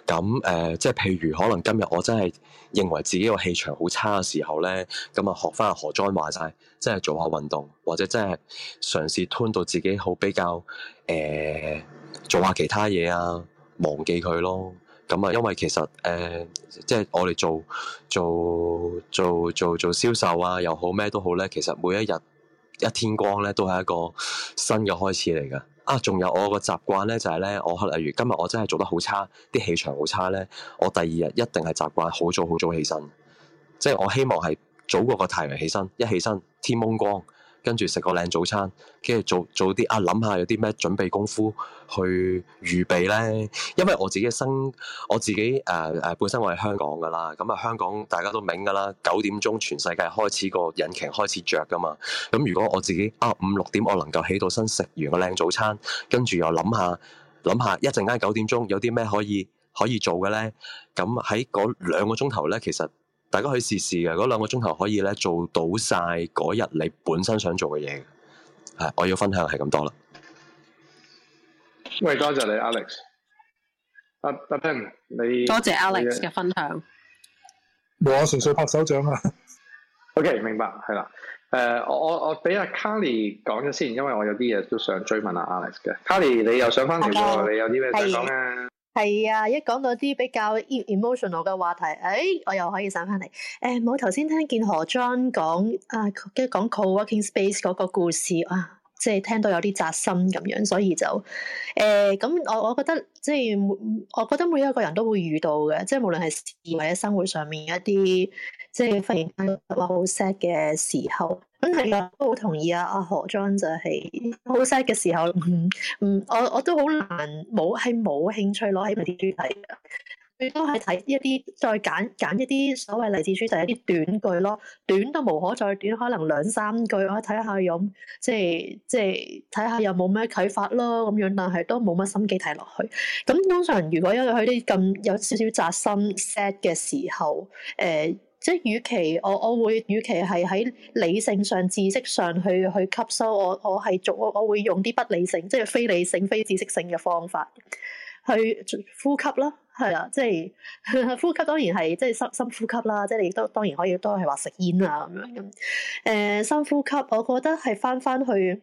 咁、嗯、誒、呃，即係譬如可能今日我真係認為自己個氣場好差嘅時候咧，咁啊學翻何莊話齋。即係做下運動，或者即係嘗試吞到自己好比較誒、呃、做下其他嘢啊，忘記佢咯。咁啊，因為其實誒、呃、即係我哋做做做做做銷售啊又好咩都好咧，其實每一日一天光咧都係一個新嘅開始嚟噶。啊，仲有我個習慣咧就係咧，我例如今日我真係做得好差，啲氣場好差咧，我第二日一定係習慣好早好早起身，即係我希望係早過個太陽起身，一起身。天蒙光，跟住食個靚早餐，跟住做做啲啊，諗下有啲咩準備功夫去預備呢？因為我自己生，我自己誒誒、呃呃，本身我係香港噶啦，咁、嗯、啊香港大家都明噶啦，九點鐘全世界開始個引擎開始着噶嘛。咁、嗯、如果我自己啊五六點，我能夠起到身食完個靚早餐，跟住又諗下諗下，一陣間九點鐘有啲咩可以可以做嘅呢？咁喺嗰兩個鐘頭呢，其實～大家可以試試嘅，嗰兩個鐘頭可以咧做到晒嗰日你本身想做嘅嘢。係，我要分享係咁多啦。喂，多謝你，Alex。阿阿 Ben，你多謝 Alex 嘅分享。我純粹拍手掌啊。OK，明白，係啦。誒、呃，我我我俾阿 Carly 講咗先，因為我有啲嘢都想追問阿 Alex 嘅。Carly，你又想翻嚟喎？Okay. 你有啲咩想講啊？.係啊，一講到啲比較 emotional 嘅話題，誒，我又可以想翻嚟。誒，我頭先聽見何莊講啊，即係講 coworking space 嗰個故事啊。即係聽到有啲扎心咁樣，所以就誒咁，欸、我我覺得即係，我覺得每一個人都會遇到嘅，即係無論係事或者生活上面一啲即係忽然間話好 sad 嘅時候，咁係啊，都好同意啊！阿何莊就係好 sad 嘅時候，唔、嗯嗯、我我都好難冇係冇興趣攞起部電視睇。佢都係睇一啲，再揀揀一啲所謂勵志書，就係一啲短句咯，短到無可再短，可能兩三句。我睇下有，即係即係睇下有冇咩啟發咯，咁樣。但係都冇乜心機睇落去。咁通常如果因為佢啲咁有少少扎心 sad 嘅時候，誒、呃，即係與其我我會與其係喺理性上、知識上去去吸收，我我係做我會用啲不理性，即係非理性、非知識性嘅方法去呼吸啦。係啊，即係呼吸當然係即係深深呼吸啦，即係你亦都當然可以都係話食煙啊咁樣咁，誒、嗯嗯呃、深呼吸，我覺得係翻翻去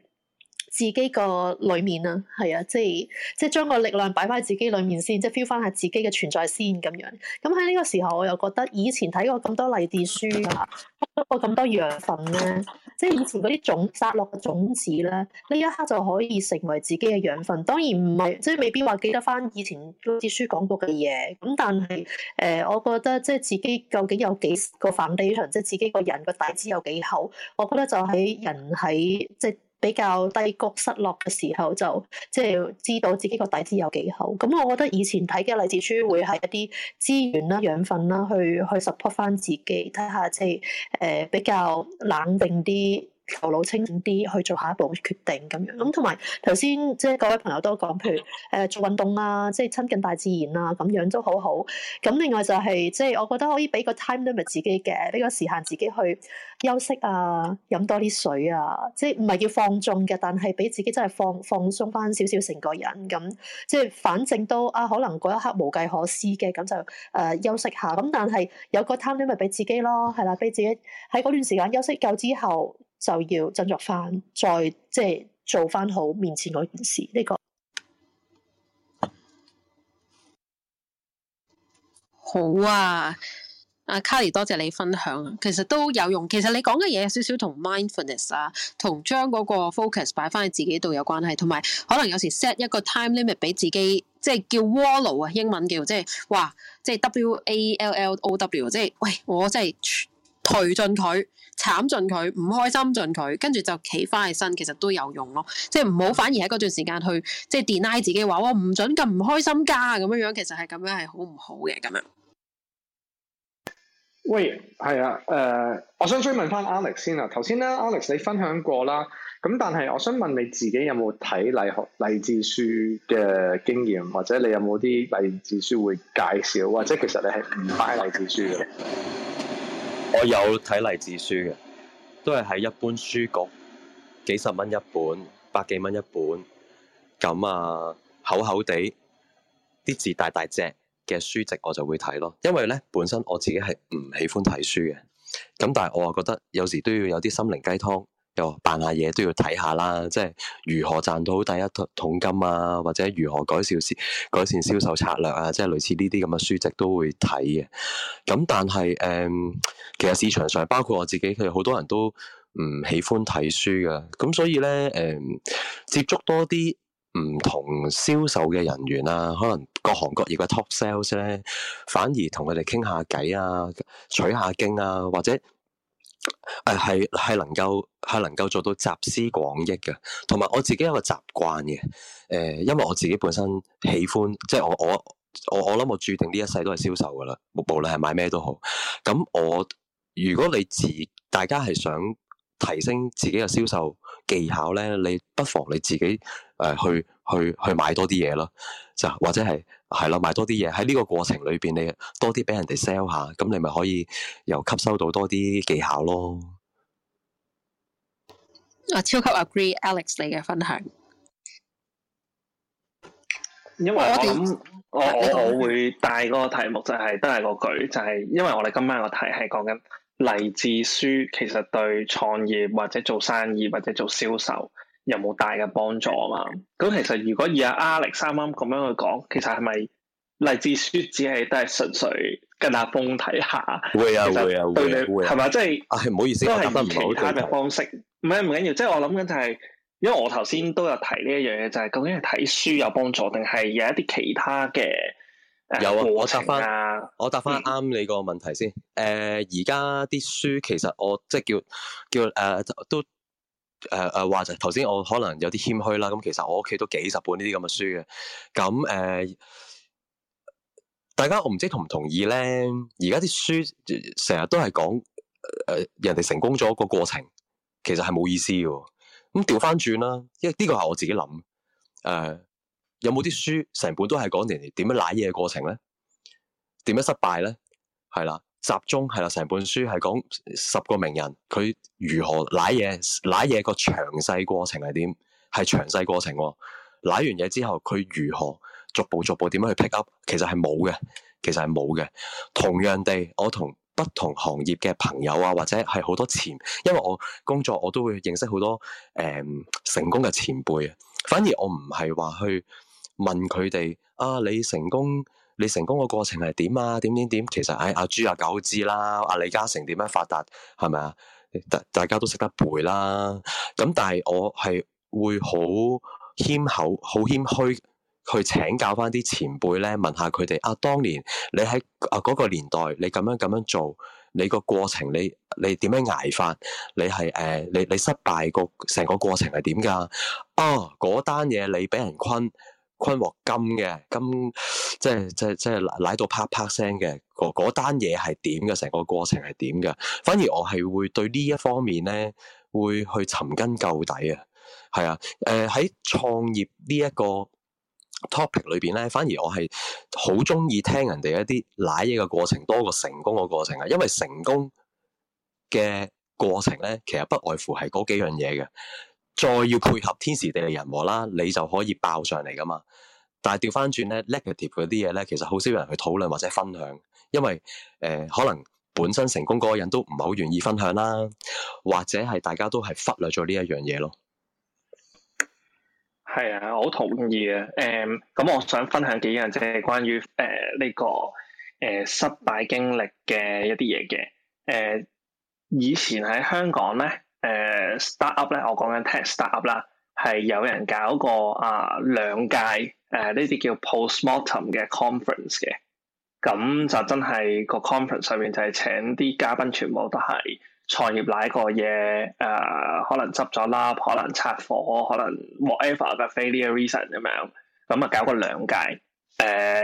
自己個裏面啊，係、就、啊、是，即係即係將個力量擺翻喺自己裏面先，即係 feel 翻下自己嘅存在先咁樣。咁喺呢個時候，我又覺得以前睇過咁多勵志書啊，睇過咁多養分咧，即、就、係、是、以前嗰啲種撒落嘅種子咧，呢一刻就可以成為自己嘅養分。當然唔係，即、就、係、是、未必話記得翻以前嗰啲書講過嘅嘢。咁但係誒、呃，我覺得即係、就是、自己究竟有幾個 foundation，即係自己個人個底子有幾厚？我覺得就喺人喺即係，就是比較低谷失落嘅時候，就即係知道自己個底子有幾厚。咁我覺得以前睇嘅勵志書會係一啲資源啦、養分啦，去去 support 翻自己，睇下即係誒比較冷靜啲。頭腦清醒啲去做下一步決定咁樣咁，同埋頭先即係各位朋友都講，譬如誒、呃、做運動啊，即係親近大自然啊，咁樣都好好。咁另外就係、是、即係我覺得可以俾個 time limit 自己嘅，俾個時限自己去休息啊，飲多啲水啊，即係唔係叫放縱嘅，但係俾自己真係放放鬆翻少少成個人咁，即係反正都啊，可能嗰一刻無計可施嘅，咁就誒、呃、休息下。咁但係有個 time limit 俾自己咯，係啦，俾自己喺嗰段時間休息夠之後。就要振作翻，再即係做翻好面前嗰件事呢。這個好啊！阿 Carrie 多謝你分享，其實都有用。其實你講嘅嘢，有少少同 mindfulness 啊，同將嗰個 focus 擺翻喺自己度有關係，同埋可能有時 set 一個 time limit 俾自己，即係叫 wallow 啊，英文叫即係哇，即係 w a l l o w，即係喂我真係。退盡佢，慘盡佢，唔開心盡佢，跟住就企翻起身，其實都有用咯。即係唔好，反而喺嗰段時間去即係 deny 自己話：我、哦、唔準咁唔開心㗎咁樣樣。其實係咁樣係好唔好嘅咁樣。樣喂，係啊，誒、呃，我想追問翻 Alex 先啊。頭先咧，Alex 你分享過啦，咁但係我想問你自己有冇睇勵學勵志書嘅經驗，或者你有冇啲勵志書會介紹，或者其實你係唔擺勵志書嘅？我有睇勵志書嘅，都係喺一般書局，幾十蚊一本，百幾蚊一本咁啊，厚厚地，啲字大大隻嘅書籍我就會睇咯。因為咧，本身我自己係唔喜歡睇書嘅，咁但係我又覺得有時都要有啲心靈雞湯。又扮下嘢都要睇下啦，即係如何賺到第一桶金啊，或者如何改善改善銷售策略啊，即係類似呢啲咁嘅書籍都會睇嘅。咁但係誒、嗯，其實市場上包括我自己，佢好多人都唔喜歡睇書嘅，咁所以咧，誒、嗯，接觸多啲唔同銷售嘅人員啊，可能各行各業嘅 top sales 咧，反而同佢哋傾下偈啊，取下經啊，或者。誒，係係能夠係能夠做到集思廣益嘅，同埋我自己有個習慣嘅。誒、呃，因為我自己本身喜歡，即係我我我我諗我注定呢一世都係銷售噶啦。無論係買咩都好，咁我如果你自大家係想提升自己嘅銷售技巧咧，你不妨你自己誒、呃、去去去買多啲嘢囉，就或者係。係咯，買多啲嘢喺呢個過程裏邊，你多啲俾人哋 sell 下，咁你咪可以又吸收到多啲技巧咯。啊，超級 agree，Alex 你嘅分享。因為我諗要，我我會帶個題目就係、是、都係嗰句，就係、是、因為我哋今晚個題係講緊勵志書，其實對創業或者做生意或者做銷售。有冇大嘅幫助啊嘛？咁其實如果以阿 Alex 啱啱咁樣去講，其實係咪勵志書只係都係純粹跟阿風睇下？會啊會啊會啊，係咪即係？唔、啊啊、好意思，都係其他嘅方式。唔、哎、係唔緊要，即、就、係、是、我諗緊就係、是，因為我頭先都有提呢一樣嘢，就係、是、究竟係睇書有幫助，定係有一啲其他嘅誒過程有啊？我答翻啱、嗯、你個問題先。誒、呃，而家啲書其實我即係叫叫誒、啊、都。誒誒，話就頭先，我可能有啲謙虛啦。咁其實我屋企都幾十本呢啲咁嘅書嘅。咁、呃、誒，大家我唔知同唔同意咧？而家啲書成日都係講誒，人哋成功咗個過程，其實係冇意思嘅。咁調翻轉啦，因為呢個係我自己諗。誒、呃，有冇啲書成本都係講人哋點樣瀨嘢嘅過程咧？點樣失敗咧？係啦。集中係啦，成本書係講十個名人佢如何攋嘢，攋嘢個詳細過程係點？係詳細過程喎、哦。攋完嘢之後，佢如何逐步逐步點樣去 pick up？其實係冇嘅，其實係冇嘅。同樣地，我同不同行業嘅朋友啊，或者係好多前，因為我工作我都會認識好多誒、嗯、成功嘅前輩啊。反而我唔係話去問佢哋，啊，你成功。你成功嘅過程係點啊？點點點？其實誒，阿豬阿狗知啦，阿、啊、李嘉誠點樣發達，係咪啊？大大家都識得背啦。咁但係我係會好謙厚，好謙虛去請教翻啲前輩咧，問下佢哋啊，當年你喺啊嗰個年代，你咁樣咁樣做，你、你、你、呃、你、你個過程，你你點樣捱法？你係誒，你你失敗個成個過程係點噶？啊，嗰單嘢你俾人坤。困獲金嘅金，即係即係即係瀨到啪啪聲嘅，嗰嗰單嘢係點嘅？成個過程係點嘅？反而我係會對呢一方面咧，會去尋根究底啊。係啊，誒喺創業呢一個 topic 裏邊咧，反而我係好中意聽人哋一啲瀨嘢嘅過程，多過成功嘅過程啊。因為成功嘅過程咧，其實不外乎係嗰幾樣嘢嘅。再要配合天時地利人和啦，你就可以爆上嚟噶嘛。但係調翻轉咧，negative 嗰啲嘢咧，其實好少有人去討論或者分享，因為誒、呃、可能本身成功嗰個人都唔係好願意分享啦，或者係大家都係忽略咗呢一樣嘢咯。係啊，我好同意啊。誒、嗯，咁我想分享幾樣即係關於誒呢個誒、呃、失敗經歷嘅一啲嘢嘅。誒、呃，以前喺香港咧。誒、uh, start up 咧，我講緊 tech start up 啦，係有人搞過啊兩屆誒呢啲叫 post mortem 嘅 conference 嘅，咁就真係、個 conference 上面就係請啲嘉賓，全部都係創業乃個嘢誒、啊，可能執咗笠，可能拆夥，可能 whatever 嘅 failure reason 咁樣，咁啊搞過兩屆，誒、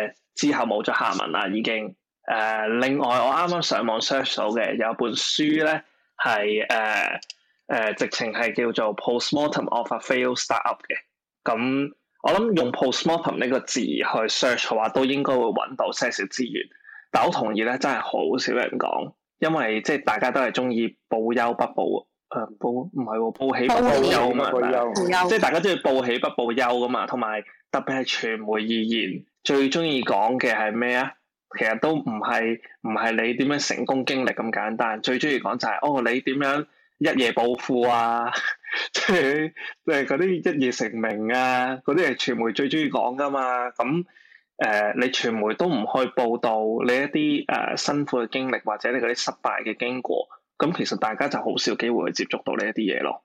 啊、之後冇咗下文啦已經。誒、啊、另外我啱啱上網 search 到嘅有本書咧係誒。誒，呃、直情係叫做 postmortem of a failed startup 嘅，咁、嗯、我諗用 postmortem 呢個字去 search 嘅話，都應該會揾到些少資源。但我同意咧，真係好少人講，因為即係大家都係中意報憂不報誒、呃、報唔係、哦、報喜不報憂啊，即係大家都要報喜不報憂噶嘛。同埋憂特別係傳媒而言，最中意講嘅係咩啊？其實都唔係唔係你點樣成功經歷咁簡單，最中意講就係哦，你點樣？一夜暴富啊，即係嗰啲一夜成名啊，嗰啲係傳媒最鍾意講㗎嘛。咁誒、呃，你傳媒都唔去報導你一啲誒、呃、辛苦嘅經歷，或者你嗰啲失敗嘅經過，咁其實大家就好少機會去接觸到呢一啲嘢咯。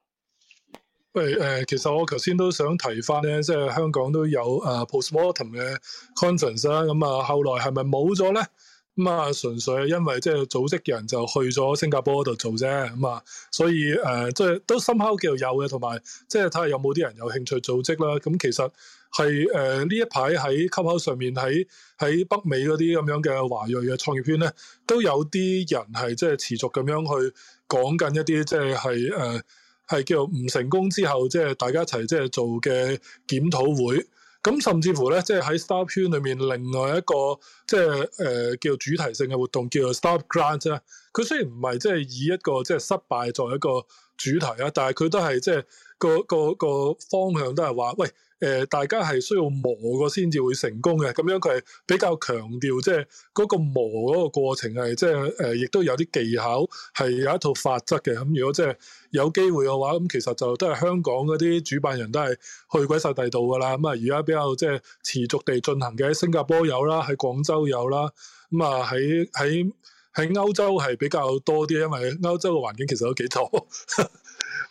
喂誒，其實我頭先都想提返咧，即係香港都有誒 postmortem 嘅 conference 啦。咁啊、um，後來係咪冇咗咧？咁啊，純粹因為即係組織嘅人就去咗新加坡嗰度做啫，咁啊，所以誒，即、呃、係都 somehow 叫有嘅，同埋即係睇下有冇啲、就是、人有興趣組織啦。咁其實係誒呢一排喺 Clubhouse 上面，喺喺北美嗰啲咁樣嘅華裔嘅創業圈咧，都有啲人係即係持續咁樣去講緊一啲即係係誒係叫做唔成功之後，即、就、係、是、大家一齊即係做嘅檢討會。咁、嗯、甚至乎咧，即係喺 Startup Tune 裏面，另外一個即係誒、呃、叫主題性嘅活動，叫做 Startup Grant 咧。佢雖然唔係即係以一個即係失敗作為一個主題啊，但係佢都係即係個個個方向都係話，喂。誒、呃，大家係需要磨過先至會成功嘅，咁樣佢係比較強調，即係嗰個磨嗰個過程係即係誒，亦、就是呃、都有啲技巧，係有一套法則嘅。咁、嗯、如果即係有機會嘅話，咁、嗯、其實就都係香港嗰啲主辦人都係去鬼晒第度噶啦。咁、嗯、啊，而家比較即係、就是、持續地進行嘅，喺新加坡有啦，喺廣州有啦，咁啊喺喺喺歐洲係比較多啲，因為歐洲嘅環境其實都幾嘈。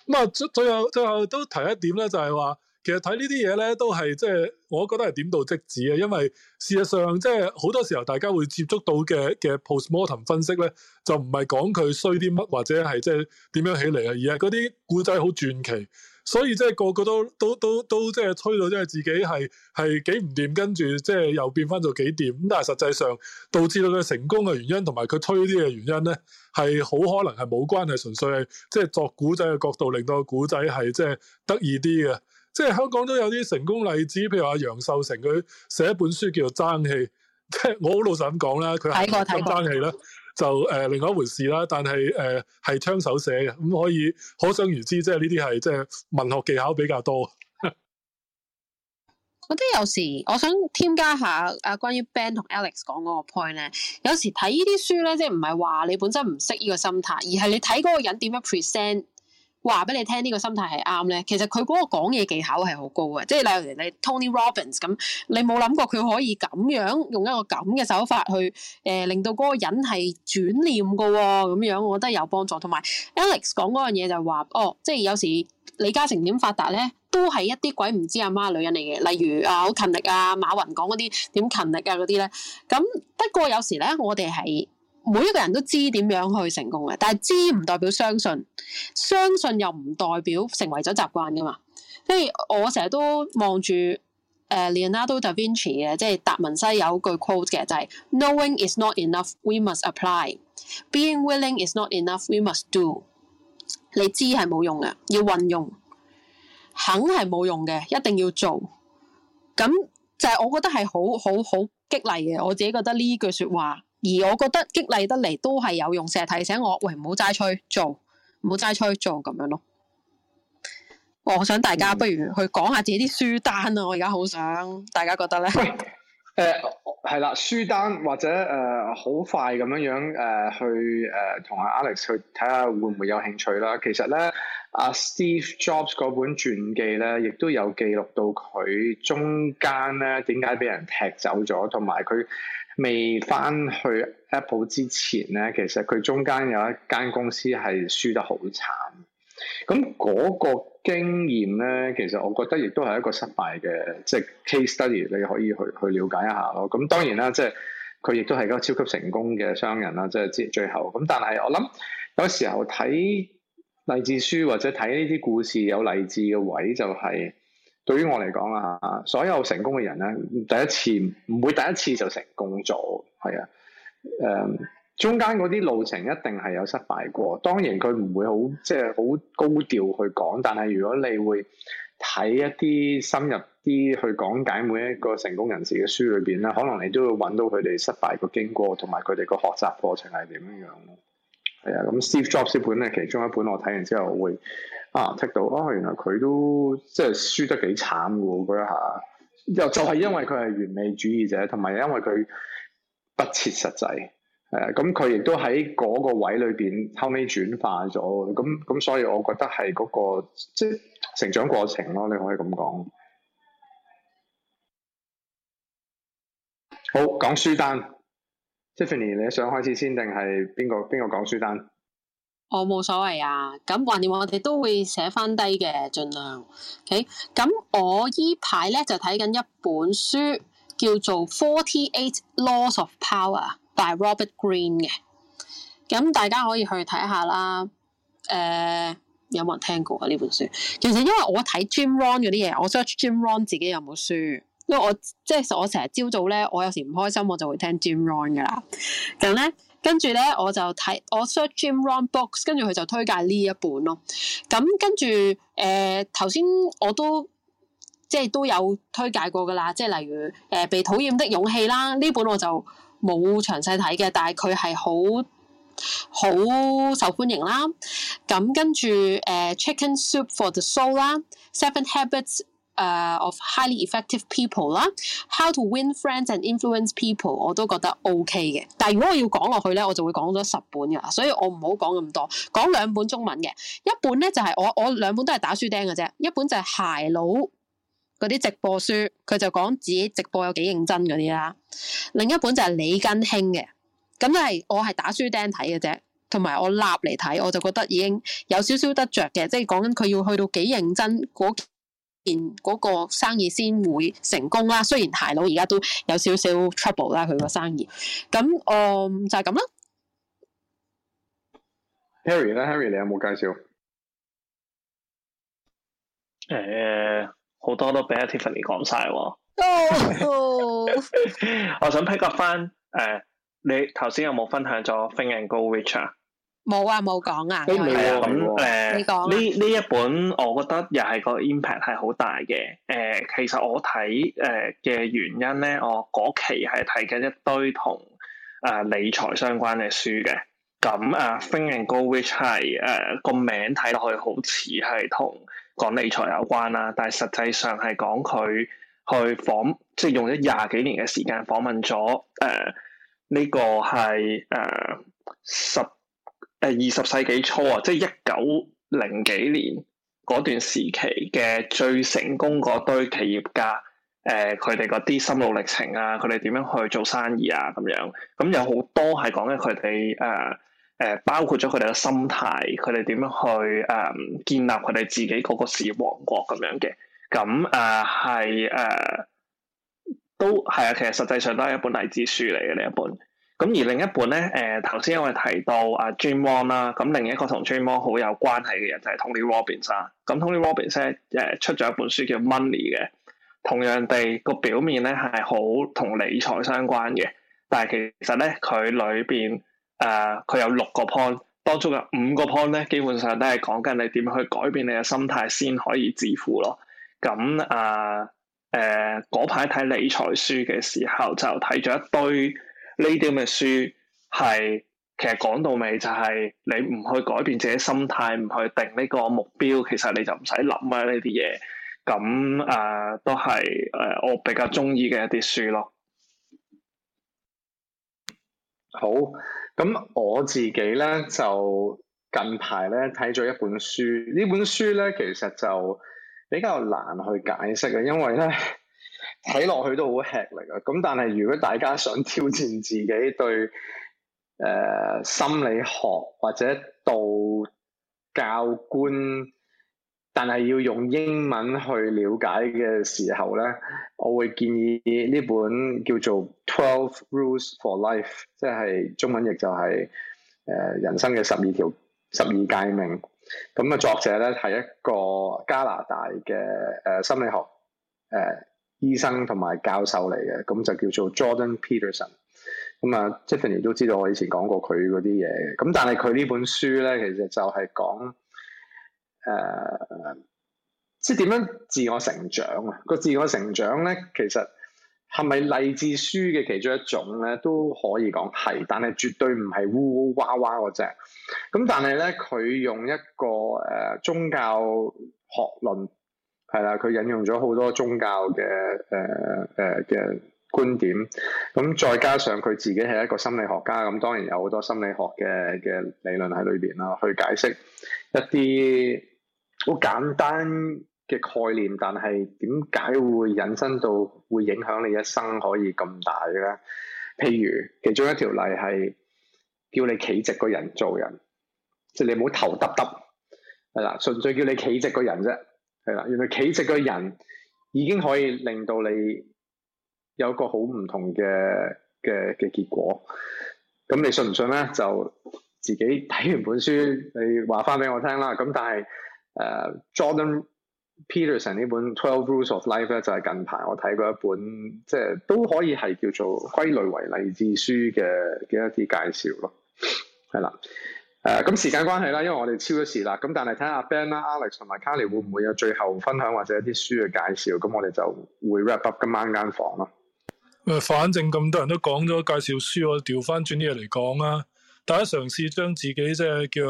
咁啊，最後最後最後都提一點咧，就係話。其實睇呢啲嘢咧，都係即係，我覺得係點到即止啊。因為事實上，即係好多時候，大家會接觸到嘅嘅 post mortem 分析咧，就唔係講佢衰啲乜，或者係即係點樣起嚟啊，而係嗰啲古仔好傳奇，所以即係個個都都都都即係吹到，即係自己係係幾唔掂，跟住即係又變翻做幾掂。咁但係實際上導致到佢成功嘅原因，同埋佢吹啲嘅原因咧，係好可能係冇關係，純粹係即係作古仔嘅角度，令到個古仔係即係得意啲嘅。即係香港都有啲成功例子，譬如話楊秀成佢寫一本書叫做《爭氣》，即係我好老實咁講啦，佢係講爭氣啦，就誒、呃、另外一回事啦。但係誒係槍手寫嘅，咁、嗯、可以可想而知，即係呢啲係即係文學技巧比較多。呵呵我覺得有時我想添加下阿關於 Ben 同 Alex 講嗰個 point 咧，有時睇呢啲書咧，即係唔係話你本身唔識呢個心態，而係你睇嗰個人點樣 present。話俾你聽，呢個心態係啱咧。其實佢嗰個講嘢技巧係好高嘅，即係例如，例如 Tony Robbins，你 Tony Robbins 咁，你冇諗過佢可以咁樣用一個咁嘅手法去誒、呃，令到嗰個人係轉念嘅喎、哦。咁樣我覺得有幫助。同埋 Alex 講嗰樣嘢就係話，哦，即係有時李嘉誠點發達咧，都係一啲鬼唔知阿媽女人嚟嘅。例如啊，好勤力啊，馬雲講嗰啲點勤力啊嗰啲咧。咁不過有時咧，我哋係。每一個人都知點樣去成功嘅，但係知唔代表相信，相信又唔代表成為咗習慣噶嘛。即係我成日都望住 Leonardo da Vinci 嘅，即係達文西有句 quote 嘅，就係，Knowing is not enough, we must apply. Being willing is not enough, we must do。你知係冇用嘅，要運用，肯係冇用嘅，一定要做。咁就係，我覺得係好好好激勵嘅。我自己覺得呢句説話。而我覺得激勵得嚟都係有用，成日提醒我，喂，唔好齋吹做，唔好齋吹做咁樣咯。我想大家不如去講下自己啲書單啊！我而家好想大家覺得咧，誒係、呃、啦，書單或者誒好、呃、快咁樣樣誒、呃、去誒同阿 Alex 去睇下會唔會有興趣啦。其實咧阿、啊、Steve Jobs 嗰本傳記咧，亦都有記錄到佢中間咧點解俾人踢走咗，同埋佢。未翻去 Apple 之前咧，其實佢中間有一間公司係輸得好慘，咁嗰個經驗咧，其實我覺得亦都係一個失敗嘅即係 case study，你可以去去了解一下咯。咁當然啦，即係佢亦都係一個超級成功嘅商人啦，即係之最後。咁但係我諗有時候睇勵志書或者睇呢啲故事有勵志嘅位就係。對於我嚟講啊，所有成功嘅人咧，第一次唔會第一次就成功咗。係啊，誒、嗯，中間嗰啲路程一定係有失敗過。當然佢唔會好即係好高調去講，但係如果你會睇一啲深入啲去講解每一個成功人士嘅書裏邊咧，可能你都會揾到佢哋失敗嘅經過，同埋佢哋個學習過程係點樣。係啊，咁 Steve Jobs 本呢本咧，其中一本我睇完之後會。啊踢到哦，原來佢都即係輸得幾慘嘅喎，嗰一下又就係因為佢係完美主義者，同埋因為佢不切實際，係咁佢亦都喺嗰個位裏邊後尾轉化咗，咁、嗯、咁、嗯，所以我覺得係嗰、嗰個即係成長過程咯，你可以咁講。好，講書單，Tiffany，你想開始先定係邊個邊個講書單？我冇、哦、所謂啊，咁橫掂，我哋都會寫翻低嘅，盡量。OK，咁我呢排咧就睇緊一本書，叫做《Forty Eight Laws of Power》by Robert Greene 嘅。咁大家可以去睇下啦。誒、呃，有冇人聽過啊？呢本書其實因為我睇 Jim Rohn 嗰啲嘢，我 search Jim Rohn 自己有冇書，因為我即係、就是、我成日朝早咧，我有時唔開心，我就會聽 Jim Rohn 噶啦。咁 咧。跟住咧，我就睇我 search Jim Rohn books，跟住佢就推介呢一本咯。咁跟住，誒頭先我都即係都有推介過噶啦，即係例如誒、呃、被討厭的勇氣啦，呢本我就冇詳細睇嘅，但係佢係好好受歡迎啦。咁跟住誒、呃、Chicken Soup for the Soul 啦，Seven Habits。誒、uh，of highly effective people 啦，How to win friends and influence people，我都覺得 OK 嘅。但係如果我要講落去咧，我就會講咗十本噶啦，所以我唔好講咁多，講兩本中文嘅。一本咧就係、是、我我兩本都係打書釘嘅啫，一本就係鞋佬嗰啲直播書，佢就講自己直播有幾認真嗰啲啦。另一本就係李根興嘅，咁都係我係打書釘睇嘅啫，同埋我攞嚟睇，我就覺得已經有少少得着嘅，即係講緊佢要去到幾認真嗰個生意先會成功啦。雖然大佬而家都有少少 trouble 啦，佢個生意。咁誒、嗯、就係、是、咁啦。Harry 咧，Harry 你有冇介紹？誒好、呃、多都俾 Tiffany 講晒哦，oh. 我想 pick up 翻誒、呃，你頭先有冇分享咗 Think and Grow Rich 啊？冇啊，冇講啊。你冇啊。咁誒呢呢一本，我覺得又係個 impact 係好大嘅。誒、嗯，其實我睇誒嘅原因咧，我嗰期係睇緊一堆同啊理財相關嘅書嘅。咁啊 Think and Grow Rich 係誒個名睇落去好似係同講理財有關啦，但係實際上係講佢去訪，即係用咗廿幾年嘅時間訪問咗誒呢個係誒、嗯、十。誒，二十世紀初啊，即係一九零幾年嗰段時期嘅最成功嗰堆企業家，誒、呃，佢哋嗰啲心路歷程啊，佢哋點樣去做生意啊，咁樣，咁有好多係講緊佢哋誒，誒、呃，包括咗佢哋嘅心態，佢哋點樣去誒、呃、建立佢哋自己嗰個事業王國咁樣嘅，咁誒係誒，都係啊，其實實際上都係一本勵志書嚟嘅呢一本。咁而另一本咧，誒頭先我哋提到阿、啊、Jim Rohn 啦、啊，咁另一個同 Jim Rohn 好有關係嘅人就係 Tony Robbins 啦、啊。咁 Tony Robbins 咧、啊，誒出咗一本書叫 Money 嘅，同樣地個表面咧係好同理財相關嘅，但係其實咧佢裏邊誒佢有六個 point，當中有五個 point 咧，基本上都係講緊你點去改變你嘅心態先可以致富咯。咁啊誒嗰排睇理財書嘅時候，就睇咗一堆。呢啲咁嘅書係其實講到尾就係你唔去改變自己心態，唔去定呢個目標，其實你就唔使諗啊呢啲嘢。咁誒、呃、都係誒、呃、我比較中意嘅一啲書咯。好，咁我自己咧就近排咧睇咗一本書，呢本書咧其實就比較難去解釋啊，因為咧。睇落去都好吃力啊！咁但係如果大家想挑戰自己對誒、呃、心理學或者道教官，但係要用英文去了解嘅時候咧，我會建議呢本叫做《Twelve Rules for Life》，即係中文譯就係、是、誒、呃、人生嘅十二條十二誡命。咁啊，作者咧係一個加拿大嘅誒、呃、心理學誒。呃醫生同埋教授嚟嘅，咁就叫做 Jordan Peterson。咁啊，Tiffany 都知道我以前講過佢嗰啲嘢嘅。咁但係佢呢本書咧，其實就係講誒，即係點樣自我成長啊，個自我成長咧，其實係咪勵志書嘅其中一種咧，都可以講係，但係絕對唔係嗚嗚哇哇嗰隻。咁但係咧，佢用一個誒、呃、宗教學論。係啦，佢引用咗好多宗教嘅誒誒嘅觀點，咁再加上佢自己係一個心理學家，咁當然有好多心理學嘅嘅理論喺裏邊啦，去解釋一啲好簡單嘅概念，但係點解會引申到會影響你一生可以咁大嘅咧？譬如其中一條例係叫你企直個人做人，即係你唔好頭耷耷，係啦，純粹叫你企直個人啫。係啦，原來企直嘅人已經可以令到你有個好唔同嘅嘅嘅結果。咁你信唔信咧？就自己睇完本書，你話翻俾我聽啦。咁但係誒、呃，Jordan Peterson 呢本《Twelve Rules of Life》咧，就係近排我睇過一本，即係都可以係叫做歸類為勵志書嘅嘅一啲介紹咯。係啦。誒咁、啊嗯、時間關係啦，因為我哋超咗時啦。咁、嗯、但係睇下 Ben 啦、啊、Alex 同埋 Carrie 會唔會有最後分享或者一啲書嘅介紹？咁、嗯、我哋就會 wrap up 今晚間房咯。誒，反正咁多人都講咗介紹書，我調翻轉啲嘢嚟講啦、啊。大家嘗試將自己即係叫，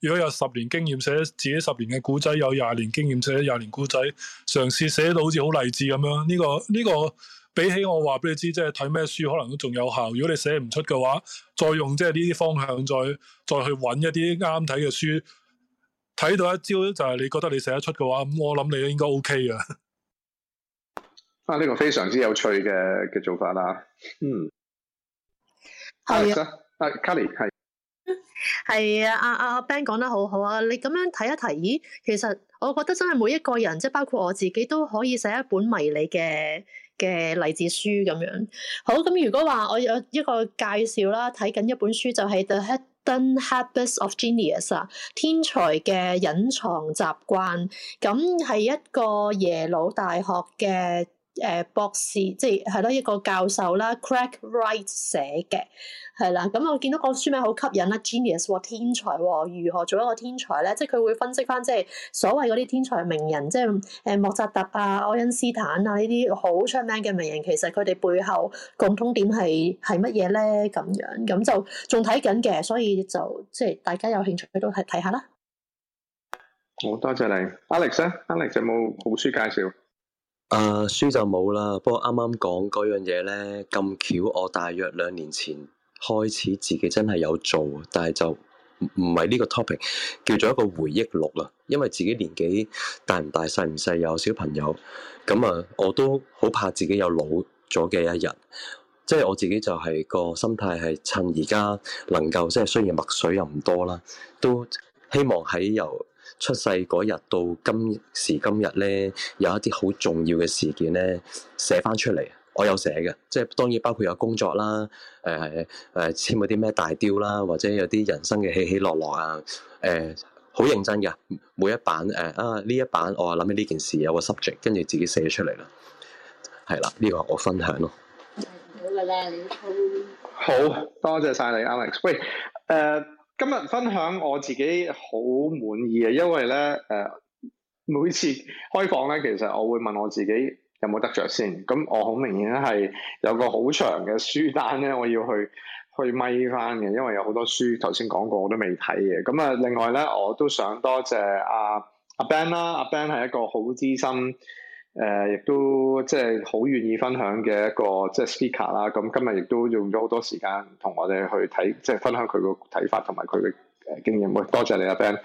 如果有十年經驗寫自己十年嘅故仔，有廿年經驗寫廿年故仔，嘗試寫到好似好勵志咁樣。呢個呢個。這個比起我話俾你知，即係睇咩書，可能都仲有效。如果你寫唔出嘅話，再用即係呢啲方向再，再再去搵一啲啱睇嘅書，睇到一招就係你覺得你寫得出嘅話，咁我諗你應該 OK 啊。啊，呢個非常之有趣嘅嘅做法啦。嗯，係啊。阿 Kelly 係係啊。阿阿 Ben 講得好好啊。你咁樣睇一睇，咦？其實我覺得真係每一個人，即係包括我自己，都可以寫一本迷你嘅。嘅例子書咁樣，好，咁如果話我有一個介紹啦，睇緊一本書就係 The Hidden Habits of Genius 啦，天才嘅隱藏習慣，咁係一個耶魯大學嘅。誒，uh, 博士即係係咯，一個教授啦，Craig Wright 寫嘅係啦，咁我見到個書名好吸引啦，Genius 喎天才、呃，如何做一個天才咧？即係佢會分析翻，即係所謂嗰啲天才名人，即係誒莫扎特啊、愛因斯坦啊呢啲好出名嘅名人，其實佢哋背後共通點係係乜嘢咧？咁樣咁就仲睇緊嘅，所以就即係大家有興趣都係睇下啦。看看好多謝你，Alex，Alex Alex 有冇好書介紹？誒，書、啊、就冇啦。不過啱啱講嗰樣嘢咧，咁巧我大約兩年前開始自己真係有做，但係就唔唔係呢個 topic，叫做一個回憶錄啦。因為自己年紀大唔大，細唔細，有小朋友，咁啊，我都好怕自己有老咗嘅一日。即係我自己就係個心態係趁而家能夠，即係雖然墨水又唔多啦，都希望喺由。出世嗰日到今時今日咧，有一啲好重要嘅事件咧，寫翻出嚟，我有寫嘅，即係當然包括有工作啦，誒、呃、誒、呃呃、簽嗰啲咩大雕啦，或者有啲人生嘅起起落落啊，誒、呃、好認真嘅，每一版誒、呃、啊呢一版我啊諗起呢件事有個 subject，跟住自己寫出嚟啦，係啦，呢、這個我分享咯。好嘅啦，你好。好，多謝晒你，Alex。誒。今日分享我自己好滿意嘅，因為咧，誒、呃，每次開房咧，其實我會問我自己有冇得着先。咁、嗯、我好明顯係有個好長嘅書單咧，我要去去咪返嘅，因為有好多書頭先講過我都未睇嘅。咁、嗯、啊，另外咧，我都想多謝阿、啊、阿、啊、Ben 啦、啊，阿、啊、Ben 係一個好資深。誒，亦、呃、都即係好願意分享嘅一個即係 speaker 啦、啊。咁今日亦都用咗好多時間同我哋去睇，即係分享佢嘅睇法同埋佢嘅誒經驗。喂，多謝你阿、啊、Ben。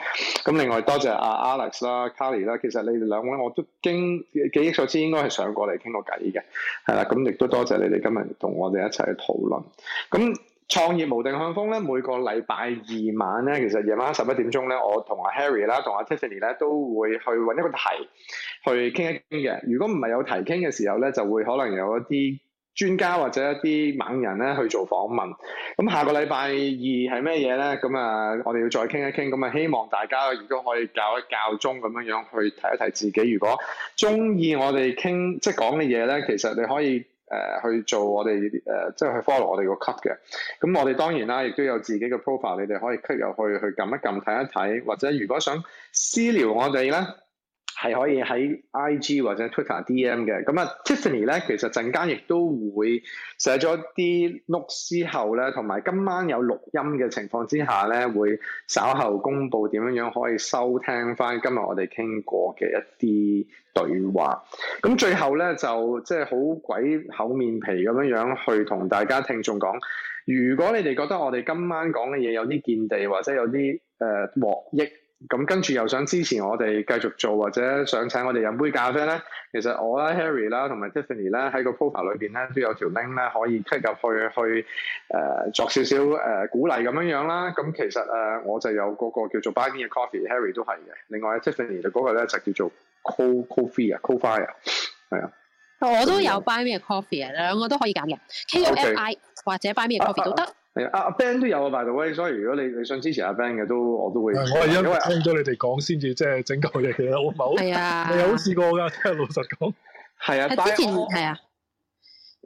咁另外多謝阿、啊、Alex 啦、Carrie 啦。其實你哋兩位我都經記憶所知應該係上過嚟傾過偈嘅。係啦，咁、嗯、亦都多謝你哋今日同我哋一齊去討論。咁、嗯。創業無定向瘋咧，每個禮拜二晚咧，其實夜晚十一點鐘咧，我同阿 Harry 啦、啊，同阿 Tiffany 咧，都會去揾一個題去傾一傾嘅。如果唔係有題傾嘅時候咧，就會可能有一啲專家或者一啲猛人咧去做訪問。咁下個禮拜二係咩嘢咧？咁啊，我哋要再傾一傾。咁啊，希望大家如果都可以教一教中咁樣樣去提一提自己。如果鍾意我哋傾即係講嘅嘢咧，其實你可以。誒、呃、去做我哋誒、呃，即係去 follow 我哋個 club 嘅。咁我哋當然啦，亦都有自己嘅 profile，你哋可以 click 入去去撳一撳睇一睇，或者如果想私聊我哋咧，係可以喺 IG 或者 Twitter DM 嘅。咁啊，Tiffany 咧，其實陣間亦都會寫咗啲 note 之後咧，同埋今晚有錄音嘅情況之下咧，會稍後公布點樣樣可以收聽翻今日我哋傾過嘅一啲。話咁，最後咧就即係好鬼厚面皮咁樣樣去同大家聽眾講。如果你哋覺得我哋今晚講嘅嘢有啲見地，或者有啲誒獲益，咁跟住又想支持我哋繼續做，或者想請我哋飲杯咖啡咧，其實我啦 Harry 啦，同埋 Tiffany 咧喺個 profile 裏邊咧都有條 link 咧可以切入去去誒、呃、作少少誒、呃、鼓勵咁樣樣啦。咁其實誒、呃、我就有嗰個叫做 Buy Me A 嘅 coffee，Harry 都係嘅。另外 Tiffany 嗰個咧就叫做。coffee 啊，coffee 啊，係啊，我都有 buy 咩 coffee 啊，兩個都可以揀嘅，Ko-Fi 或者 buy 咩 coffee 都得。係啊，阿 Ben 都有啊，by the way，所以如果你你想支持阿 Ben 嘅，都我都會。我係因為聽咗你哋講，先至即係整嘅嘢嘅，好否？係啊，有試過噶，聽下老實講。係啊，之前係啊，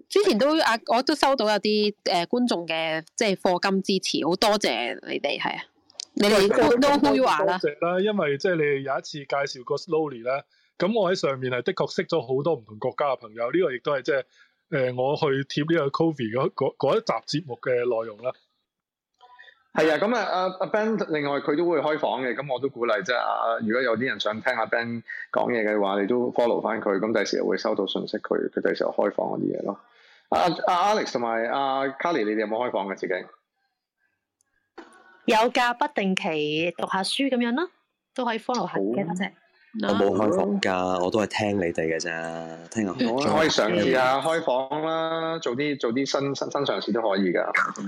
之前都阿我都收到有啲誒觀眾嘅即係課金支持，好多謝你哋，係啊。你哋都都開話啦，因為即係你有一次介紹個 Slowly 咧，咁我喺上面係的確識咗好多唔同國家嘅朋友，呢、呢個亦都係即係誒，我去貼呢個 Covid 嗰一集節目嘅內容啦。係啊，咁啊啊啊 Ben，另外佢都會開房嘅，咁我都鼓勵即係啊，如果有啲人想聽阿、啊、Ben 講嘢嘅話，你都 follow 翻佢，咁第時又會收到信息，佢佢第時會開房嗰啲嘢咯。阿、啊、阿、啊、Alex 同埋阿 Carrie，你哋有冇開房嘅自己？有假不定期讀下書咁樣咯，都可以 follow 下嘅好。多、啊、我冇開房噶，好我都係聽你哋嘅咋。聽下 可以嘗試下開房啦？做啲做啲新新新嘗試都可以噶。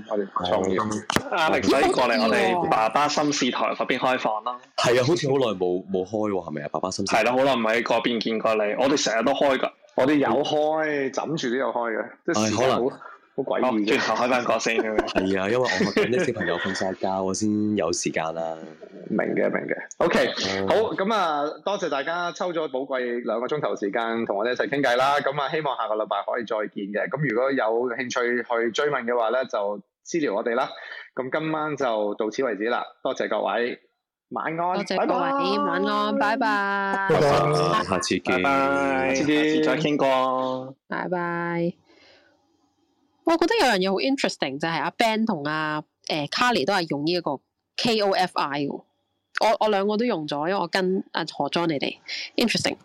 我哋創業。阿力可以過嚟我哋爸爸新視台嗰邊開房啦。係啊、哎，好似好耐冇冇開喎，係咪啊？爸爸新視係啦，好耐唔喺嗰邊見過你。我哋成日都開噶，我哋有開，枕住都有開嘅，即係可能…… 好詭異嘅，轉頭開翻聲先。係啊，因為我等啲小朋友瞓晒覺，我先有時間啦。明嘅，明嘅。O K，好，咁啊，多謝大家抽咗寶貴兩個鐘頭時間同我哋一齊傾偈啦。咁啊，希望下個禮拜可以再見嘅。咁如果有興趣去追問嘅話咧，就私聊我哋啦。咁今晚就到此為止啦。多謝各位，晚安。多謝各位，晚安，拜拜。好啊，下次見。拜拜，下次見，再傾過。拜拜。我覺得有樣嘢好 interesting，就係阿 Ben 同阿誒 Carly 都係用呢一個 Ko-Fi，我我兩個都用咗，因為我跟阿何莊你哋 interesting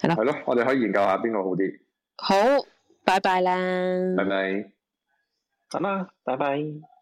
係咯係咯，了 我哋可以研究下邊個好啲。好，拜拜啦，拜拜，好啦，拜拜。